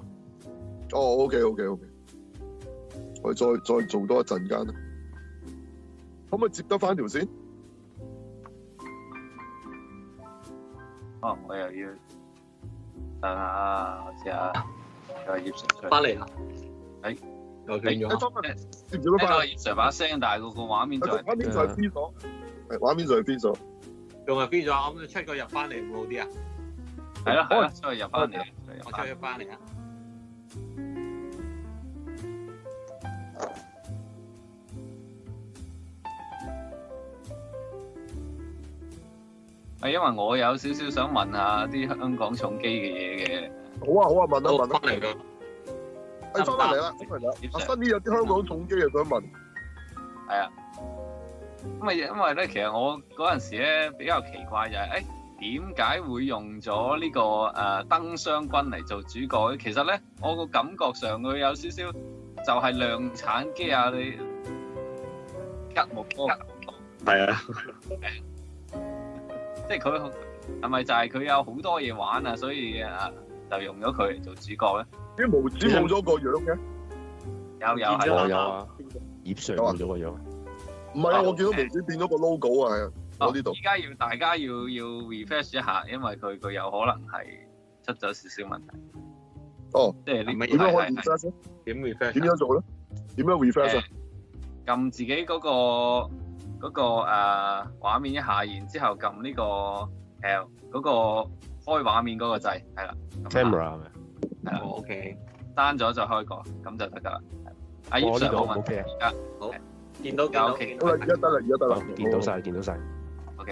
哦、oh，OK，OK，OK、okay, okay, okay。我再再做多一陣間啦。可唔可以接得翻條線？啊，我又要等下啊，試下、就是欸。又係葉 Sir 出翻嚟啦。哎、欸，你、欸，變、欸、你、欸欸，接你，接、欸、你，接你，葉 Sir 把聲，但係個、啊就啊欸、就你個畫面在。畫面邊座？係畫面在邊座？仲係邊座？咁出過入翻嚟會好啲啊？係啦，係啦，我出去入翻嚟，我出去翻嚟啊！係因為我有少少想問下啲香港重機嘅嘢嘅。好啊，好啊，問啊，問啊。翻嚟啦，翻翻嚟啦，阿新呢有啲香港重機又想問。係啊。咁啊，因為咧，其實我嗰陣時咧比較奇怪就係，誒。點解會用咗呢個誒燈箱君嚟做主角咧？其實咧，我個感覺上佢有少少就係量產機啊，你吉木哥係啊，即係佢係咪就係佢有好多嘢玩啊？所以啊，就用咗佢嚟做主角咧。啲毛子冇咗個樣嘅，有有有，葉 Sir 變咗個樣，唔係啊，我見到毛子變咗個 logo 啊，係啊。哦，依家要大家要要 refresh 一下，因為佢佢有可能係出咗少少問題。哦，即係你點解我唔刷點 refresh？點樣做咧？點樣 refresh？撳自己嗰、那個嗰、那個誒畫、呃、面一下，然之後撳呢、這個 L 嗰、嗯那個開畫面嗰個掣，係、嗯、啦。Camera 係、嗯、咪？係啦。嗯、o、oh, K，、okay. 單咗就開個，咁就得噶啦。我見到。O K 啊、okay.，好，見到嘅。O、okay, K，好啦，而家得啦，而家得啦，見到晒，見到晒。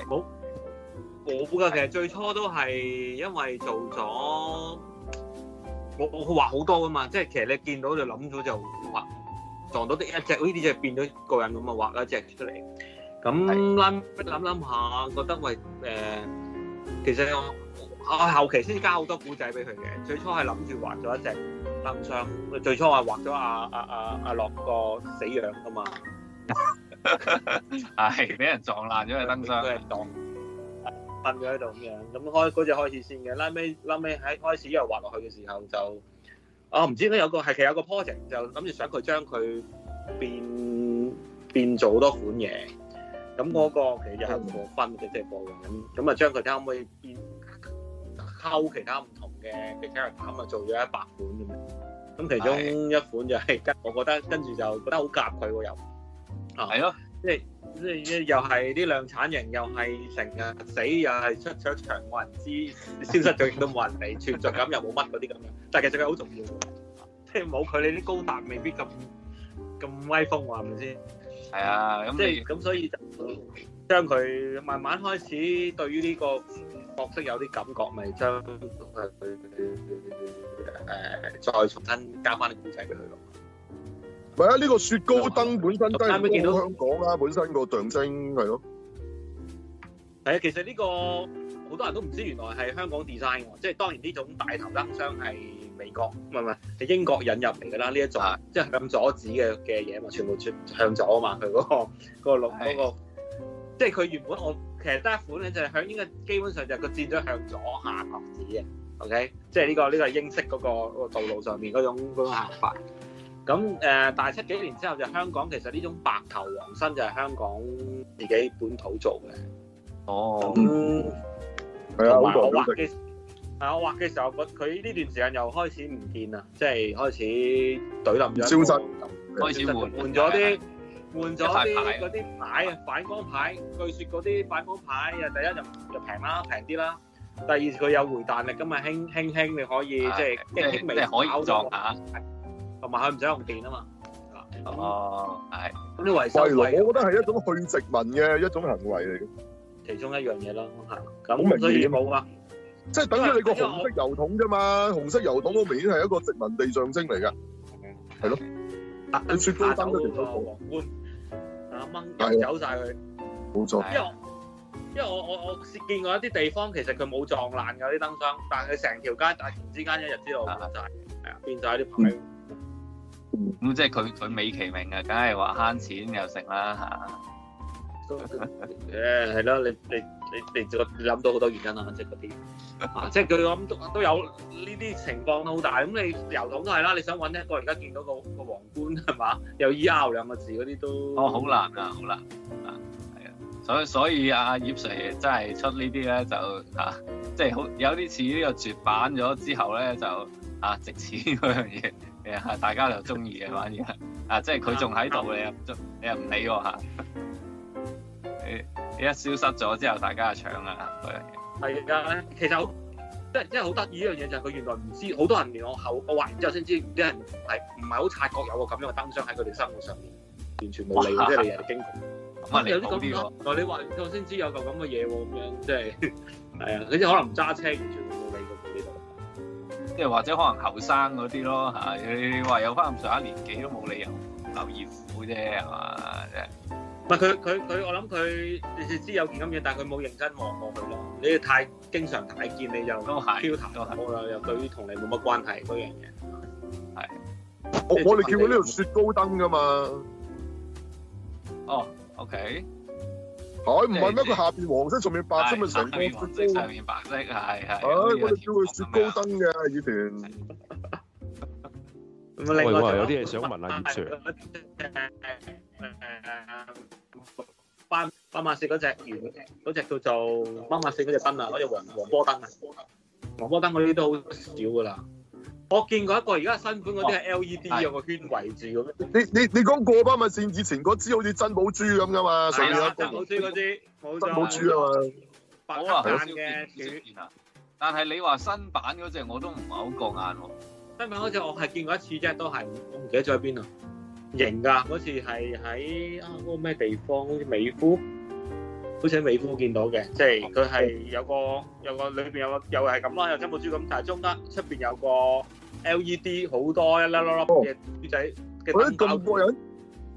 好，我嘅其實最初都係因為做咗，我我畫好多噶嘛，即係其實你見到就諗咗就畫，撞到啲一隻呢啲就變咗個人咁啊畫一隻出嚟。咁諗諗諗下，覺得喂誒，其實我後期先加好多故仔俾佢嘅，最初係諗住畫咗一隻林上，最初我係畫咗阿阿阿阿樂個死樣噶嘛。係俾人撞爛咗嘅登山，都係凍，瞓咗喺度咁樣。咁開嗰隻開始先嘅，拉尾拉尾喺開始又滑落去嘅時候就，我唔知點解有個係其實有個 project 就諗住想佢將佢變變做好多款嘢。咁嗰個其實係過分嘅即係過癮，咁咁啊將佢睇可唔可以變溝其他唔同嘅嘅 kind，咁啊做咗一百款咁樣。咁其中一款就係跟，我覺得跟住就覺得好夾佢喎又。啊，係咯，即係即係又係啲量產型，又係成日死，又係出咗場冇人知，消失咗亦都冇人理，存在感又冇乜嗰啲咁樣。但係其實佢好重要，即係冇佢你啲高達未必咁咁威風喎，係咪先？係啊，咁即係咁，所以就將佢慢慢開始對於呢個角色有啲感覺，咪將誒再重新加翻啲古仔俾佢咯。唔係啊！呢、這個雪糕燈本身都係見到香港啦，本身個象徵係咯。係、嗯、啊，其實呢、這個好多人都唔知，原來係香港 design 喎。即係當然呢種大頭燈箱係美國唔係唔係係英國引入嚟㗎啦。呢一種的即係向左指嘅嘅嘢嘛，全部出向左啊嘛。佢嗰、那個、那個路嗰、那個那個，即係佢原本我其實得一款咧、就是，就係向呢個基本上就個箭咗向左下角指嘅。OK，即係呢、這個呢、這個英式嗰個道路上面嗰種嗰種行法。 [laughs] 咁誒大七幾年之後，就香港其實呢種白頭黃身就係香港自己本土做嘅。哦，咁係啊，好重要。係我畫嘅時候，佢呢段時間又開始唔見啦，即係開始隊冧咗，消失，開始換換咗啲換咗啲嗰啲牌啊，反光牌。據説嗰啲反光牌啊，第一就就平啦，平啲啦。第二佢有回彈力，咁啊輕輕輕你可以即係輕微可以撞下。同埋佢唔使用電啊嘛。哦，係咁啲維生維，我覺得係一種去殖民嘅一種行為嚟嘅，其中一樣嘢咯。嚇，咁明顯冇啊，即係等於你個紅色郵筒啫嘛。紅色郵筒都明顯係一個殖民地象徵嚟嘅，係咯，阿雪糕燈都掉咗個皇冠，啊掹走曬佢，冇錯。因為因為我我我見過一啲地方，其實佢冇撞爛嘅啲燈箱，但係佢成條街突然之間一日之內變曬，係啊，變曬啲牌。咁、嗯嗯、即係佢佢美其名啊，梗係話慳錢又食啦吓。誒、嗯，係啦， [laughs] 你你你你諗到好多原因啦，就是、 [laughs] 即係嗰啲啊，即係佢咁都都有呢啲情況都好大。咁你郵筒都係啦，你想搵一個而家見到個個皇冠係嘛，又 ER 兩個字嗰啲都。哦，好難啊，好難啊，係啊，所所以阿葉 Sir 真係出呢啲咧就啊，即係好有啲似呢個絕版咗之後咧就啊值錢嗰樣嘢。Yeah, 大家就中意嘅反而，啊，即係佢仲喺度，你又中、啊， [laughs] 你又唔理我吓。你一消失咗之後，大家就搶啊，樣嘢。係其實好，即係即係好得意一樣嘢就係、是、佢原來唔知道，好多人連我口我話完之後先知唔知係唔係好察覺有個咁樣嘅燈箱喺佢哋生活上面，完全冇理，即係令人驚恐。有啲咁，嗱、啊、你話、啊、完我先知有嚿咁嘅嘢喎，咁樣即係。係 [laughs] 啊，啲 [laughs] 可能揸車完全。即係或者可能後生嗰啲咯嚇，你話有翻咁上下年紀都冇理由留意佢啫係嘛？即係唔係佢佢佢？我諗佢你知有件咁嘢，但係佢冇認真望過佢咯。你太經常睇見，你就都係飄太過啦，又對於同你冇乜關係嗰樣嘢。係我我哋叫佢呢條雪糕燈㗎嘛？哦，OK。係唔係咩？佢下面黃色，上面白色咪成個雪，上面黃色，上面白色，係係。我哋叫佢雪糕燈嘅雨田。喂、 [laughs] 啊，我有啲嘢想問啊，葉 Sir。百百萬色嗰隻，嗰隻、啊嗯那個、叫做百萬色嗰隻燈啊，嗰、那、隻、個那個那個、黃黃波燈啊，黃波燈嗰啲都好少噶啦。我見過一個，而家新款嗰啲係 LED 有個圈圍住咁樣。你你你講過斑紋線，以前嗰支好似珍寶珠咁噶嘛？係啊，珍寶珠嗰支，珍寶珠啊嘛。白眼嘅，但係你話新版嗰隻我都唔係好過眼喎。新版嗰隻我係見過一次啫，都係我唔記得咗喺邊啊。型㗎，嗰次係喺啊嗰個咩地方？好似美孚，好似喺美孚見到嘅，即係佢係有個有個裏邊有個又係咁啦，又珍寶珠咁，但係中間出邊有個。LED 好多一粒粒粒嘅珠仔，我覺得咁過癮，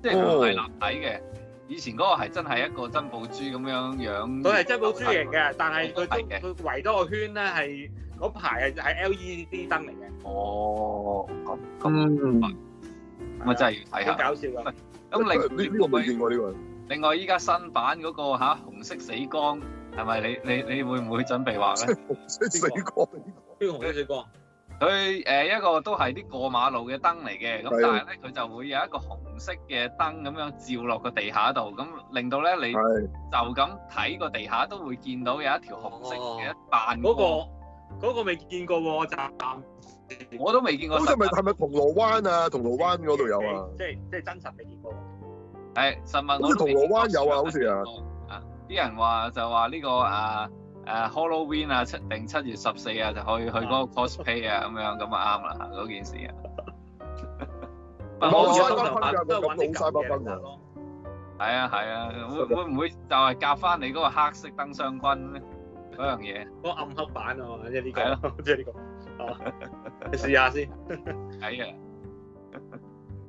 即係佢係立體嘅。以前嗰個係真係一個珍寶珠咁樣樣，佢係珍寶珠型嘅，但係佢都佢圍多個圈咧，係嗰排係係 LED 燈嚟嘅。哦，咁，我真係要睇下。好搞笑啊！咁另呢個未見過呢個。另外，依家新版嗰個吓紅色死光，係咪你你你會唔會準備畫咧？即係紅色死光，呢個紅色死光。佢誒一個都係啲過馬路嘅燈嚟嘅，咁但係咧佢就會有一個紅色嘅燈咁樣照落個地下度，咁令到咧你就咁睇個地下都會見到有一條紅色嘅一縫。嗰、哦嗰個嗰、嗰個未見過喎。站我都未見過。嗰個咪係咪銅鑼灣啊？銅鑼灣嗰度有啊？即係即係真實未見過。係新聞嗰啲。好似銅鑼灣有啊，好似啊。啊！啲人話就話呢個啊。誒 Halloween 啊，七定七月十四啊，就可以去嗰個 cosplay 啊，咁樣咁啊啱啦，嗰件事啊，冇曬個軍啊，都揾曬個軍人咯。係啊係啊，會會唔會就係夾翻你嗰個黑色燈箱軍咧？嗰樣嘢。嗰暗黑版啊嘛，即係呢個，即係呢個。你試下先。係啊，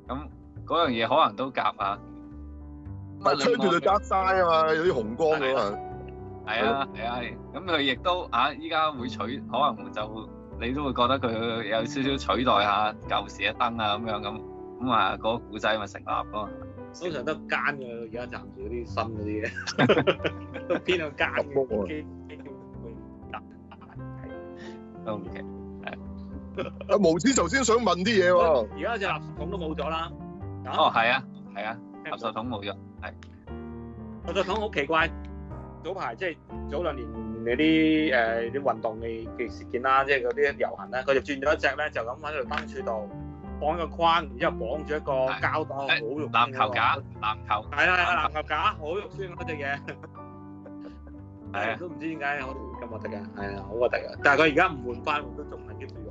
咁嗰樣嘢可能都夾下。但係吹住就夾曬啊嘛，有啲紅光啊嘛。係啊，係啊，咁佢亦都嚇，依家會取，可能就你都會覺得佢有少少取代下舊時嘅燈啊，咁樣咁，咁啊個古仔咪成立咯。通常都奸嘅，而家站住啲新嗰啲嘅，都偏向奸嘅。啊，毛子頭先想問啲嘢喎。而家隻垃圾桶都冇咗啦。哦，係啊，係啊，垃圾桶冇咗，係。垃圾桶好奇怪。早排即係早兩年嗰啲誒啲運動嘅事件啦，即係嗰啲遊行啦，佢就轉咗一隻咧，就咁喺度燈柱度綁個框，然之後綁住一個膠袋，好肉酸。籃球架，籃球。係啊係啊，籃球架，好肉酸嗰隻嘢。係啊，都唔知點解咁核突嘅，係啊，好核突嘅。但係佢而家唔換翻，都仲係 keep 住。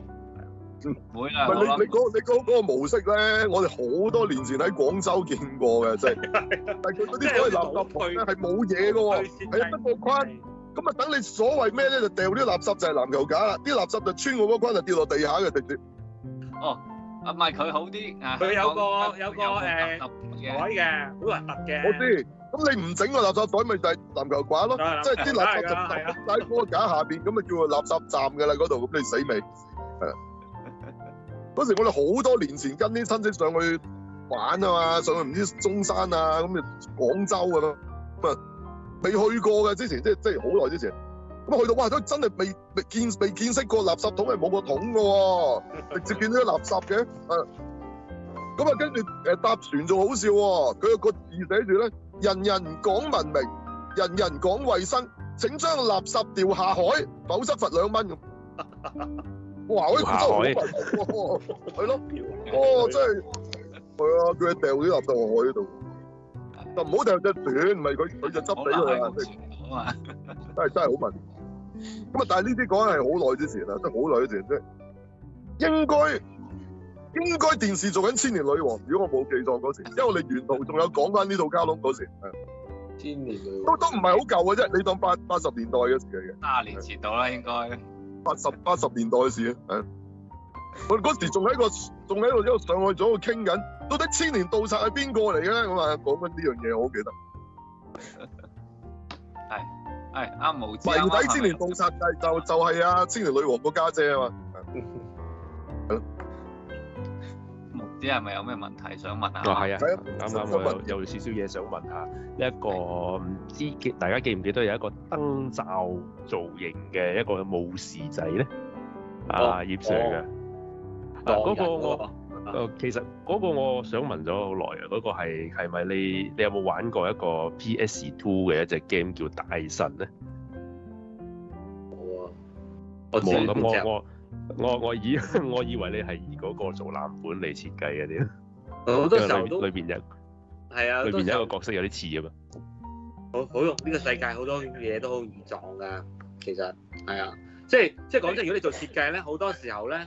唔會啊！唔係你你嗰，你嗰嗰個模式咧，我哋好多年前喺廣州見過嘅，真係。但係佢嗰啲所謂垃圾盤咧，係冇嘢嘅喎，係得個框。咁啊，等你所謂咩咧，就掉啲垃圾就係籃球架啦，啲垃圾就穿過嗰個框就跌落地下嘅直接。哦，啊，唔係佢好啲啊，佢有個有個誒袋嘅，好核突嘅。我知，咁你唔整個垃圾袋咪就係籃球架咯，即係啲垃圾就掉喺嗰個架下邊，咁啊叫佢垃圾站噶啦嗰度，咁你死未？係啊。嗰時我哋好多年前跟啲親戚上去玩啊嘛，上去唔知中山啊，咁啊廣州啊。唔係未去過嘅之前，即即係好耐之前，咁啊去到哇都真係未未見未見識過，垃圾桶係冇個桶嘅喎，啊，直接見到啲垃圾嘅，啊咁啊跟住誒搭船仲好笑喎，啊，佢個字寫住咧，人人講文明，人人講衞生，請將垃圾掉下海，否則罰兩蚊。哇！可以到得好快，係、哦、 [laughs] 咯，哦，真係，係 [laughs] 啊，佢 [laughs] 要掉咗垃圾落海呢度，就唔好掉隻短，唔係佢佢就執死佢啊！真係真係好文明咁啊， [laughs] 但係呢啲講係好耐之前啦，真係好耐之前了，即係應該應該電視做緊《千年女王》，如果我冇記錯嗰時，因為你沿途仲有講翻呢套卡通嗰時，《千年女王》都，都都唔係好舊嘅啫，你當八八十年代嗰時嚟嘅，年前到啦應該。八十八十年代嘅事啊，我嗰時仲喺個仲喺度喺度上去咗度傾緊，到底千年盜賊係邊個嚟嘅？我話講緊呢樣嘢，我好記得。係係啱冇。謎底千年盜賊就就係啊千年女王個家姐啊嘛。你係咪有咩問題想問下？啊、哦，係啊，啱啱我有有少少嘢想問下。呢一個唔知記，大家記唔記得有一個燈罩造型嘅一個武士仔咧、哦？啊，葉 Sir 嘅嗱，嗰個我，呃、啊，嗰個嗰個、其實嗰、嗰個我想問咗好耐啊。嗰、嗰個係係咪你？你有冇玩過一個 PS Two 嘅一隻 game 叫大神咧？冇啊，冇咁我、嗰個、我。我我我以我以為你係以嗰個做藍本嚟設計嗰啲，好多時候都裏邊有係啊，裏邊有一個角色有啲似㗎嘛。好好用呢個世界好多嘢都好易撞噶，其實係啊，即係即係講真，如果你做設計咧，好多時候咧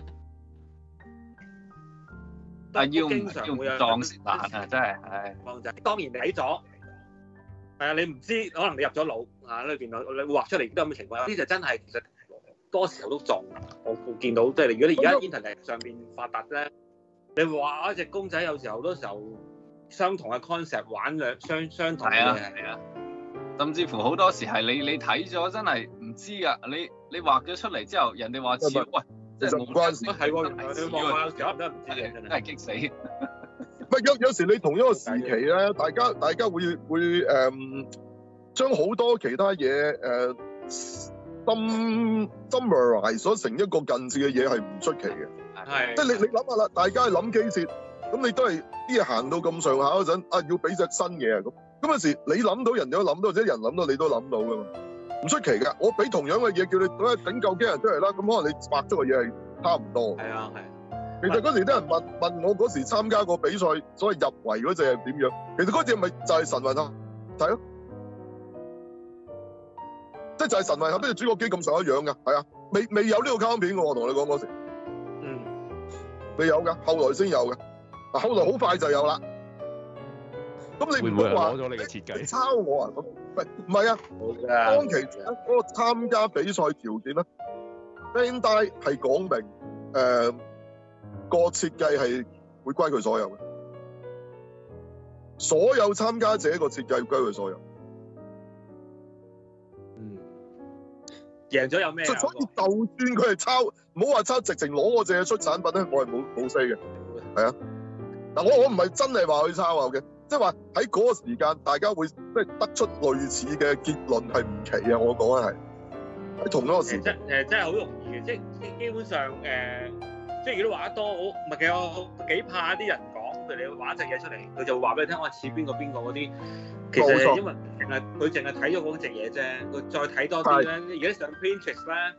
但要經常會有撞死難啊，真係唉。當然你睇咗係啊，你唔知可能你入咗腦啊，裏邊我你畫出嚟都咁嘅情況，呢就真係其實。多時候都撞，我見到即係你。如果你而家 internet 上面發達咧，你畫一隻公仔，有時候多時候相同嘅 concept 玩兩相相同嘅啊，係啊，甚至乎好多時係你你睇咗真係唔知㗎。你你，你畫咗出嚟之後，人哋話似，喂，其實冇關事。你望下有時候都唔知嘅、啊，真係激死。唔 [laughs] 係有有時你同一個時期咧，大家大家會會誒、呃，將好多其他嘢誒。呃 sum summarise 咗成一個近似嘅嘢係唔出奇嘅，係即係你你諗下啦，大家諗機設，咁你都係啲嘢行到咁上下嗰陣，啊要俾隻新嘢啊咁，咁有時你諗到人哋都諗到，或者人諗到你都諗到噶嘛，唔出奇㗎。我俾同樣嘅嘢叫你，咁啊整嚿機人出嚟啦，咁可能你畫出嘅嘢係差唔多。係啊係。其實嗰時啲人問問我嗰時參加過比賽，所謂入圍嗰隻係點樣？其實嗰隻咪就係神韻啊睇咯。即就係神維合，啲主角機咁上下樣嘅，係啊，未未有呢個卡通片嘅，我同你講嗰時，嗯，未有嘅，後來先有嘅，嗱後來好快就有啦。咁你唔會話你抄我啊？咁唔係唔係啊，當其嗰個參加比賽條件啦，Bandai 係講明誒個設計係會歸佢所有嘅，所有參加者個設計歸佢所有。贏咗有咩？所以就算佢係抄，唔好話抄，直情攞我隻嘢出產品咧，我係冇冇 say 嘅，係啊。嗱、嗯、我我唔係真係話佢抄我嘅，即係話喺嗰個時間，大家會即係得出類似嘅結論係唔奇嘅，我講緊係喺同一個時。誒真係好容易嘅，即係基本上誒，即係如果話得多，其我唔係幾我幾怕啲人講，譬如你畫一隻嘢出嚟，佢就話俾你聽我似邊個邊個嗰啲。其實因為佢淨係睇咗嗰隻嘢啫，佢再睇多啲咧，而家上 Pinterest 啦，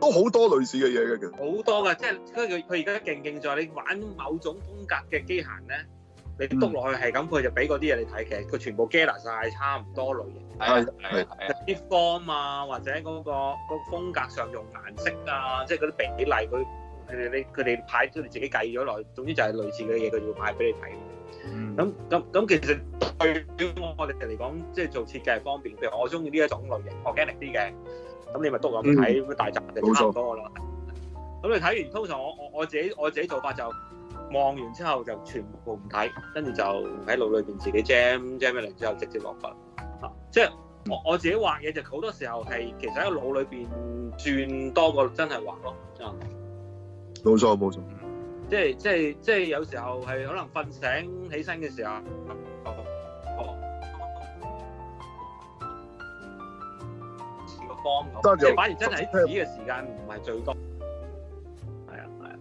都好多類似嘅嘢嘅。好多㗎，即係佢佢而家勁勁在你玩某種風格嘅機械咧，你篤落去係咁，佢、嗯、就俾嗰啲嘢你睇。其實佢全部 gather 晒，差唔多類型。係啲 form 啊，或者嗰、嗰個嗰、嗰個、風格上用顏色啊，即係嗰啲比例佢佢哋佢哋排即係自己計咗落。總之就係類似嘅嘢，佢要擺俾你睇。咁咁咁，其實對我哋嚟講，即係做設計係方便。譬如我中意呢一種類型，organic 啲嘅，咁你咪都咁睇，咁大集就差唔多噶啦。咁你睇完，通常我我我自己我自己做法就望完之後就全部唔睇，跟住就喺腦裏邊自己 jam jam 翻嚟之後直接落筆。嚇，即係我我自己畫嘢就好多時候係其實喺腦裏邊轉多過真係畫咯。冇錯，冇錯。即係即係即係，有時候係可能瞓醒起身嘅時候，哦哦，似個方咁，即係反而真係喺紙嘅時間唔係最多，係啊係啊，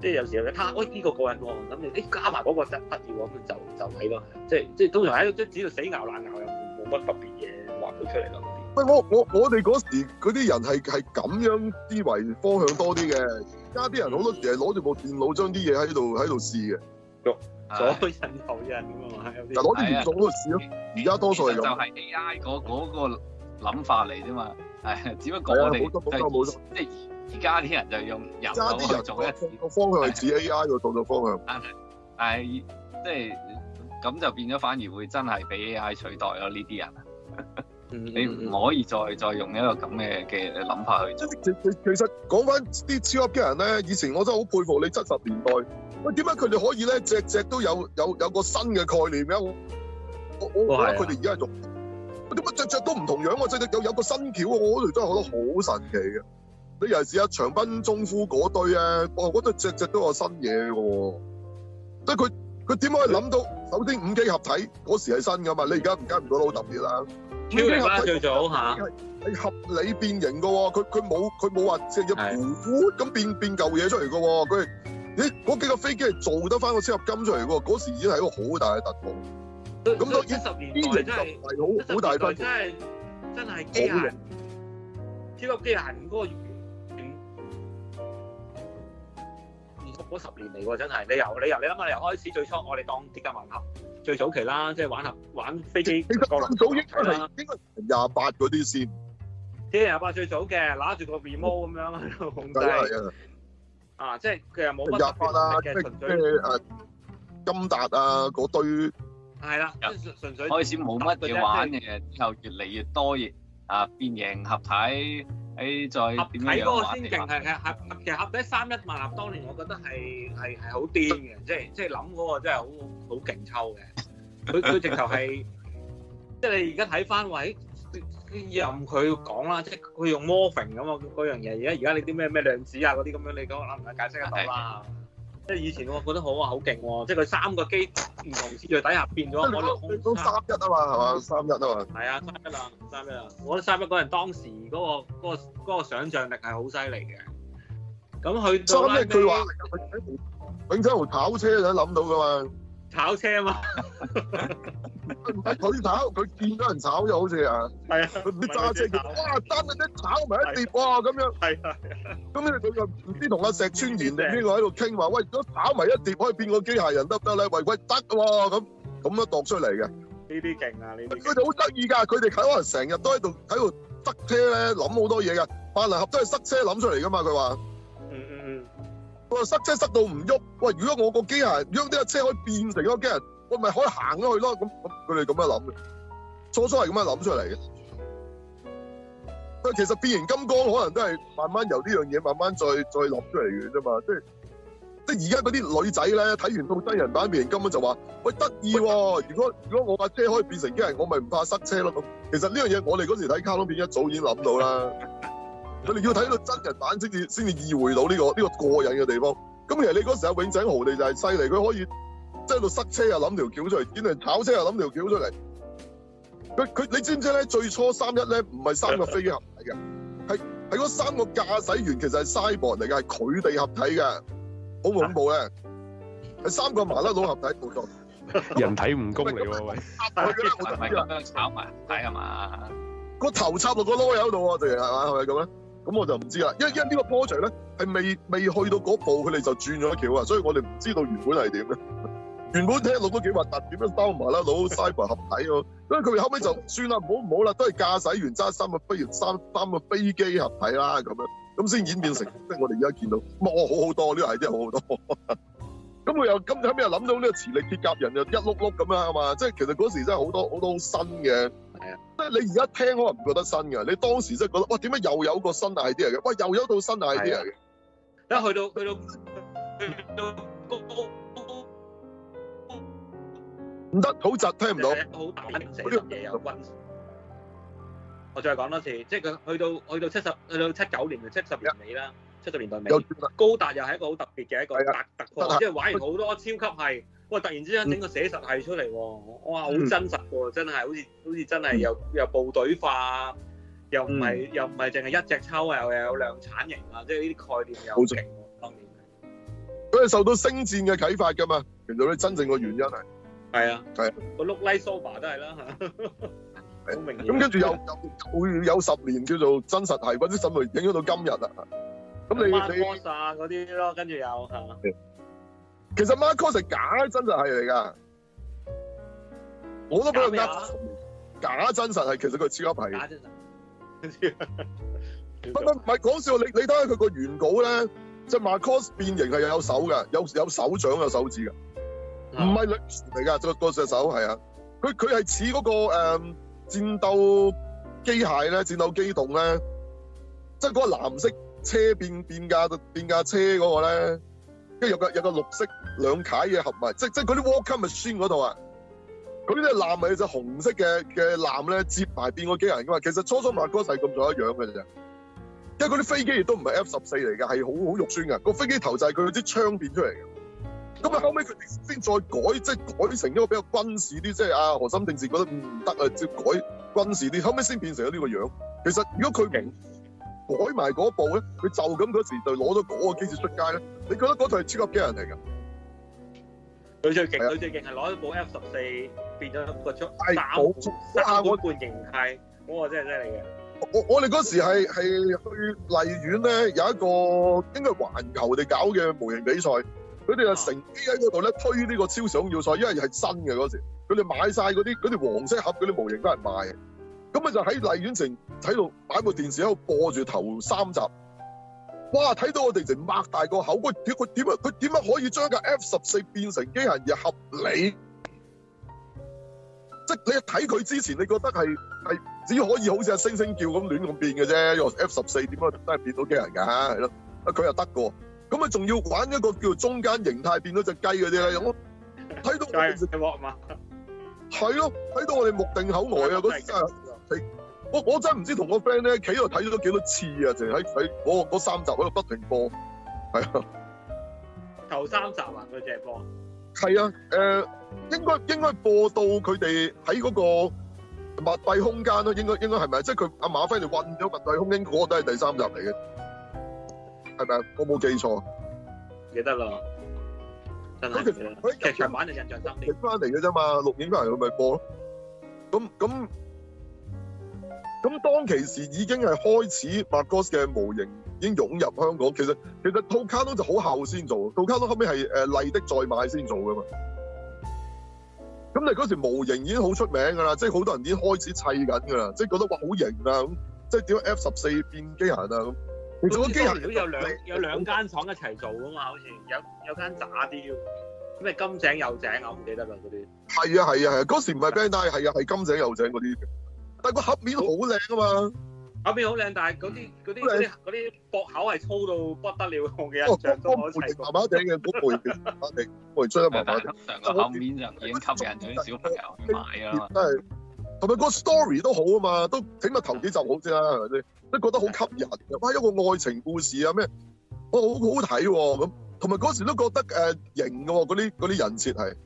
即係有時候你睇，我呢個個人喎，咁你誒加埋嗰個得不要咁就就睇咯，即係即係通常喺即係只要死咬爛咬又冇冇乜特別嘢畫到出嚟咯。我我我哋嗰時嗰啲人係係咁樣思維方向多啲嘅，而家啲人好多時攞住部電腦將啲嘢喺度喺度試嘅，用左人右人咁啊，攞啲元素去試咯。而家多數係用的就係 AI 嗰嗰個諗法嚟啫嘛，係、哎，只不過講我哋即係而家啲人就用而家啲人做一個方向係指 AI 個做嘅方向，但係即係咁就變咗反而會真係俾 AI 取代咗呢啲人。 [laughs] 你唔可以再再用一個咁嘅嘅諗法去。即係其其其實講翻啲超級嘅人咧，以前我真係好佩服你七十年代喂，點解佢哋可以咧，只只都有有有個新嘅概念啊？我我我覺得佢哋而家係用，點解隻只都唔同樣啊？隻隻有有個新橋。我嗰時真係覺得好神奇嘅。你尤其是下長濱中夫嗰對啊，我覺得隻只都，都有新嘢喎。即係佢佢點可以諗到？首先五機合體嗰時係新噶嘛？你而家唔家唔覺得好特別啦？佢哋合併咗下,係合理變形嘅喎，佢佢冇佢冇話即係一攣咁變變嚿嘢出嚟嘅喎，佢咦嗰幾個飛機係做得翻個超合金出嚟喎，嗰時已經係一個好大嘅突破，咁多一十年嚟真係好好大突破，真係真係機械超級機械人嗰個，嗯，嗰十年嚟喎真係，你由你由你諗下由開始最初我哋當鐵甲萬能俠。最早期啦，即係玩下，玩飛機降落傘，應該廿八嗰啲先。即係廿八最早嘅，揦住個 remote 咁樣控制 [laughs] 嗯嗯嗯嗯嗯嗯。啊，即係佢又冇乜。廿八啦，純粹誒金達啊嗰堆。係啦，嗯純粹，開始冇乜嘢玩嘅，之後越嚟越多嘢啊，變形合體。你再睇嗰個先勁，係合其實合體三一萬，當年我覺得係係係好癲嘅，即係即係諗嗰個真係好好勁抽嘅。佢 [laughs] 佢直頭係即係你而家睇翻話，任佢講啦，即係佢用 moving 咁樣嘢。而家而家你啲咩咩量子啊嗰啲咁樣，你講諗唔諗解釋得到啦？ [laughs] 即係以前我覺得好啊，好勁喎！即係佢三個機唔同次序底下變咗，我覺得都三一啊嘛，係嘛？三一啊嘛。係啊，三一啦，三一啦！我覺得三一嗰人當時嗰個嗰個嗰個想像力係好犀利嘅。咁佢，三一佢話永昌會跑車想諗到㗎嘛？炒車嘛，唔係佢炒，佢見到人炒咗好似啊，係啊，啲揸車嘅哇，真係啲炒埋一碟喎咁樣，係啊，咁咧佢就唔知同阿石川賢呢個喺度傾話，喂，如果炒埋一碟可以變個機械人得唔得咧？喂喂，得喎咁咁樣度出嚟嘅，呢啲勁啊呢啲，佢哋好得意㗎，佢哋喺可能成日都喺度喺度塞車咧，諗好多嘢㗎，八達通都係塞車諗出嚟㗎嘛，佢話，嗯嗯嗯。塞車塞到唔喐，喂！如果我個機械人，如果呢個車可以變成一個機械人，我咪可以行咗去咯。咁，佢哋咁樣諗嘅，初初係咁樣諗出嚟嘅。但其實變形金剛可能都係慢慢由呢樣嘢慢慢再再諗出嚟嘅啫嘛。即係，即係而家嗰啲女仔咧睇完套真人版變形金剛就話：喂，得意喎！如果如果我把車可以變成機械人，我咪唔怕塞車咯。其實呢樣嘢我哋嗰時睇卡通片一早已經諗到啦。佢哋要睇到真人版先至先至意會到呢個呢個過癮嘅地方。咁其實你嗰時阿永井豪就係犀利，佢可以即係喺度塞車又諗條橋出嚟，點嚟炒車又諗條橋出嚟。佢佢你知唔知咧？最初三一咧唔係三個飛機合體嘅，係係嗰三個駕駛員其實係サイボーグ嚟嘅，係佢哋合體嘅，好恐怖嘅，係三個麻甩佬合體冇錯。人體蜈蚣嚟喎，係咪？唔係咁樣炒埋合體係嘛？個頭插落個籮柚度喎，直情係咪係咪咁咧？咁我就唔知啦，因為因為呢個 project 咧係未未去到嗰步，佢哋就轉咗橋啦，所以我哋唔知道原本係點嘅。原本聽落都幾核突，點樣收埋啦？攞 cyber 合體喎，所以佢哋後尾就算啦，唔好唔好啦，都係駕駛員揸三個飛，三三個飛機合體啦咁樣，咁先演變成即係我哋而家見到，哇，好好多呢啲係真係好好多。咁、這、佢、個、 [laughs] 又咁後尾又諗到呢個磁力鐵甲人又一碌碌咁樣係嘛？即係其實嗰時真係好多好多好新嘅。係啊，即係你而家聽可能唔覺得新嘅，你當時真係覺得，哇點解又有個新 idea 嘅？喂又有一套新 idea 嘅，一去到去到去到高高高，唔得好窒，聽唔到，好大聲，呢樣嘢又温。我再講多次，即係佢去到去到七十，去到七九年，七十年尾啦，七十年代尾，高達又係一個好特別嘅一個特特科，即係玩完好多超級係。哇！突然之間整個寫實系出嚟喎，我話好真實喎，真係好似好似真係又又部隊化，又唔係又唔係淨係一隻抽，又又有量產型啊，即係呢啲概念有勁喎。當年，佢係受到《星戰》嘅啟發㗎嘛？原來你真正嘅原因係係啊係啊，個《Luke》《Lisa》都係啦嚇。好明。咁跟住有有會有十年叫做真實係，或者甚至影響到今日啊。咁你你。話晒嗰啲咯，跟住有嚇。其實 Markos 係假真實系嚟噶我都俾佢呃，假真實系，其實佢超級皮。假真實，唔唔唔係講笑，你你睇下佢個原稿咧，即係 Markos 變形系又有手嘅，有有手掌有手指嘅，唔係綠拳嚟噶就嗰隻手係啊，佢佢係似嗰個誒戰鬥機械咧，戰鬥機動咧，即係嗰個藍色車變變架變架車嗰個咧，跟住有個有個綠色。兩架嘢合埋，即即嗰啲 walk up machine 嗰度啊，嗰啲都係藍嚟嘅，就紅色嘅嘅藍咧接埋變個機人㗎嘛。其實初初漫畫嗰世咁就一樣嘅啫，因為嗰啲飛機亦都唔係 F 十四嚟嘅，係好好肉酸嘅。個飛機頭就係佢啲槍變出嚟嘅。咁啊後尾佢先再改，即係改成一個比較軍事啲，即係阿河森正治覺得唔得啊，就改軍事啲。後尾先變成咗呢個樣。其實如果佢明改埋嗰部咧，佢就咁嗰時代攞咗嗰個機器出街咧，你覺得嗰台係超級機人嚟㗎？佢最勁，佢最勁係攞一部 F 十四變咗個槍，三半三半形態，嗰個真係犀利嘅。我我哋嗰時係去荔園咧，有一個應該環球哋搞嘅模型比賽，佢哋就乘機喺嗰度咧推呢個超時空要塞，因為係新嘅嗰時他們那，佢哋買晒嗰啲啲黃色盒嗰啲模型都係賣嘅，咁咪就喺荔園城喺度擺部電視喺度播住頭三集。哇！睇到我哋成擘大個口，佢點佢點啊？佢點樣可以將個 F 十四變成機械人合理？即係你一睇佢之前，你覺得係係只可以好似阿猩猩叫咁亂咁變嘅啫。又 F 十四點樣真係變到機械人㗎？係咯，啊佢又得個，咁啊仲要玩一個叫做中間形態變到隻雞嗰啲咧。我睇到係啊，係咯，睇到我哋目定口呆啊！嗰時啊，係。我我真唔知同個 friend 咧，企喺度睇咗幾多次啊！淨係喺喺嗰嗰三集喺度不停播，係啊。頭三集啊，佢只播。係啊，誒應該應該播到佢哋喺嗰個密閉空間咯。應該應該係咪啊？即係佢阿馬飛困咗密閉空間嗰個都係第三集嚟嘅，係咪啊？我冇記錯。唔記得啦，真係唔記得。劇場版就印象深刻。拍翻嚟嘅啫嘛，錄影翻嚟佢咪播咯。咁咁。咁當其時已經係開始 Macross 嘅模型已經湧入香港，其實其實套卡通就好後先做，套卡通後尾係誒麗的再買先做噶嘛。咁你嗰時模型已經好出名㗎啦，即係好多人已經開始砌緊㗎啦，即係覺得哇好、啊、型啊咁，即係點 F 十四變機器人啊咁。你做個機器人有兩有兩間廠一齊做㗎嘛？好似有有間渣啲，咁你金井有井我唔啊？唔記得啦嗰啲。係啊係啊係啊，嗰時唔係 Bandai 係啊，係、啊、金井有井嗰啲。但個盒面好靚啊嘛，盒面好靚，但係嗰啲嗰啲嗰啲嗰啲薄口係粗到不得了，嘅印象都係麻麻地嘅，冇冇嘢變，麻麻地。我而家唔係講吸上個盒面就已經吸引咗啲小朋友去買啊嘛，都同埋個 story 都好啊嘛，都請問頭幾集好啲啦，係咪先？都覺得好吸引，哇一個愛情故事啊咩，哦好好睇咁、啊，同埋嗰時都覺得誒、呃、型嘅嗰啲嗰啲人設係。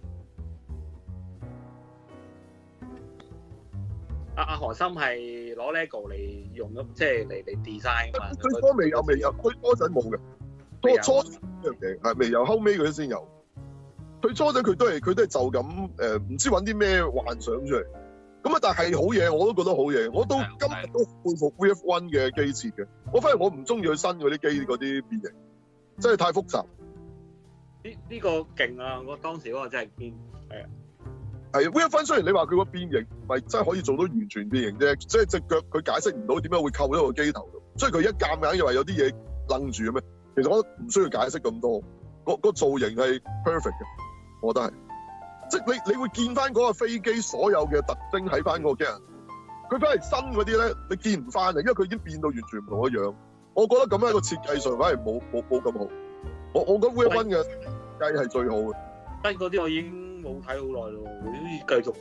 阿阿何心係攞 LEGO 嚟用咗，即係嚟嚟 design 嘛。佢初未有，未有。佢初陣冇嘅，初初陣嗰樣嘢係未有，後尾佢先有。佢初陣佢都係佢都係就咁誒，唔、呃、知揾啲咩幻想出嚟。咁啊，但係好嘢，我都覺得好嘢。我都都今日都佩服 V F One 嘅機設嘅。我反而我唔中意佢新嗰啲機嗰啲變形，真係太複雜，呢個。呢、呢、呢個勁啊！我當時嗰個真係堅，係啊。係，威亞芬雖然你話佢個變形唔係真係可以做到完全變形啫，即係隻腳佢解釋唔到點解會扣咗個機頭度，所以佢一夾硬又話有啲嘢愣住嘅咩？其實我覺得唔需要解釋咁多，個個造型係 perfect 嘅，我覺得係。即係你你會見翻嗰個飛機所有嘅特徵喺翻個機人，佢反而新嗰啲咧你見唔翻啊，因為佢已經變到完全唔同嘅樣。我覺得咁樣一個設計上反而冇冇冇咁好。我我覺得威亞芬嘅設計係最好嘅。新啲我已經。冇睇好耐咯，佢都要繼續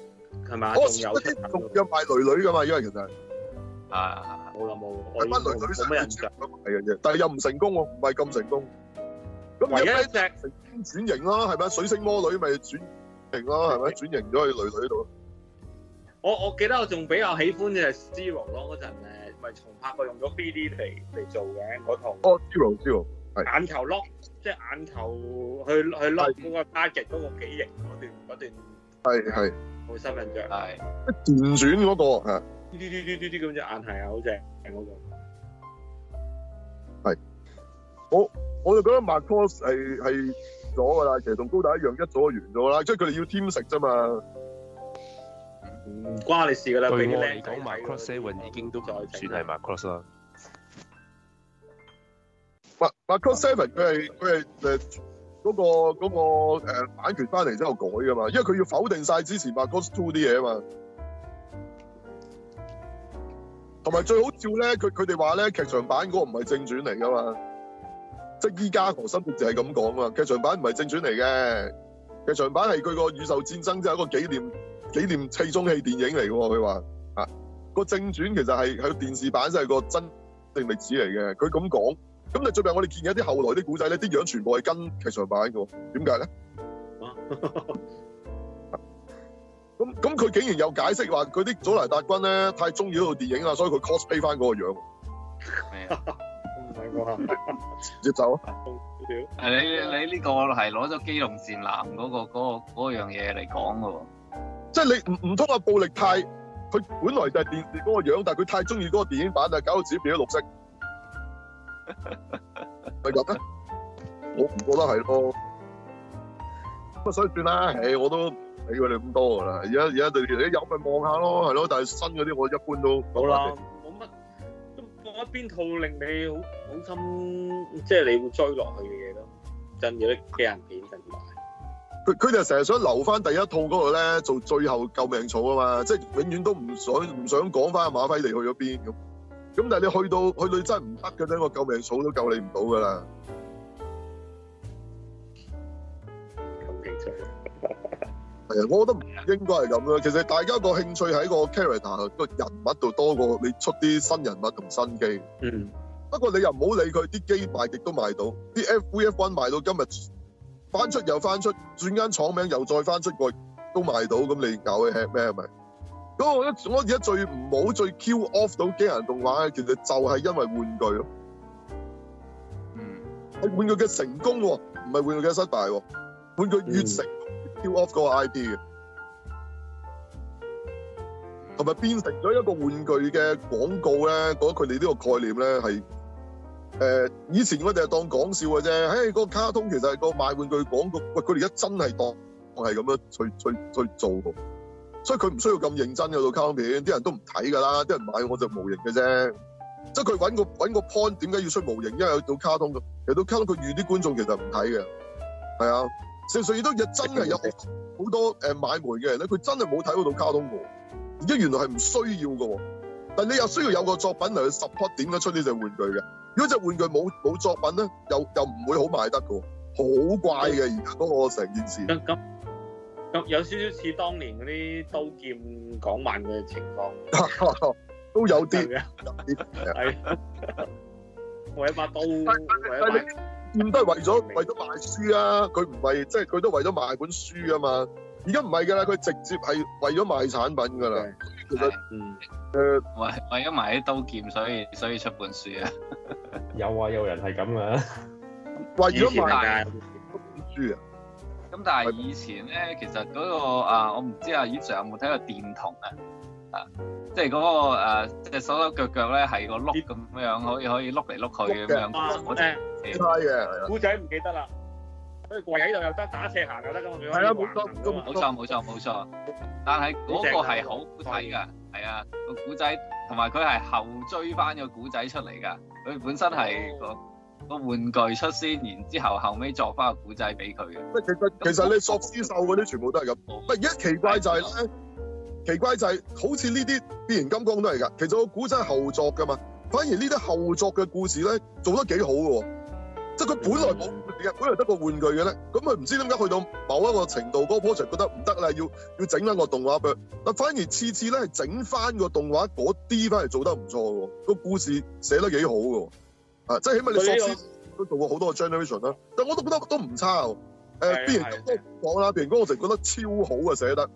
係咪？仲有嗰啲又賣女女噶嘛，因為其實啊，冇啦冇，冇乜女女成功噶？係嘅啫，但係又唔成功喎，唔係咁成功。咁而家一隻轉型啦，係咪啊？水星魔女咪轉型啦，係咪？轉型咗去女女度。我我記得我仲比較喜歡嘅係 Zero 咯，嗰陣咧咪重拍過用咗 BD 嚟嚟做嘅，嗰套哦 Zero Zero 係眼球咯。即係眼球去去拉嗰個加極嗰個幾型，嗰段嗰段係係個新印象，係轉轉嗰個係呢啲呢啲呢啲，咁隻眼係啊，好似係嗰個，係我我就覺得 macross 係係咗㗎啦，其實同高達一樣，一咗就完咗啦，即係佢哋要添食啫嘛，唔關你事㗎啦，俾啲靚仔買 Macross 7啦，已經都算係 macross 啦。Macross Seven 佢係佢係誒嗰個、嗰個誒版權翻嚟之後改噶嘛因為佢要否定晒之前 Macross Two 啲嘢啊嘛。同埋最好笑咧，佢佢哋話咧，劇場版嗰個唔係正傳嚟噶嘛即係依家和森就係咁講啊。劇場版唔係正傳嚟嘅，劇場版係佢個宇宙戰爭即係一個紀念紀念砌中氣電影嚟噶佢話啊個正傳其實係係電視版即係個真正歷史嚟嘅，佢咁講。咁就最近我哋見嘅一啲後來啲古仔咧，啲樣全部係跟劇場版嘅喎，點解咧？咁咁佢竟然又解釋話，佢啲祖達達軍咧太中意嗰套電影啦，所以佢 cosplay 翻嗰個樣。唔係啩？直接走。你你呢個係攞咗基龍劍南嗰個嗰個嗰樣嘢嚟講嘅喎，即係你唔唔通阿暴力太佢本來就係電視嗰個樣，但係佢太中意嗰個電影版啦，搞到自己變咗綠色。係入啊！我唔覺得係咯，咁啊所以算啦。唉，我都你話你咁多噶啦，而家而家對住你，有咪望下咯，係咯。但係新嗰啲我一般都冇啦，冇乜都冇。邊套令你好好心，即係你會追落去嘅嘢咯。真嘅，啲驚片同埋佢佢就成日想留翻第一套嗰度咧，做最後救命草啊嘛！即係永遠都唔想唔想講翻馬輝利去咗邊咁。咁但係你去到去到真係唔得嘅陣，個救命草都救你唔到㗎啦。咁係啊， [laughs] 我覺得唔應該係咁啦。其實大家個興趣喺個 character 個人物度多過你出啲新人物同新機。嗯。不過你又唔好理佢，啲機賣極都賣到，啲 VF-1 賣到今日翻出又翻出，轉間廠名又再翻出個都賣到，咁你搞佢吃咩係咪？咁我而家最唔好最 kill off 到機械人動畫嘅，其實就係因為玩具咯。嗯，係玩具嘅成功喎，唔係玩具嘅失敗喎。玩具越成功，kill off 個 IP 嘅，同埋變成咗一個玩具嘅廣告咧。覺得佢哋呢個概念咧係誒，以前我哋係當講笑嘅啫。誒、哎，個卡通其實係個賣玩具嘅廣告，喂，佢哋而家真係當我係咁樣去去去做。所以佢唔需要咁認真去到卡通片，啲人都唔睇㗎啦，啲人買我就模型嘅啫。即係佢揾個個 point，點解要出模型？因為去到卡通嘅，去到卡通佢遇啲觀眾其實唔睇嘅，係啊。實際上亦都真係有好多誒、嗯、買煤嘅人咧，佢真係冇睇到卡通嘅，而家原來係唔需要喎。但你又需要有個作品嚟去 support 點樣出呢隻玩具嘅？如果隻玩具冇冇作品咧，又又唔會好賣得嘅，好怪嘅而家嗰個成件事。嗯嗯嗯。有少少似當年嗰啲刀劍港漫嘅情況，都有啲啊，係為一把刀。但係你唔都係為咗為咗賣書啊？佢唔係即係佢都為咗賣本書啊嘛。而家唔係㗎啦，佢直接係為咗賣產品㗎啦。其實，誒，為為咗賣啲刀劍，所以所以出本書啊。有啊，有人係咁啊。為咗賣本書啊。咁但係以前咧，其實嗰、那個啊，我唔知啊，以前有冇睇過電筒啊？啊，即係嗰個誒隻手手腳腳咧係個碌咁樣，可以輪輪、啊啊啊、可以碌嚟碌去咁樣。古仔唔記得啦，所以跪喺度又得打斜行就得咁，仲可係啦，冇錯冇錯冇錯，但係嗰個係好睇㗎，係啊個古仔，同埋佢係後追翻個古仔出嚟㗎，佢、哦、本身係、那個。個玩具出先，然之後後尾作翻個古仔俾佢嘅。其實其實你索斯獸嗰啲全部都係咁。唔係，而家奇怪就係咧，奇怪就係好似呢啲變形金剛都係噶。其實個古仔係後作噶嘛，反而呢啲後作嘅故事咧做得幾好喎、嗯。即係佢本來冇本來得個玩具嘅咧，咁佢唔知點解去到某一個程度嗰、嗰個 project 覺得唔得啦，要要整翻個動畫俾佢。但反而次次咧係整翻個動畫嗰啲翻嚟做得唔錯喎。個故事寫得幾好喎。啊！即係起碼你所思都做過好多 generation 啦，但我都覺得都唔差喎。誒，變形金剛講啦，變形金剛我成覺得超好啊，寫得，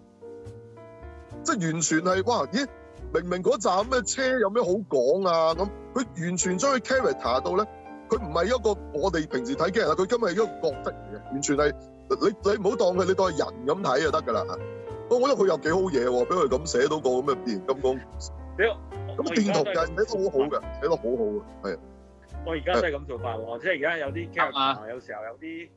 即係完全係哇！咦，明明嗰站咩車有咩好講啊咁，佢完全將佢 character 到咧，佢唔係一個我哋平時睇嘅人，佢今日係一個角色嚟嘅，完全係你你唔好當佢你當係人咁睇就得㗎啦。我覺得佢又幾好嘢喎，俾佢咁寫到個咁嘅變形金剛，屌咁電圖嘅寫得好好嘅，寫得好好嘅，係。我而家都係咁做法喎、嗯，即係而家有啲 character 有時候有啲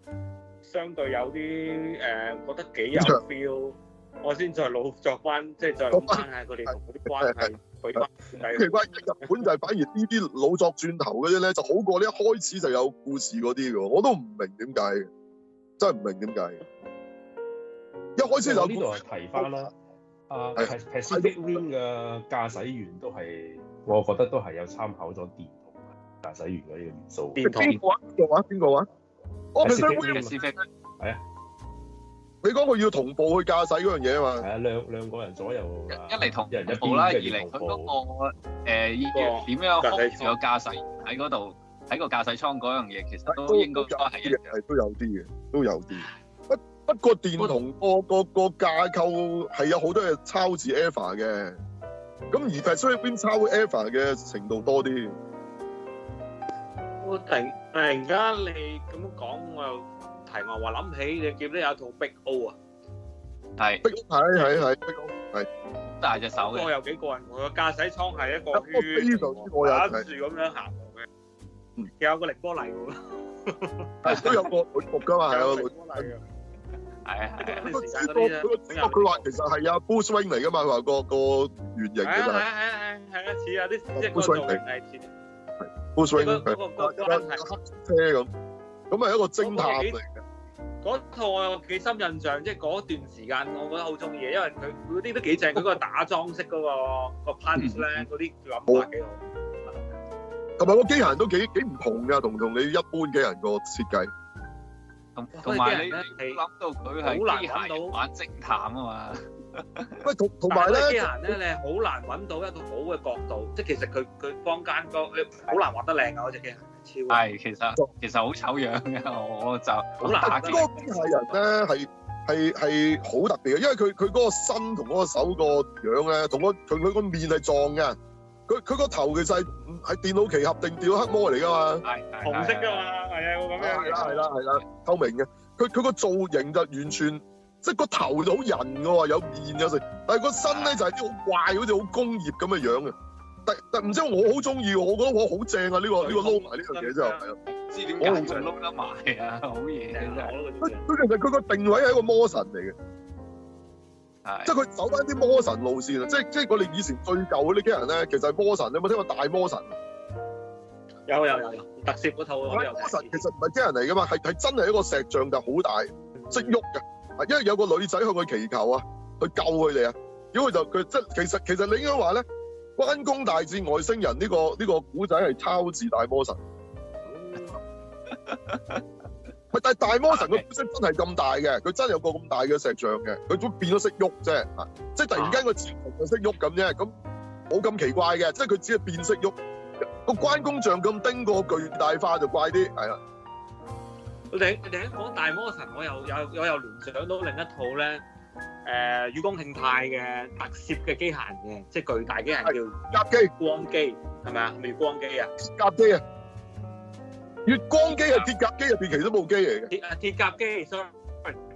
相對有啲誒、嗯、覺得幾有 feel，、嗯、我先再老作翻、嗯，即係再拉翻下佢哋同嗰啲關係。嗯就是嗯關係嗯嗯嗯、奇怪、嗯，日本就係反而呢啲老作轉頭嗰啲咧，就好過呢一開始就有故事嗰啲嘅，我都唔明點解真係唔明點解一開始就呢度係提翻啦。啊 Pacific Rim 嘅駕駛員都係，我覺得都係有參考咗啲。駕駛員嘅呢個元素，邊個話？邊個話？邊個話？哦 m c s w a i 啊。你講佢要同步去駕駛嗰樣嘢嘛？係啊，兩兩個人左右。一嚟同人同步啦，二嚟佢嗰個誒要點樣控制駕駛喺嗰度，喺個駕駛艙嗰樣嘢，其實都應該有一嘅，係都有啲嘅，都有啲。不不過電同個個架構係有好多嘢抄自 a a 嘅，咁而係 m c s 抄 a a 嘅程度多啲。我突然突然間你咁講，我又提我話諗起你記得有套 Big O 啊，係 Big O，係係係 Big O，係大隻手嘅。我又幾過癮喎！個駕駛艙係一個跟住咁樣行嘅，有個力波嚟喎，係都有個錶目噶嘛，係啊，力波嚟嘅，係係係。佢話其實係啊，Boost Wing 嚟噶嘛，佢話個個圓形嘅。係啊係啊係啊係啊，似啊啲即嗰度係似。佢嗰個嗰個問題塞車咁，咁係一個偵探嚟嘅。嗰套我幾深印象，即係嗰段時間我覺得好中意，因為佢嗰啲都幾正，佢個打裝飾嗰個個 pants 咧，嗰啲感覺幾好。同埋個機械人都幾幾唔同㗎，同同你一般機械人個設計。同埋機械人咧，你諗到佢係好難揾到玩偵探啊嘛。喂，同同埋咧，機械人咧，你好難揾到一個好嘅角度。即係其實佢佢坊間哥，你好難畫得靚啊！嗰隻機人超係其實，其實好醜樣嘅。我我就好難畫得。嗰個機械人咧，係係係好特別嘅，因為佢佢嗰個身同嗰個手個樣咧，同個佢佢個面係撞嘅。佢佢個頭其實係係電腦奇俠定電腦黑魔嚟㗎嘛？係係紅色㗎嘛？係啊，咁樣嘅係啦係啦，透明嘅。佢佢個造型就完全即係個頭就好人嘅喎，有面有成，但係個身咧就係啲好怪，好似好工業咁嘅樣嘅。但但唔知我好中意，我覺得我好正啊！呢個呢個撈埋呢樣嘢之後，我好想撈得埋啊！好嘢啊！真係佢其實佢個定位係一個魔神嚟嘅。是即係佢走翻啲魔神路線啊！即係即係我哋以前最舊嗰啲機人咧，其實係魔神。你有冇聽過大魔神？有有有有，特攝嗰套我有。魔神其實唔係機人嚟噶嘛，係係真係一個石像，但好大，識喐噶。因為有個女仔向佢祈求啊，去救佢哋啊，咁佢就佢即係其實其實你應該話咧，關公大戰外星人呢、呢個呢，呢個古仔係抄自大魔神。嗯 [laughs] 係，但係大魔神佢本身真係咁大嘅，佢真係有個咁大嘅石像嘅，佢都變咗識喐啫，即係突然間個巢就識喐咁啫，咁冇咁奇怪嘅，即係佢只係變識喐。個關公像咁叮個巨大化就怪啲，係啊。你你喺講大魔神，我又又我又聯想到另一套咧，誒，雨宮慶太嘅特攝嘅機械人嘅，即係巨大機械人叫夾機光機，係咪啊？月光機啊？夾機啊！月光機係鐵甲機入邊其中一部機嚟嘅，鐵啊鐵甲機，sorry，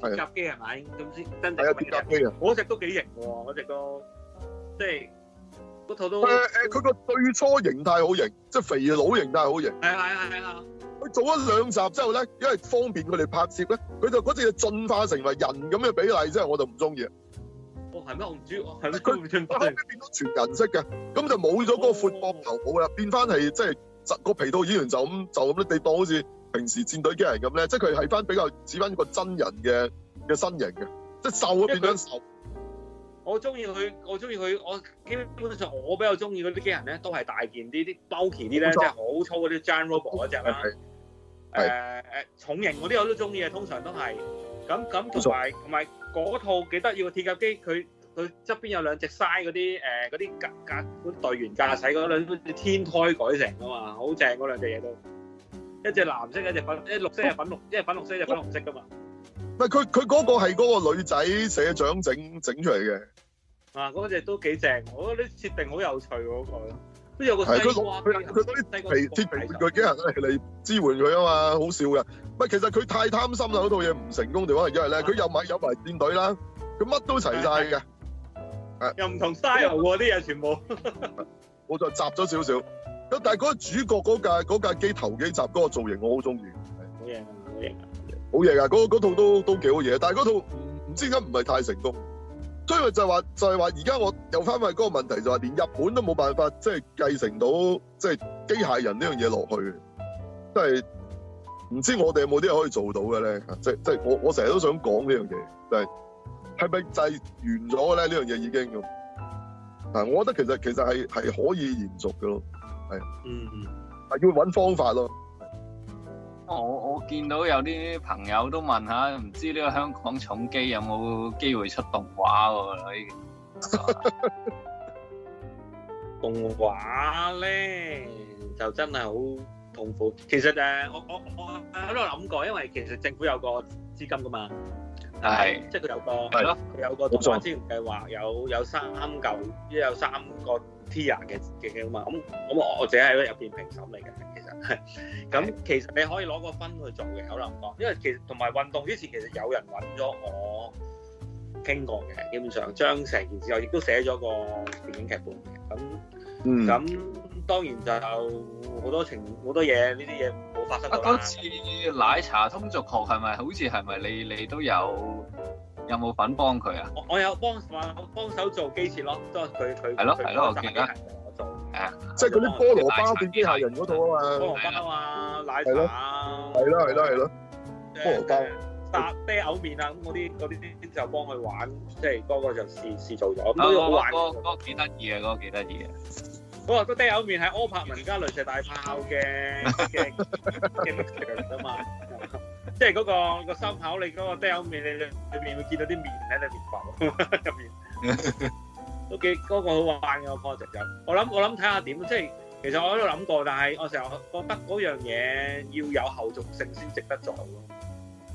鐵甲機係咪咁先真係？係啊，鐵甲機啊，我隻都幾型喎，我隻都即係個頭都誒誒，佢個最初形態好型，即係肥佬形態好型。係係係啊！佢做咗兩集之後咧，因為方便佢哋拍攝咧，佢就嗰次就進化成為人咁嘅比例，即係我就唔中意。哦，係咩？我唔知，我係咪佢變咗全銀色嘅？咁就冇咗嗰個闊膊頭部啦，變翻係即係。就個皮套演員就咁就咁咧，你當好似平時戰隊機人咁咧，即係佢係翻比較似翻個真人嘅嘅身形嘅，即係瘦咗變咗瘦。我中意佢，我中意佢，我基本上我比較中意嗰啲機人咧，都係大件啲、啲 bulky 啲咧，即係好粗嗰啲 general 嗰隻啦。係係、呃。重型嗰啲我都中意啊，通常都係。咁咁同埋同埋嗰套幾得意嘅鐵甲機，佢。佢側邊有兩隻曬嗰啲誒嗰啲駕駕嗰隊員駕駛嗰兩隻天胎改成㗎嘛，好正嗰兩隻嘢都，一隻藍色一隻粉一綠色一粉綠一係粉綠色一隻粉紅色㗎嘛。唔係佢佢嗰個係嗰個女仔社長整整出嚟嘅。啊，嗰隻都幾正，我覺得啲設定好有趣嗰個，跟住有個係佢攞佢攞啲皮鐵皮嚟嚟支援佢啊嘛，好笑㗎。唔係其實佢太貪心啦，嗰套嘢唔成功地方係因為咧，佢有買有埋戰隊啦，佢乜都齊晒嘅。啊、又唔同 style 喎，啲嘢全部、啊，啊、 [laughs] 我就集咗少少。咁但係嗰個主角嗰架嗰架機頭幾集嗰個造型我，我好中意。好嘢啊！好嘢啊！好嘢。啊嗰套都、嗯、都幾好嘢。但係嗰套唔唔知點解，唔係太成功。所以就係、是、話，就係話，而家我又翻去嗰個問題，就話、是、連日本都冇辦法即係繼承到即係機械人呢樣嘢落去。即係唔知我哋有冇啲可以做到嘅咧？即即係我我成日都想講呢樣嘢，就係、是。係咪就係完咗咧？呢樣嘢已經我覺得其實其實係係可以延續嘅咯，係，嗯，係要揾方法咯。我我見到有啲朋友都問下，唔知呢個香港重機有冇機會出動畫喎？ [laughs] 動畫咧就真係好痛苦，其實、啊、我我我喺度諗過，因為其實政府有個資金噶嘛。係，即係佢有個係咯，佢有個同我之前計劃有有三嚿，即係有三個 Tia 嘅嘅嘢啊嘛。咁咁我我只係喺入邊評審嚟嘅，其實。咁其實你可以攞個分去做嘅，可能講。因為其實同埋運動之前其實有人揾咗我傾過嘅，基本上將成件事後亦都寫咗個電影劇本嘅。咁咁當然就有好多情好多嘢呢啲嘢。啊！嗰次奶茶通俗學係咪？好似係咪你你都有有冇份幫佢啊我？我有幫手幫手做機設咯，都係佢佢佢嗰個機械人係咯係咯，我見啦。做係啊，即係嗰啲菠蘿包變機械人嗰套啊嘛。菠蘿包啊嘛，奶茶係咯係咯係咯，菠蘿包搭啤酒麵啊，咁嗰啲嗰啲啲就幫佢玩，即係個個就試試做咗。咁、嗰個、都好玩嘅，幾得意啊！嗰、嗰個幾得意。我話個爹油麵係柯柏文加雷射大炮嘅嘅嘅力量㗎嘛，即係嗰個個收口，你嗰個爹油麵，你你裏面會見到啲麵喺裏面浮入面，都幾嗰個好玩嘅 project。我諗我諗睇下點，即係其實我都有諗過，但係我成日覺得嗰樣嘢要有後續性先值得做咯。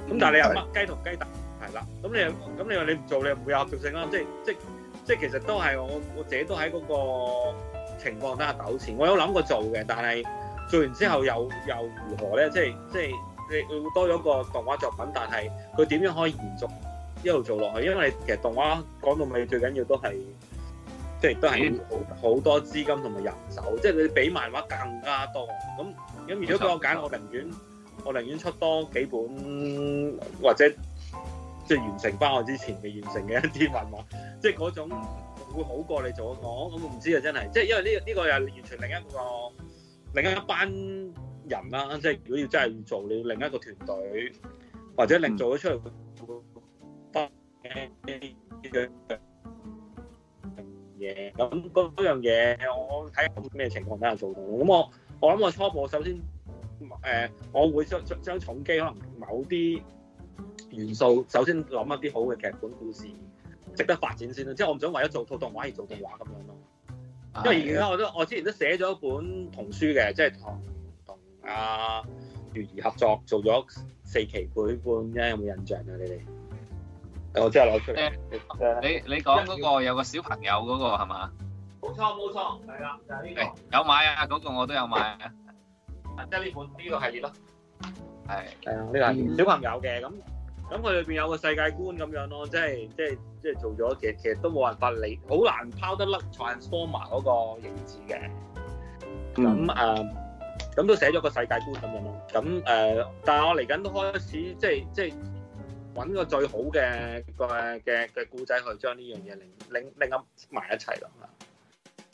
咁但係你又麥雞同雞蛋係啦，咁你咁你話你唔做，你唔會有後續性啦。即係即即其實都係我我自己都喺嗰個。情況真係糾纏，我有諗過做嘅，但係做完之後又又如何咧？即係即係你佢會多咗個動畫作品，但係佢點樣可以延續一路做落去？因為你其實動畫講到尾最緊要都係即係都係好好多資金同埋人手，嗯、即係你比漫畫更加多。咁咁如果俾我揀，我寧願我寧願出多幾本或者即係完成翻我之前未完成嘅一啲漫畫，嗯、即係嗰種。會好過你做一講，咁我唔知啊！真係，即係因為呢呢個又完全另一個另一班人啦。即係如果真要真係做，你另一個團隊，或者另做咗出嚟嘅嘢。咁、嗯、嗰樣嘢，我睇下咩情況下做到。咁我我諗我初步我首先誒，我會將將重機可能某啲元素，首先諗一啲好嘅劇本故事。值得發展先啦，即係我唔想為咗做套動畫而做動畫咁樣咯。因為而家我都我之前都寫咗一本童書嘅，即係同同阿月兒合作做咗四期繪本，咁有冇印象啊？你哋？我即刻攞出嚟。誒，你你講嗰個有個小朋友嗰個係嘛？冇錯冇錯，係啦，就係呢個。有買啊？嗰個我都有買。即係呢本呢個系列咯。係。係啊，呢個系列小朋友嘅咁。咁佢裏邊有個世界觀咁樣咯，即係即係即係做咗，其實其實都冇辦法理，好難拋得甩 Transformer 嗰個影子嘅。咁啊，咁、嗯嗯、都寫咗個世界觀咁樣咯。咁誒、呃，但係我嚟緊都開始即係即係揾個最好嘅嘅嘅嘅故仔去將呢樣嘢連連連埋一齊咯。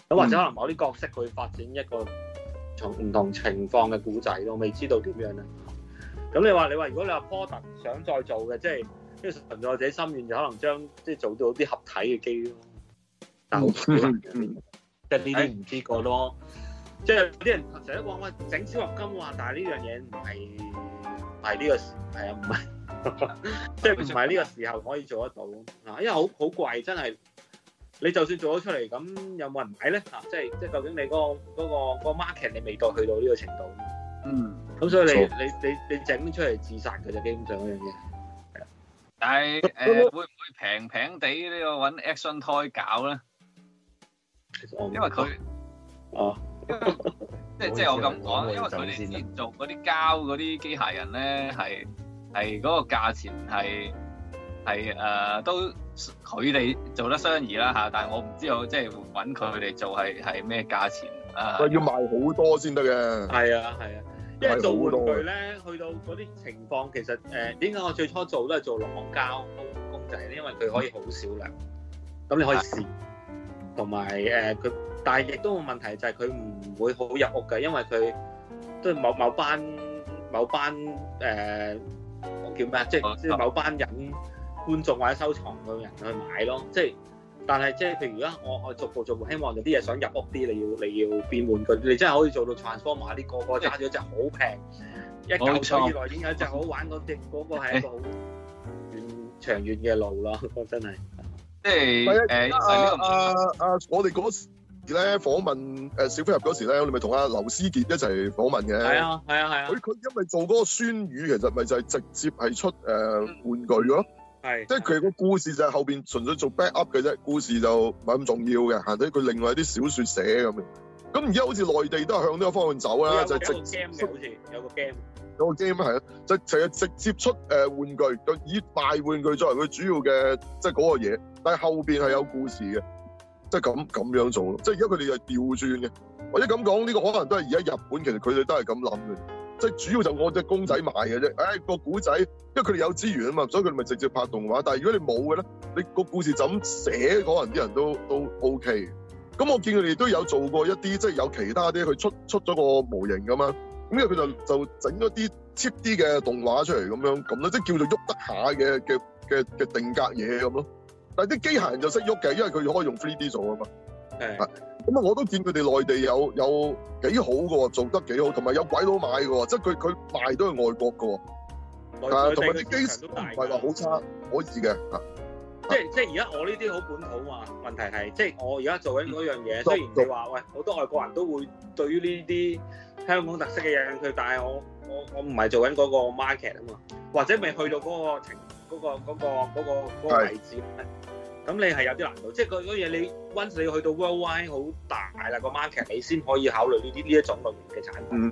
咁或者可能某啲角色佢發展一個從唔同情況嘅故仔咯，我未知道點樣咧。咁你話你話，如果你話 product 想再做嘅，即係即係純在自己心願，就可能將即係做到啲合體嘅機咯。但係即係呢啲唔知過咯。即係啲人成日都講喂整超合金話，但係呢樣嘢唔係唔係呢個時，係啊唔係，即係唔係呢個時候可以做得到。嗱，因為好好貴，真係你就算做咗出嚟，咁有冇人買咧？嚇，即係即係究竟你嗰個嗰個嗰個 market 你未到去到呢個程度。嗯，咁所以你你你你整出嚟自殺佢就，基本上嗰樣嘢。但係誒，會唔會平平地呢個揾 action toy 搞咧？因為佢哦，即係即係我咁講，因為佢哋之前做嗰啲膠嗰啲機械人咧，係係嗰個價錢係係誒都佢哋做得相宜啦吓，但係我唔知我即係揾佢哋做係係咩價錢啊？要賣好多先得嘅。係啊，係啊。做玩具咧，去到嗰啲情況，其實誒點解我最初做都係做冷膠公仔咧？因為佢可以好少量，咁你可以試。同埋誒，佢但係亦都有問題，就係佢唔會好入屋嘅，因為佢都係某某班某班誒叫咩啊？即係即係某班人觀眾或者收藏嘅人去買咯，即係。但係即係譬如啦，我我逐步逐步希望有啲嘢想入屋啲，你要你要變玩具，你真係可以做到 transform 埋、這、啲個個揸咗隻好平、嗯，一舊以來已經有一隻好玩嗰隻，嗰個係一個好遠長遠嘅路咯，真係即係誒阿我哋嗰時咧訪問誒、啊、小飛俠嗰時咧，我哋咪同阿劉思傑一齊訪問嘅。係啊，係啊，係啊。佢佢因為做嗰個酸乳，其實咪就係直接係出誒、呃、玩具咯。嗯。係，即係佢個故事就係後邊純粹做 back up 嘅啫，故事就唔係咁重要嘅，或者佢另外有啲小説寫咁嘅。咁而家好似內地都係向呢個方向走啦，就係、直出嘅好似，有個 game，有個 game 係咯，就其、係、直接出誒、呃、玩具，佢以大玩具作為佢主要嘅即係嗰個嘢，但係後邊係有故事嘅、就係，即係咁咁樣做咯。即係而家佢哋係調轉嘅，或者咁講呢個可能都係而家日本其實佢哋都係咁諗嘅。即係主要就我隻公仔賣嘅啫，誒、哎嗰個古仔，因為佢哋有資源啊嘛，所以佢哋咪直接拍動畫。但係如果你冇嘅咧，你個故事怎寫，可能啲人都都 OK。咁我見佢哋都有做過一啲即係有其他啲去出出咗個模型咁啊，咁啊佢就就整咗啲 cheap 啲嘅動畫出嚟咁樣咁咯，即係叫做喐得下嘅嘅嘅嘅定格嘢咁咯。但係啲機械人就識喐嘅，因為佢可以用 3D 做啊嘛。係。咁、嗯、啊，我都見佢哋內地有有幾好嘅喎，做得幾好，同埋有鬼佬買嘅喎，即係佢佢賣都係外國嘅喎，同埋啲機場都大嘅，外國好差，可以嘅，啊，即係即係而家我呢啲好本土嘛，問題係即係我而家做緊嗰樣嘢，雖然佢話、嗯嗯、喂好多外國人都會對於呢啲香港特色嘅嘢佢，但係我我我唔係做緊嗰個 market 啊嘛，或者未去到嗰個程嗰、嗰個嗰嗰、嗰個位置。嗰個嗰個咁你係有啲難度，即係嗰嗰嘢你 once 你去到 worldwide 好大啦，個 market 你先可以考慮呢啲呢一種類型嘅產品。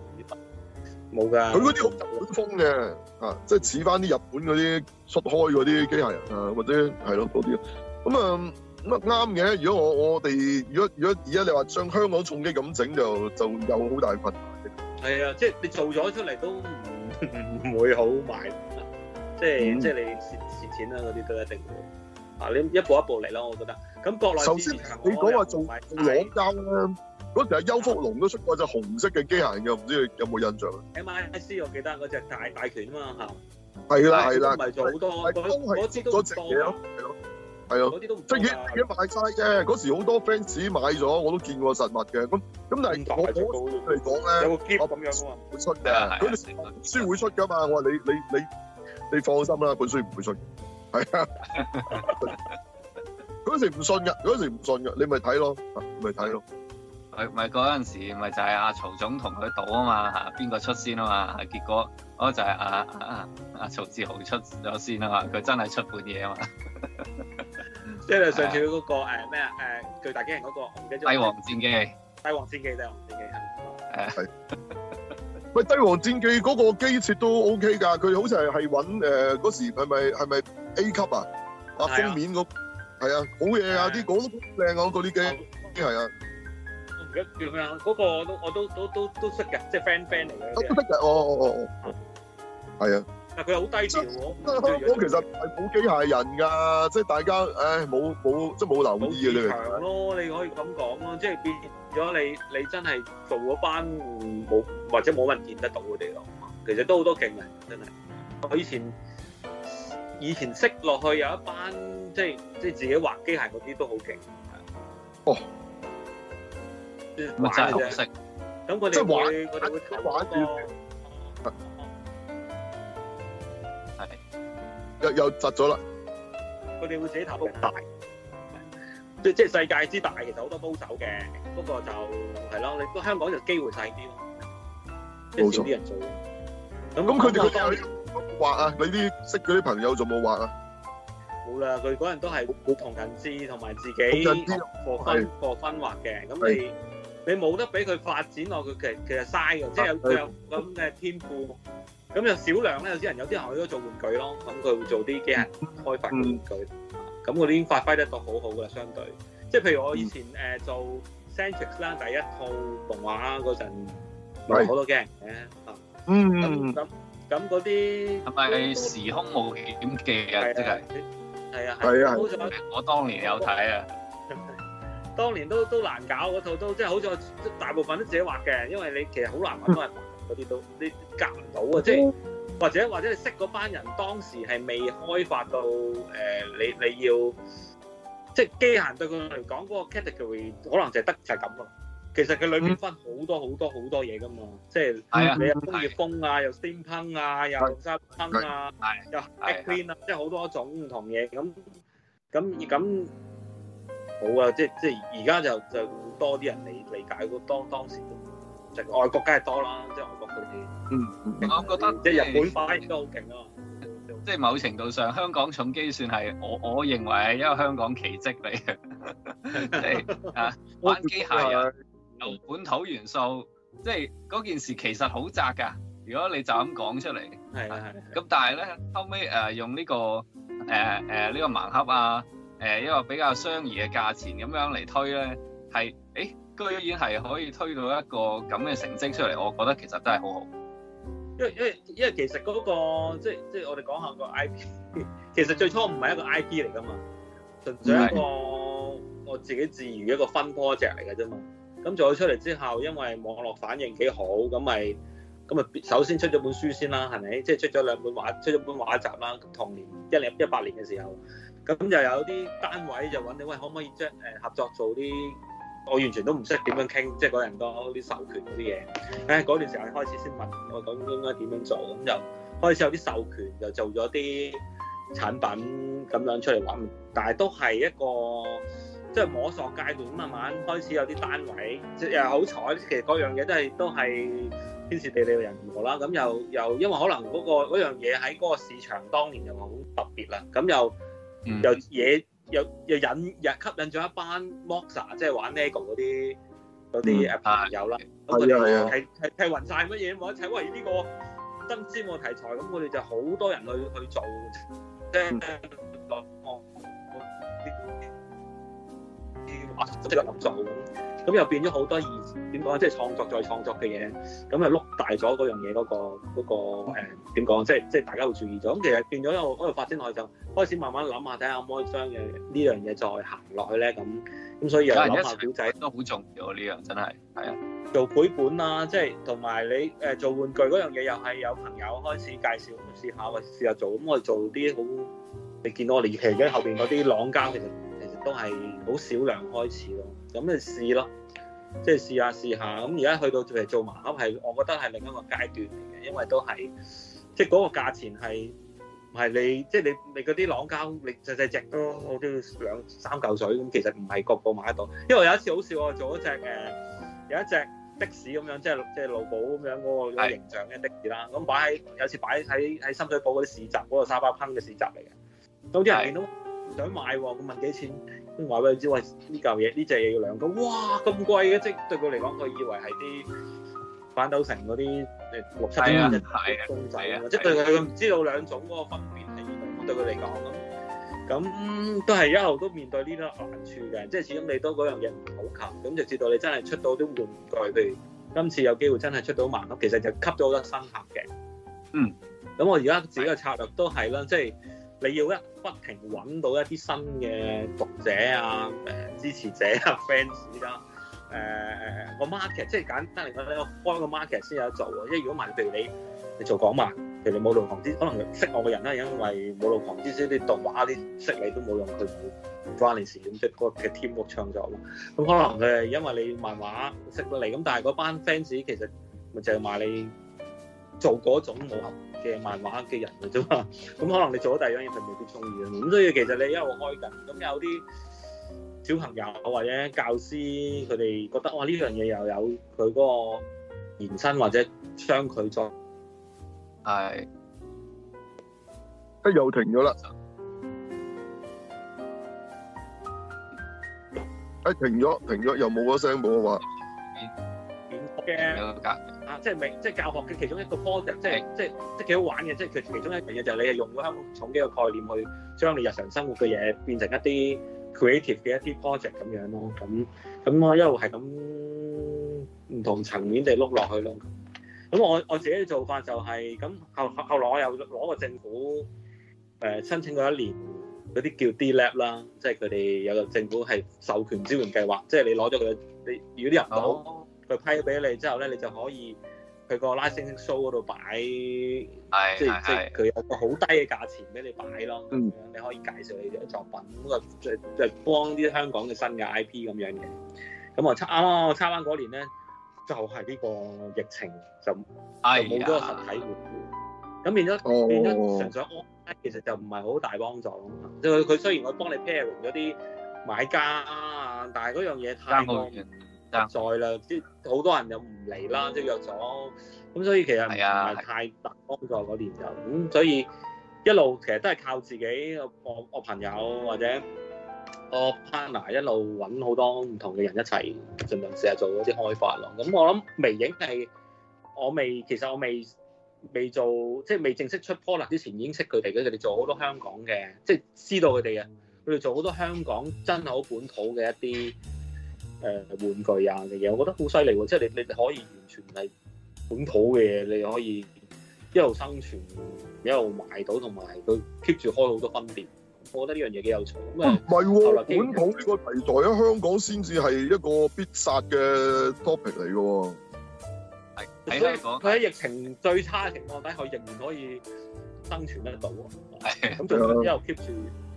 冇、嗯、㗎。佢嗰啲好日本風嘅、嗯，啊，即係似翻啲日本嗰啲縮開嗰啲機械人啊，或者係咯多啲。咁啊咁啊啱嘅。如果我我哋如果如果而家你話將香港重機咁整就就有很大的的、就是、好大困難。係、就、啊、是嗯，即係你做咗出嚟都唔唔會好賣，即係即係你蝕蝕錢啦嗰啲都一定會。啊！你一步一步嚟咯，我覺得。咁國內首先你講話做攞膠咧，嗰時邱福龍都出過隻紅色嘅機械人嘅，唔知你有冇印象咧？M I C 我記得嗰隻大大拳啊嘛嚇。係啦係啦，唔係做好多嗰嗰支都多嘅。係咯係咯，嗰啲都。最遠嘅買曬嘅，嗰時好多 fans 買咗，我都見過實物嘅。咁咁，但係我我嚟講咧，我咁樣啊，會出嘅。本書會出㗎嘛？我話你你你你放心啦，本書唔會出。係啊，嗰時唔信嘅，嗰時唔信嘅，你咪睇咯，咪睇咯，咪咪嗰陣時咪就係阿曹總同佢賭啊嘛，吓邊個出先啊嘛，結果嗰就係阿阿阿曹志豪出咗先啊嘛，佢真係出本嘢啊嘛，即係上次嗰個誒咩啊，誒巨大機器人嗰個，我唔記得咗。帝王戰機。帝王戰機定係王健林？誒。喂，帝王戰記嗰個機設都 O K 㗎，佢好似係係揾誒嗰時係咪係咪 A 級啊？啊封面嗰、那、係、個、啊好嘢啊，啲講得靚啊嗰啲、啊那個那個那個那個、機，啲、哦、係啊我唔記得叫咩啊。嗰、那個我都我都我都都都識嘅，即係 friend friend 嚟嘅。都識嘅，哦哦哦，係、哦哦嗯、啊。但佢又好低調喎。我其實係冇機械人噶，即係大家誒冇冇即係冇留意嘅，你明唔明？長咯，你可以咁講咯，即係變咗你你真係做嗰班冇或者冇人見得到佢哋咯，其實都好多勁人，真係。我以前以前識落去有一班即係即係自己畫機械嗰啲，都好勁。哦，咁真係好識。咁我哋會我哋會玩過。又又窒咗啦！佢哋會自己頭幅大，即即係世界之大，其實好多高手嘅。不過就係咯，你都香港就機會細啲咯，即係少啲人做咯。咁咁佢哋佢哋畫啊？你啲識嗰啲朋友仲冇畫啊？好啦，佢嗰陣都係同人誌同埋自己個分個分畫嘅。咁你你冇得俾佢發展落去，佢其實其實嘥嘅，即係佢有咁嘅天賦。咁就少量咧，有啲人有啲人去都做玩具咯，咁佢會做啲機器開發嘅玩具，咁嗰啲已經發揮得到好好噶啦。相對，即係譬如我以前誒做 Sentrex i 啦，第一套動畫嗰陣，用好多機嘅嗯，咁咁嗰啲係咪時空冒險記、就是、啊？即係係啊，係啊,啊,啊,啊，我當年有睇啊，當年都都難搞嗰套都，即係好在大部分都自己畫嘅，因為你其實好難揾幫人啲都你夾唔到啊！即係或者或者你識嗰班人當時係未開發到誒、呃，你你要即係機械對佢嚟講嗰個 category 可能就係得就係咁咯。其實佢裏面分好多好多好多嘢噶嘛，嗯、即係、哎、你有工業風啊，又 steam 烹啊，又沙烹啊，又 aquiline，即係好多種唔同嘢咁咁咁好啊！即即而家就就多啲人嚟理解嗰當當時的。外國梗係多啦，即係外國嗰啲。嗯，我覺得即係日本反而都好勁咯。即、就、係、是就是、某程度上，香港重機算係我我認為係一個香港奇蹟嚟嘅。即 [laughs] 係是 [laughs] 啊，玩機械人、啊、有、嗯、本土元素，即係嗰件事其實好窄㗎。如果你就咁講出嚟，係係。咁、啊、但係咧，後尾誒、呃、用呢、呢個誒誒呢個盲盒啊，誒、呃、一個比較相宜嘅價錢咁樣嚟推咧，係誒。欸居然係可以推到一個咁嘅成績出嚟，我覺得其實都係好好。因為因為因為其實嗰個即係即係我哋講下個 IP，其實最初唔係一個 IP 嚟㗎嘛，純粹一個我自己自娛一個分波隻嚟嘅啫嘛。咁做咗出嚟之後，因為網絡反應幾好，咁咪咁咪首先出咗本書先啦，係咪？即係出咗兩本畫，出咗本畫集啦。同年二零一八年嘅時候，咁就有啲單位就揾你，喂，可唔可以將誒合作做啲？我完全都唔識點樣傾，即係嗰陣嗰啲授權嗰啲嘢。誒，嗰段時間開始先問我，咁應該點樣做？咁就開始有啲授權，就做咗啲產品咁樣出嚟玩。但係都係一個即係摸索階段，咁慢慢開始有啲單位。又好彩，其實嗰樣嘢都係都係天時地利人和啦。咁又又因為可能嗰個嗰樣嘢喺嗰個市場當年就好特別啦。咁又又嘢。又又引引吸引咗一班 Mosa，即係玩 LEGO 嗰啲嗰啲誒朋友啦，咁佢哋係係係暈曬乜嘢？冇得睇，喂呢個新鮮個題材，咁我哋就好多人去去做，即係哦，即係諗做。咁又變咗好多意點講，即係創作再創作嘅嘢，咁又碌大咗嗰樣嘢嗰個嗰個誒點講，即係即係大家會注意咗。咁其實變咗，因為我嗰度發展落去開始慢慢諗下，睇下可唔可以將嘅呢樣嘢再行落去咧？咁咁所以又諗下表仔都好重要呢樣真係，係啊，做繪本啦即係同埋你做玩具嗰樣嘢，又係有朋友開始介紹，試下或者試下做。咁我做啲好，你見到我哋而家後邊嗰啲搪膠，其實其實都係好少量開始咯。咁咪試咯，即係試下試下。咁而家去到做嚟做埋，係我覺得係另一個階段嚟嘅，因為都係即係嗰個價錢係唔係你即係你你嗰啲朗膠，你細細隻都好似兩三嚿水。咁其實唔係個個買得到。因為有一次好笑我做咗隻誒有一隻的士咁樣，即係即係路寶咁樣嗰個有形象嘅的，的士啦。咁擺喺有一次擺喺喺深水埗嗰啲市集嗰、嗰個沙巴坑嘅市集嚟嘅，有啲人見到想買喎，咁問幾錢？話俾佢知，喂，呢嚿嘢呢隻嘢要兩個，哇，咁貴嘅？即係對佢嚟講，佢以為係啲反斗城嗰啲誒六七蚊一隻公仔咯，啊啊啊，即係對佢佢唔知道兩種嗰個分別係點，對佢嚟講咁，咁、嗯、都係一路都面對呢啲難處嘅，即係始終你都嗰樣嘢唔好求，咁就至到你真係出到啲玩具，譬如今次有機會真係出到萬屋，其實就吸咗好多新客嘅。嗯，咁我而家自己嘅策略都係啦，即係。你要一不停揾到一啲新嘅讀者啊、誒支持者啊、fans 啦、啊、誒誒個 market，即係簡單嚟講咧，開個 market 先有得做啊。因為如果唔係，譬如你你做港漫，譬如你武道狂之，可能識我嘅人啦，因為武道狂之，所以你讀畫你識你都冇用，佢唔唔關你事，咁即係個 teamwork 創作咯。咁、那個那個、可能誒，因為你漫畫識到你，咁但係嗰班 fans 其實咪就係話你做嗰種武俠。嘅漫畫嘅人嘅啫嘛，咁可能你做咗第二樣嘢佢未必中意啦。咁所以其實你一路開緊，咁有啲小朋友或者教師佢哋覺得哇呢樣嘢又有佢嗰個延伸或者將佢作，係，啊又停咗啦，啊停咗停咗又冇咗聲噃喎。嘅啊，即係未即係教學嘅其中一個 project，即係即係即係幾好玩嘅，即係其其中一樣嘢就係你係用咗香港重機嘅概念去將你日常生活嘅嘢變成一啲 creative 嘅一啲 project 咁樣咯，咁咁我一路係咁唔同層面地碌落去咯。咁我我自己嘅做法就係、是、咁後後來我又攞個政府誒、呃、申請過一年嗰啲叫 D Lab 啦，即係佢哋有個政府係授權支援計劃，即係你攞咗佢，你，你如果你入到。好佢批咗俾你之後咧，你就可以去個 licensing show 嗰度擺，即即佢有個好低嘅價錢俾你擺咯。嗯，你可以介紹你哋嘅作品，咁個即即幫啲香港嘅新嘅 IP 咁樣嘅。咁我差啱啱我差翻嗰年咧，就係、是、呢個疫情就冇咗個實體活，咁、哎、變咗、哦、變咗成上安，其實就唔係好大幫助咯。即佢雖然我幫你 pairing 咗啲買家啊，但係嗰樣嘢太在啦，即係好多人又唔嚟啦，即係約咗，咁所以其實唔係太大幫助，嗰年就咁。所以一路其實都係靠自己，我我朋友或者個 partner 一路揾好多唔同嘅人一齊，儘量試下做嗰啲開發咯。咁我諗微影係我未，其實我未未做，即係未正式出 Polar 之前已經識佢哋嘅，佢哋做好多香港嘅，即係知道佢哋嘅，佢哋做好多香港真係好本土嘅一啲。誒玩具啊嘅嘢，我覺得好犀利喎！即係你，你哋可以完全係本土嘅嘢，你可以一路生存，一路賣到，同埋佢 keep 住開好多分店。我覺得呢樣嘢幾有趣。唔係，本土呢個題材喺香港先至係一個必殺嘅 topic 嚟嘅喎。係，所以佢喺疫情最差嘅情況底下，佢仍然可以生存得到。係，咁仲可以一路 keep 住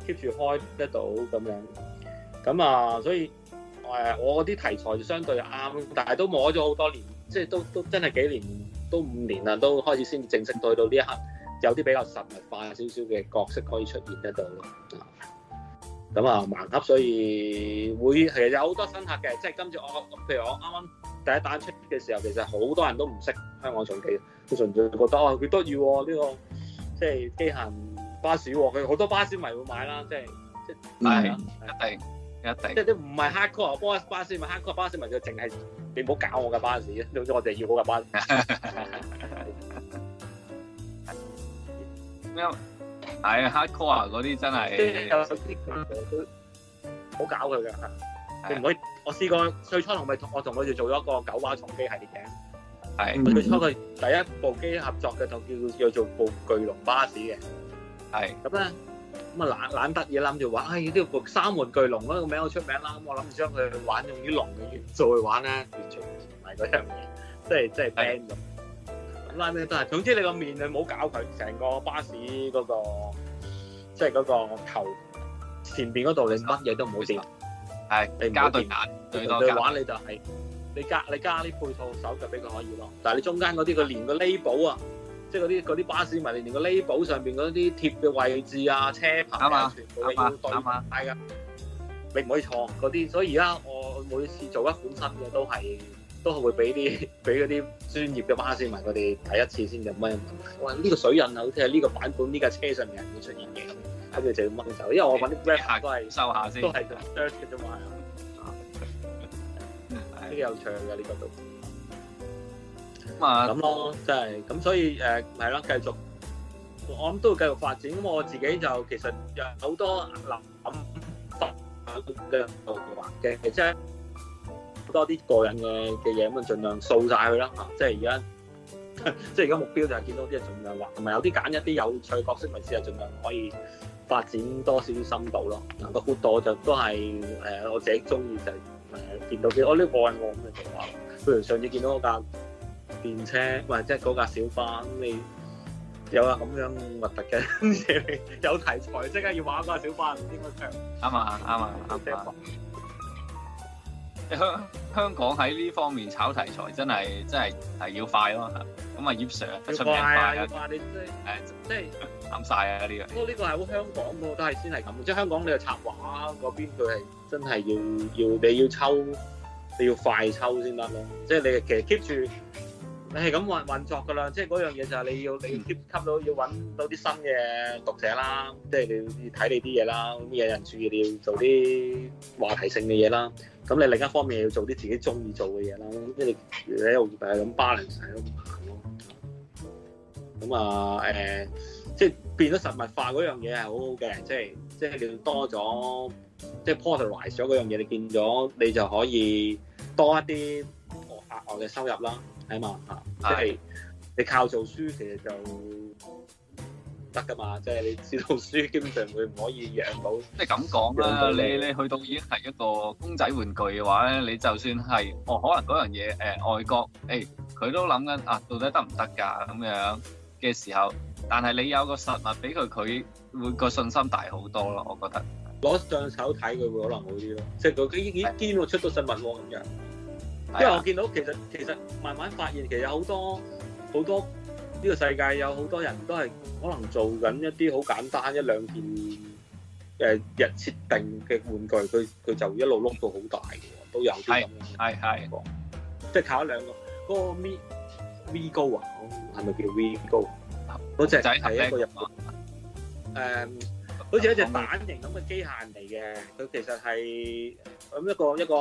keep 住開得到咁樣。咁啊，所以。誒，我啲題材就相對啱，但係都摸咗好多年，即係都都真係幾年都五年啦，都開始先正式去到呢一刻有啲比較實物化少少嘅角色可以出現得到。啊，咁啊盲盒，所以會其實有好多新客嘅，即係跟住我，譬如我啱啱第一單出嘅時候，其實好多人都唔識香港重機嘅，純粹覺得哦，佢得意喎呢個即係機械巴士，佢好多巴士迷會買啦，即係即係係一定。即係啲唔係 hardcore 啊，巴士巴士咪 hardcore 巴士咪就淨係你唔好搞我嘅巴士啊！我哋要嗰個巴士。咩啊？係啊，hardcore 啊嗰啲真係。即係有手機佢都唔好搞佢嘅嚇。你唔可以，我試過最初同咪同我同佢哋做咗個九巴重機系列嘅。係。佢最初佢第一部機合作嘅就叫叫做部巨龍巴士嘅。係。咁啊～咁啊，懶懶得嘢，諗住玩，哎，呢、呢個三門巨龍嗰個名好出名啦。咁我諗住將佢玩，用玩，用於龍嘅元素，去玩咧完全唔係嗰樣嘢，即係即係 band 咁。懶咩都係，總之你個面你唔好搞佢，成個巴士嗰、嗰個，即係嗰個頭前邊嗰度，你乜嘢都唔好掂。係你，你，你、就是、你加對眼，對對玩你就係你加你加啲配套手腳俾佢可以攞，但係你中間嗰啲佢連個 label 啊。即係嗰啲啲巴士迷，連個 label 上邊嗰啲貼嘅位置啊、車棚啊，全部都要對曬㗎，你唔可以錯嗰啲。所以而家我每次做一款新嘅，都係都係會俾啲俾啲專業嘅巴士迷佢哋第一次先入。乜？哇！呢、呢個水印啊，好似係呢個版本呢架、呢個、車上面人會出現嘅，咁咁佢就要掹走。因為我揾啲 rap 都係收下先，都係 research 嘅啫嘛。啊！ [laughs] 呢個有唱嘅，呢個都。咁啊，咁咯，即係咁，所以誒，係咯，繼續，我諗都會繼續發展。咁我自己就其實有好多諗法量度嘅，即係好多啲個人嘅嘅嘢咁啊，儘量掃曬佢啦嚇。即係而家，即係而家目標就係見到啲嘢盡量畫，同埋有啲揀一啲有趣角色，咪先盡量可以發展多少少深度咯。嗱個 good 嘅我就都係誒，我自己中意就係誒見到啲哦呢個係我咁啊做下。譬如上次見到嗰架。電車或者嗰架小巴，你有啊咁樣核突嘅嘢嚟， [laughs] 有題材即刻要畫嗰架小巴，應該強啱啊！啱啊！啱啊！香香港喺呢方面炒題材真係真係係要快咯，咁啊，葉 sir 出名快啊！你即係即係啱晒啊！呢、啊呢個不過呢個係好香港嘅，都係先係咁，即係香港你插畫嗰邊佢係真係要要你要抽你要快抽先得咯，即係你其實 keep 住。係咁運運作噶啦，即係嗰樣嘢就係你要你要 keep 吸到要揾到啲新嘅讀者啦，即係你要睇你啲嘢啦，咁有人注意，你要做啲話題性嘅嘢啦。咁你另一方面要做啲自己中意做嘅嘢啦，即係你又係咁 balance 係都唔行咯。咁啊，誒，即係變咗實物化嗰樣嘢係好好嘅，即係即係你多咗，即係 portalize 咗嗰樣嘢，你見咗你就可以多一啲額外嘅收入啦。係嘛嚇，即係你靠做書其實就得㗎嘛，即係你知道書基本上會唔可以養到。即係咁講啦，你你去到已經係一個公仔玩具嘅話咧，你就算係哦，可能嗰樣嘢誒外國誒佢都諗緊啊，到底得唔得㗎咁樣嘅時候，但係你有個實物俾佢，佢會個信心大好多咯，我覺得。攞上手睇佢會可能好啲咯，即係佢已已經堅喎出到實物喎，咁樣。因為我見到，其實其實慢慢發現，其實好多好多，呢個世界有好多人都係可能做緊一啲好簡單一兩件誒日設定嘅玩具，佢佢就一路碌到好大嘅，都有啲咁嘅。係係係，即係靠咗兩個嗰個 Me We Go 啊，係咪叫 We Go？嗰隻係一個日本誒。好似一隻蛋形咁嘅機械人嚟嘅，佢其實係咁一個一個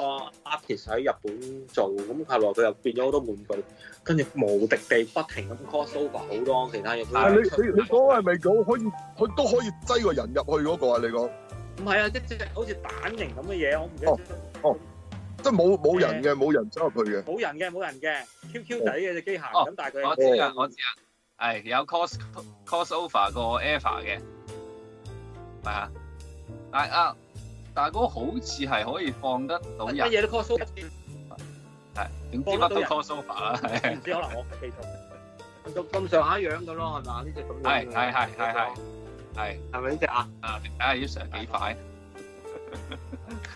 artist 喺日本做，咁後來佢又變咗好多玩具，跟住無敵地不停咁 crossover 好多其他嘢。你你你講係咪講可以佢都可以擠個人入去嗰個啊？你講唔係啊，一隻好似蛋形咁嘅嘢，我唔記得。哦即係冇冇人嘅，冇、呃、人走入去嘅。冇人嘅，冇人嘅，Q Q 底嘅隻機械咁、啊，但係佢我知啊，我知啊，係、哦哎、有 crossover 個 Eva 嘅。係啊，但係啊，大哥好似係可以放得到人，係點知乜都 crossover 啦。唔知可能我嘅技術咁上下樣嘅咯，係咪呢隻咁樣嘅，係係係係係係咪呢隻啊？啊，睇下要成幾快。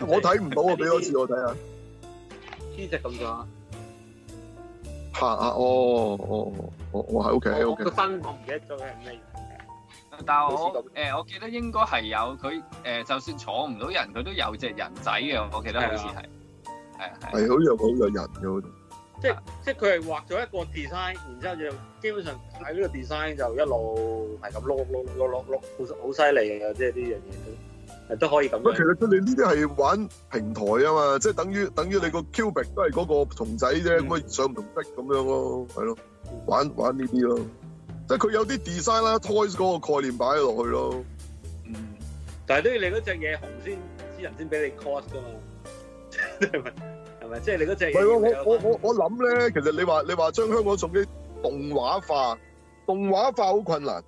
[laughs] 我睇唔到啊，俾多次我睇下。呢隻咁咋？下啊，哦哦，哦 okay, okay, 啊、我我喺屋企喺屋企。個身唔記得咗係咩？但係我誒，我記得應該係有佢，誒，就算坐唔到人，佢都有隻人仔嘅。我記得好似係，係係係好有好有人嘅，即係即係佢係畫咗一個 design，然之後就基本上喺呢個 design 就一路係咁碌碌碌碌碌好好犀利嘅，即係呢樣嘢都係都可以咁。唔係其實你呢啲係玩平台啊嘛，即係等於等於你個 cubic 都係嗰個蟲仔啫，可以上唔同得咁樣咯，係咯，玩玩呢啲咯。即係佢有啲 design 啦，toys 嗰個概念擺落去咯。嗯，但係都要你嗰隻嘢紅先，先人先俾你 cos 噶嘛？係 [laughs] 咪？係咪？即係你嗰隻嘢。我我我我諗咧，其實你話你話將香港重機動畫化，動畫化好困難。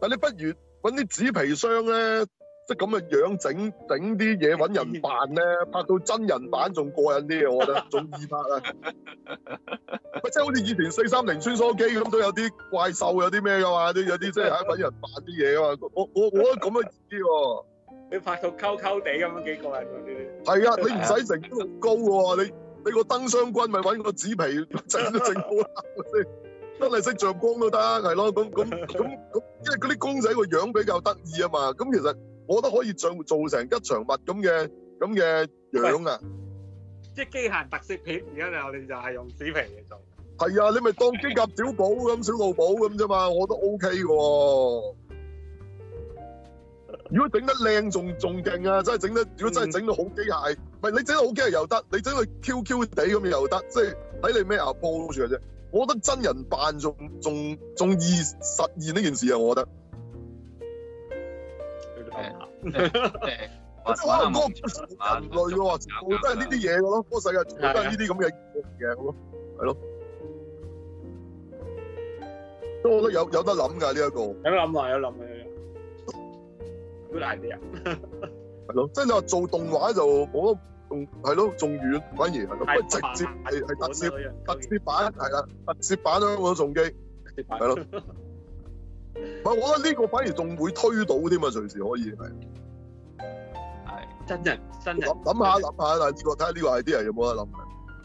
但係你不如揾啲紙皮箱咧。即咁嘅樣整整啲嘢揾人扮咧，拍到真人版仲過癮啲啊！我覺得，鍾意拍啊，咪即係好似以前四三零穿梭機咁都有啲怪獸，有啲咩噶嘛？啲有啲即係揾人扮啲嘢噶嘛？我我我覺得咁啊易啲喎。你拍到溝溝地咁樣幾過癮嗰啲？係啊，你唔使成高高喎，你你個燈箱君咪揾個紙皮整到正高啦，先真係識著光都得，係咯，咁咁咁咁，即係嗰啲公仔個樣比較得意啊嘛，咁其實。我覺得可以做做成吉祥物咁嘅咁嘅樣啊！即係機械特色片，而家就我哋就係用紙皮嚟做。係啊，你咪當機甲小寶咁，小路寶咁啫嘛，我都 OK 嘅。如果整得靚，仲仲勁啊！真係整得，如果真係整到好機械，唔係你整到好機械又得，你整到 Q Q 地咁又得，即係睇你咩阿 pose 嘅啫。我覺得真人扮仲仲仲易實現呢件事啊，我覺得。即係可能個人類喎，全部都係呢啲嘢嘅咯，個世界全部都係呢啲咁嘅嘢咯。係咯，都我覺得有有得諗㗎呢一個。有諗啊，有諗嘅。好難嘅，係咯。即係你話做動畫就我，係咯，仲遠反而係咯，不如直接係係直接特特別版係啦，特別版啦我都仲記係咯。唔係，我覺得呢個反而仲會推到添嘛，隨時可以係，係真人真人。諗下諗下，但呢個睇下呢個 idea 有冇得諗，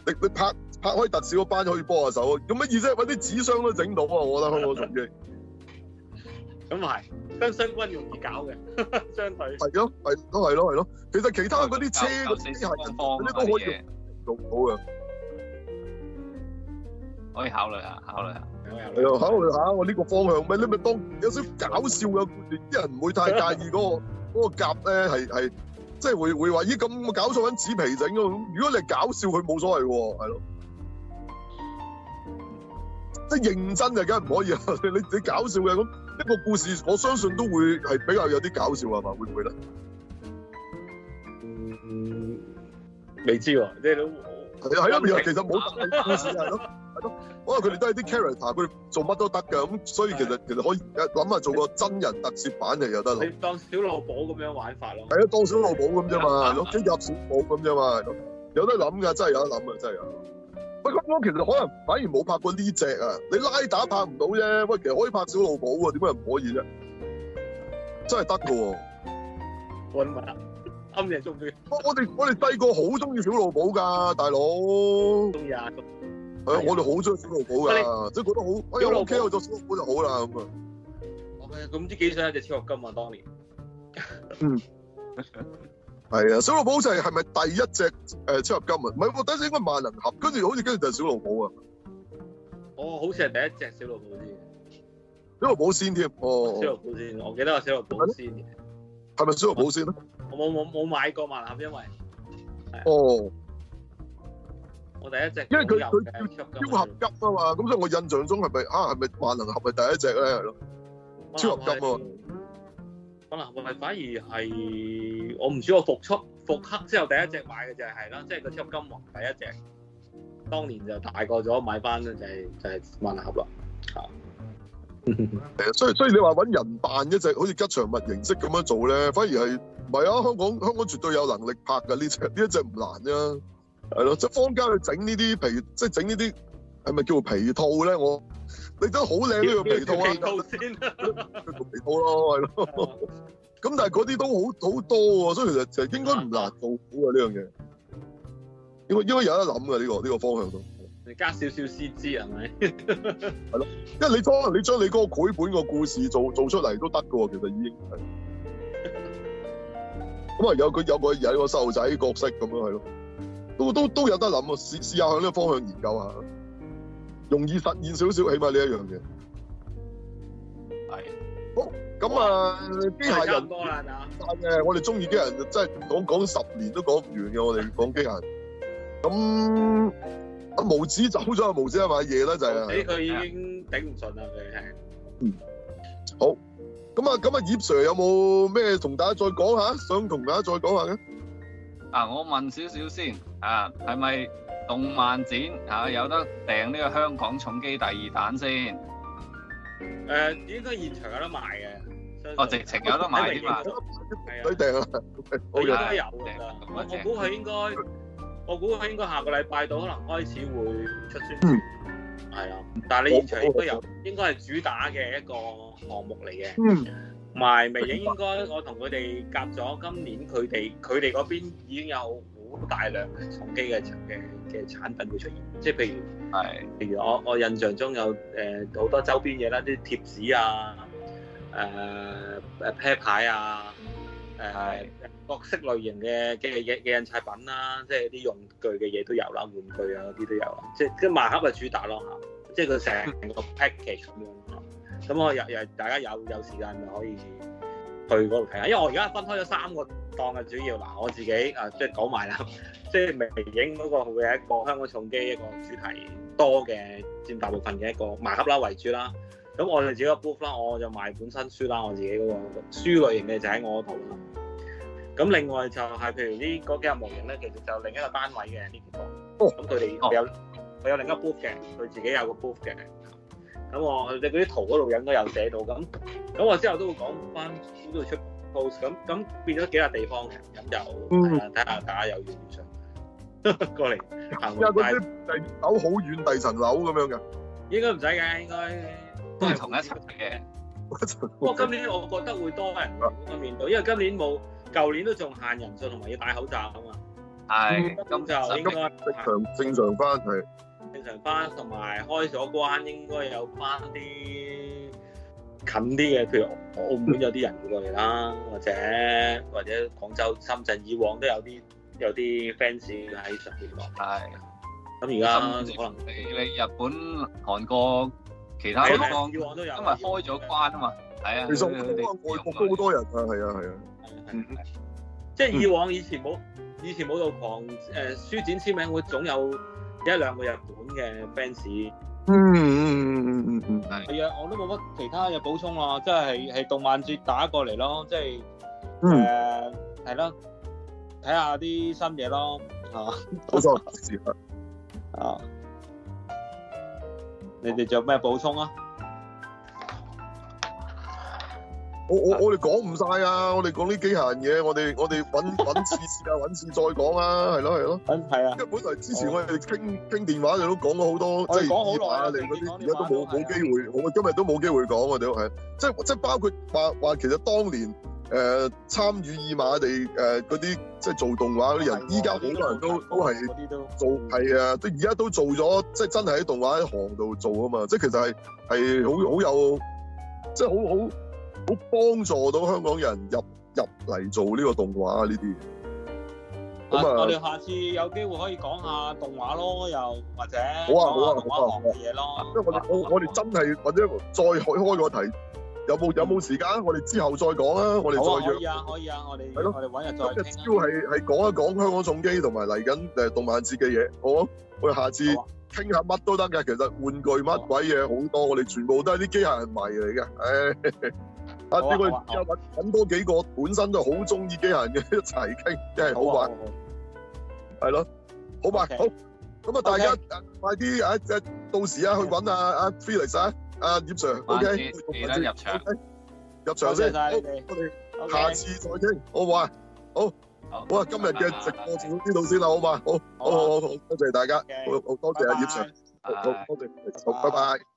你你拍拍開特氏班就可以幫下手，有乜意思？揾啲紙箱都整到啊！我覺得香港重機。咁係，跟新軍容易搞嘅相對。係咯，係咯，係咯，係咯，其實其他嗰啲車嗰啲係人，呢啲都可以做到嘅。可以考慮下，考慮下。又考慮下我呢個方向咩？你咪當有少搞笑嘅觀念，啲人唔會太介意嗰個嗰個夾咧，係係即係會會話依咁搞錯緊紙皮整咁。如果你係搞笑，佢冇所謂喎，係咯。即係認真就梗係唔可以啦。你你搞笑嘅咁呢個故事，我相信都會係比較有啲搞笑啊嘛，會唔會咧？未知喎，即係都係啊！其實冇故事係咯。哦，佢哋都係啲 character，佢做乜都得嘅，咁所以其實其實可以諗下做個真人特攝版就有得咯。你當小露寶咁樣玩法咯。係啊，當小露寶咁啫嘛，六基入小露寶咁啫嘛，有得諗噶，真係有得諗啊，真係有，有。喂，咁我其實可能反而冇拍過呢隻啊，你拉打拍唔到啫，喂，其實可以拍小露寶 [laughs] 啊，點解唔可以啫？真係得噶喎。我都唔得，啱嘅中意？我哋我哋細個好中意小露寶噶，大佬。中意啊！哎、我哋好中意小老寶噶，即係覺得好，一、哎、路 keep、okay，做小老寶就好啦咁啊。咁唔知幾想一隻超合金啊當年。嗯。係 [laughs] 啊，小老寶就係係咪第一隻誒超合金啊？唔係，我第一隻應該萬能俠，跟住好似跟住就係小老寶啊。哦，好似係第一隻小老寶先。小老寶先添。哦。小老寶先，我記得我小老寶先。係咪小老寶先啊？我冇冇冇買過萬能俠，因為係。哦。我第一隻，因為佢佢超合金啊嘛，咁所以我印象中係咪啊，係咪萬能俠係第一隻咧？係咯，超合金啊！可能係咪反而係我唔知我復出復刻之後第一隻買嘅就係係啦，即係個超合金魂第一隻，當年就大個咗買翻就係就係萬能俠啦。係啊，所以所以你話揾人扮一隻好似吉祥物形式咁樣做咧，反而係唔係啊？香港香港絕對有能力拍噶，呢隻呢一隻唔難啫、啊。係咯，即係坊間去整呢啲皮，即係整呢啲係咪叫做皮套咧？我你真係好靚呢個皮套啊！皮套先，個 [laughs] 皮套咯，係咯。咁 [laughs] [laughs] 但係嗰啲都好好多啊，所以其實其實應該唔難做啊，呢樣嘢。應該應該有得諗噶呢個呢個方向度。你加少少 CG 係咪？係 [laughs] 咯，因為你可能你將你個繪本個故事做做出嚟都得噶喎，其實已經係。咁 [laughs] 啊，有佢有個有個細路仔角色咁樣係咯。都都都有得諗喎，試試下向呢個方向研究下，容易實現少少，起碼呢一樣嘢。係。好，咁啊，機械人多啦，嗱。但係我哋中意機械人真係講講十年都講唔完嘅，我哋講機械。咁阿毛子走咗，阿毛子係咪夜咧就係？佢已經頂唔順啦，佢係。嗯。好。咁啊，咁啊，葉 Sir 有冇咩同大家再講下？想同大家再講下嘅？啊！我問少少先，啊，係咪動漫展啊有得訂呢個香港重機第二彈先？誒、呃，應該現場有得賣嘅。哦，直情有得賣添嘛？佢訂啊，係係應該、嗯啊、有噶我估佢應該，我估佢應該下個禮拜度可能開始會出先。嗯。係啊，但係你現場應該有，應該係主打嘅一個項目嚟嘅。嗯。同埋微影應該，我同佢哋夾咗今年佢哋佢哋嗰邊已經有好大量的重機嘅嘅嘅產品會出現，即係譬如譬如我我印象中有誒好、呃、多周邊嘢啦，啲貼紙啊，誒誒啤牌啊，誒、呃、各式類型嘅嘅嘅嘅印刷品啦、啊，即係啲用具嘅嘢都有啦，玩具啊嗰啲都有，即係跟埋口係主打咯嚇，即係佢成個 package 咁樣。咁我又又大家有有時間就可以去嗰度睇下，因為我而家分開咗三個檔嘅主要嗱，我自己啊即係講埋啦，即係微影嗰個會係一個香港重機一個主題多嘅，佔大部分嘅一個賣盒啦為主啦。咁我哋自己個 booth 啦，我就賣本身書啦，我自己嗰個書類型嘅就喺我度啦。咁另外就係、是、譬如呢嗰幾模型咧，其實就另一個單位嘅呢個。哦。咁佢哋有佢、哦、有另一個 booth 嘅，佢自己有一個 booth 嘅。咁我哋嗰啲圖嗰度應該有寫到，咁咁我之後都會講翻呢度出 post，咁咁變咗幾笪地方嘅，咁就睇下大家有冇想上過嚟行快。依家嗰啲第二樓好遠，第二層樓咁樣嘅，應該唔使㗎，應該都係同一層嘅。不過今年我覺得會多人面對，因為今年冇，舊年都仲限人數同埋要戴口罩啊嘛。係，咁就應該正常，正常翻去。正常返同埋開咗關應該有返啲近啲嘅，譬如澳門有啲人過嚟啦，或者或者廣州、深圳以往都有啲有啲 fans 喺上面望。係。咁而家可能你日本、韓國其他地方，以往都有。因為開咗關啊嘛。係啊。其實好多外國都好多人啊，係啊係啊，啊，啊，啊，啊，啊，啊，啊，啊。嗯，即係以往以前冇以前冇到狂誒書展簽名會總有。一兩個日本嘅 fans，嗯嗯嗯嗯嗯嗯，係係啊，我都冇乜其他嘢補,、嗯呃啊 [laughs] 啊啊、補充啊，即係係係動漫節打過嚟咯，即係誒係咯，睇下啲新嘢咯嚇，好多事啊，你哋仲有咩補充啊？我我我哋講唔晒啊！我哋講啲機械人嘢，我哋我哋揾揾次時間揾次再講啊，係咯係咯，係啊！因為本來之前我哋傾傾電話，你都講咗好多，即係二馬地嗰啲，而家都冇冇機會，我今日都冇機會講啊！都係，即係即係包括話話，其實當年誒參與二馬地誒嗰啲，即係做動畫嗰啲人，依家好多人都都係做係啊！都而家都做咗，即係真係喺動畫喺行度做啊嘛！即係其實係係好好有，即係好好。好幫助到香港人入入嚟，做呢個動畫呢啲嘢。咁啊，啊、啊， [music] 我哋下次有機會可以講下動畫咯，又或者說說說好啊好啊好啊嘅嘢咯。即係我哋我哋的、啊啊、我哋真係或者再開開個題，有冇有冇時間、嗯？我哋之後再講啦。我哋、啊、可以啊可以啊，我哋係咯，我哋搵日再傾。主要係係講一講香港重機同埋嚟緊誒動漫節嘅嘢，好啊。我哋下次傾下乜都得㗎，其實玩具乜鬼嘢好、啊、好多，我哋全部都係啲機械人迷嚟嘅，唉。啊！叫佢又揾揾多幾個本身就好中意機械人嘅一齊傾，真係好玩。係咯，好嘛，好。咁啊，大家快啲啊啊！到時啊，去揾啊阿 Felix、阿葉 Sir。O.K.，而家入場，入場先。我哋下次再傾，好唔好啊？好。好啊，今日嘅直播就到呢度先啦，好嘛？好，好好好好，多謝大家，我我多謝阿葉 Sir，好，多謝，好，拜拜。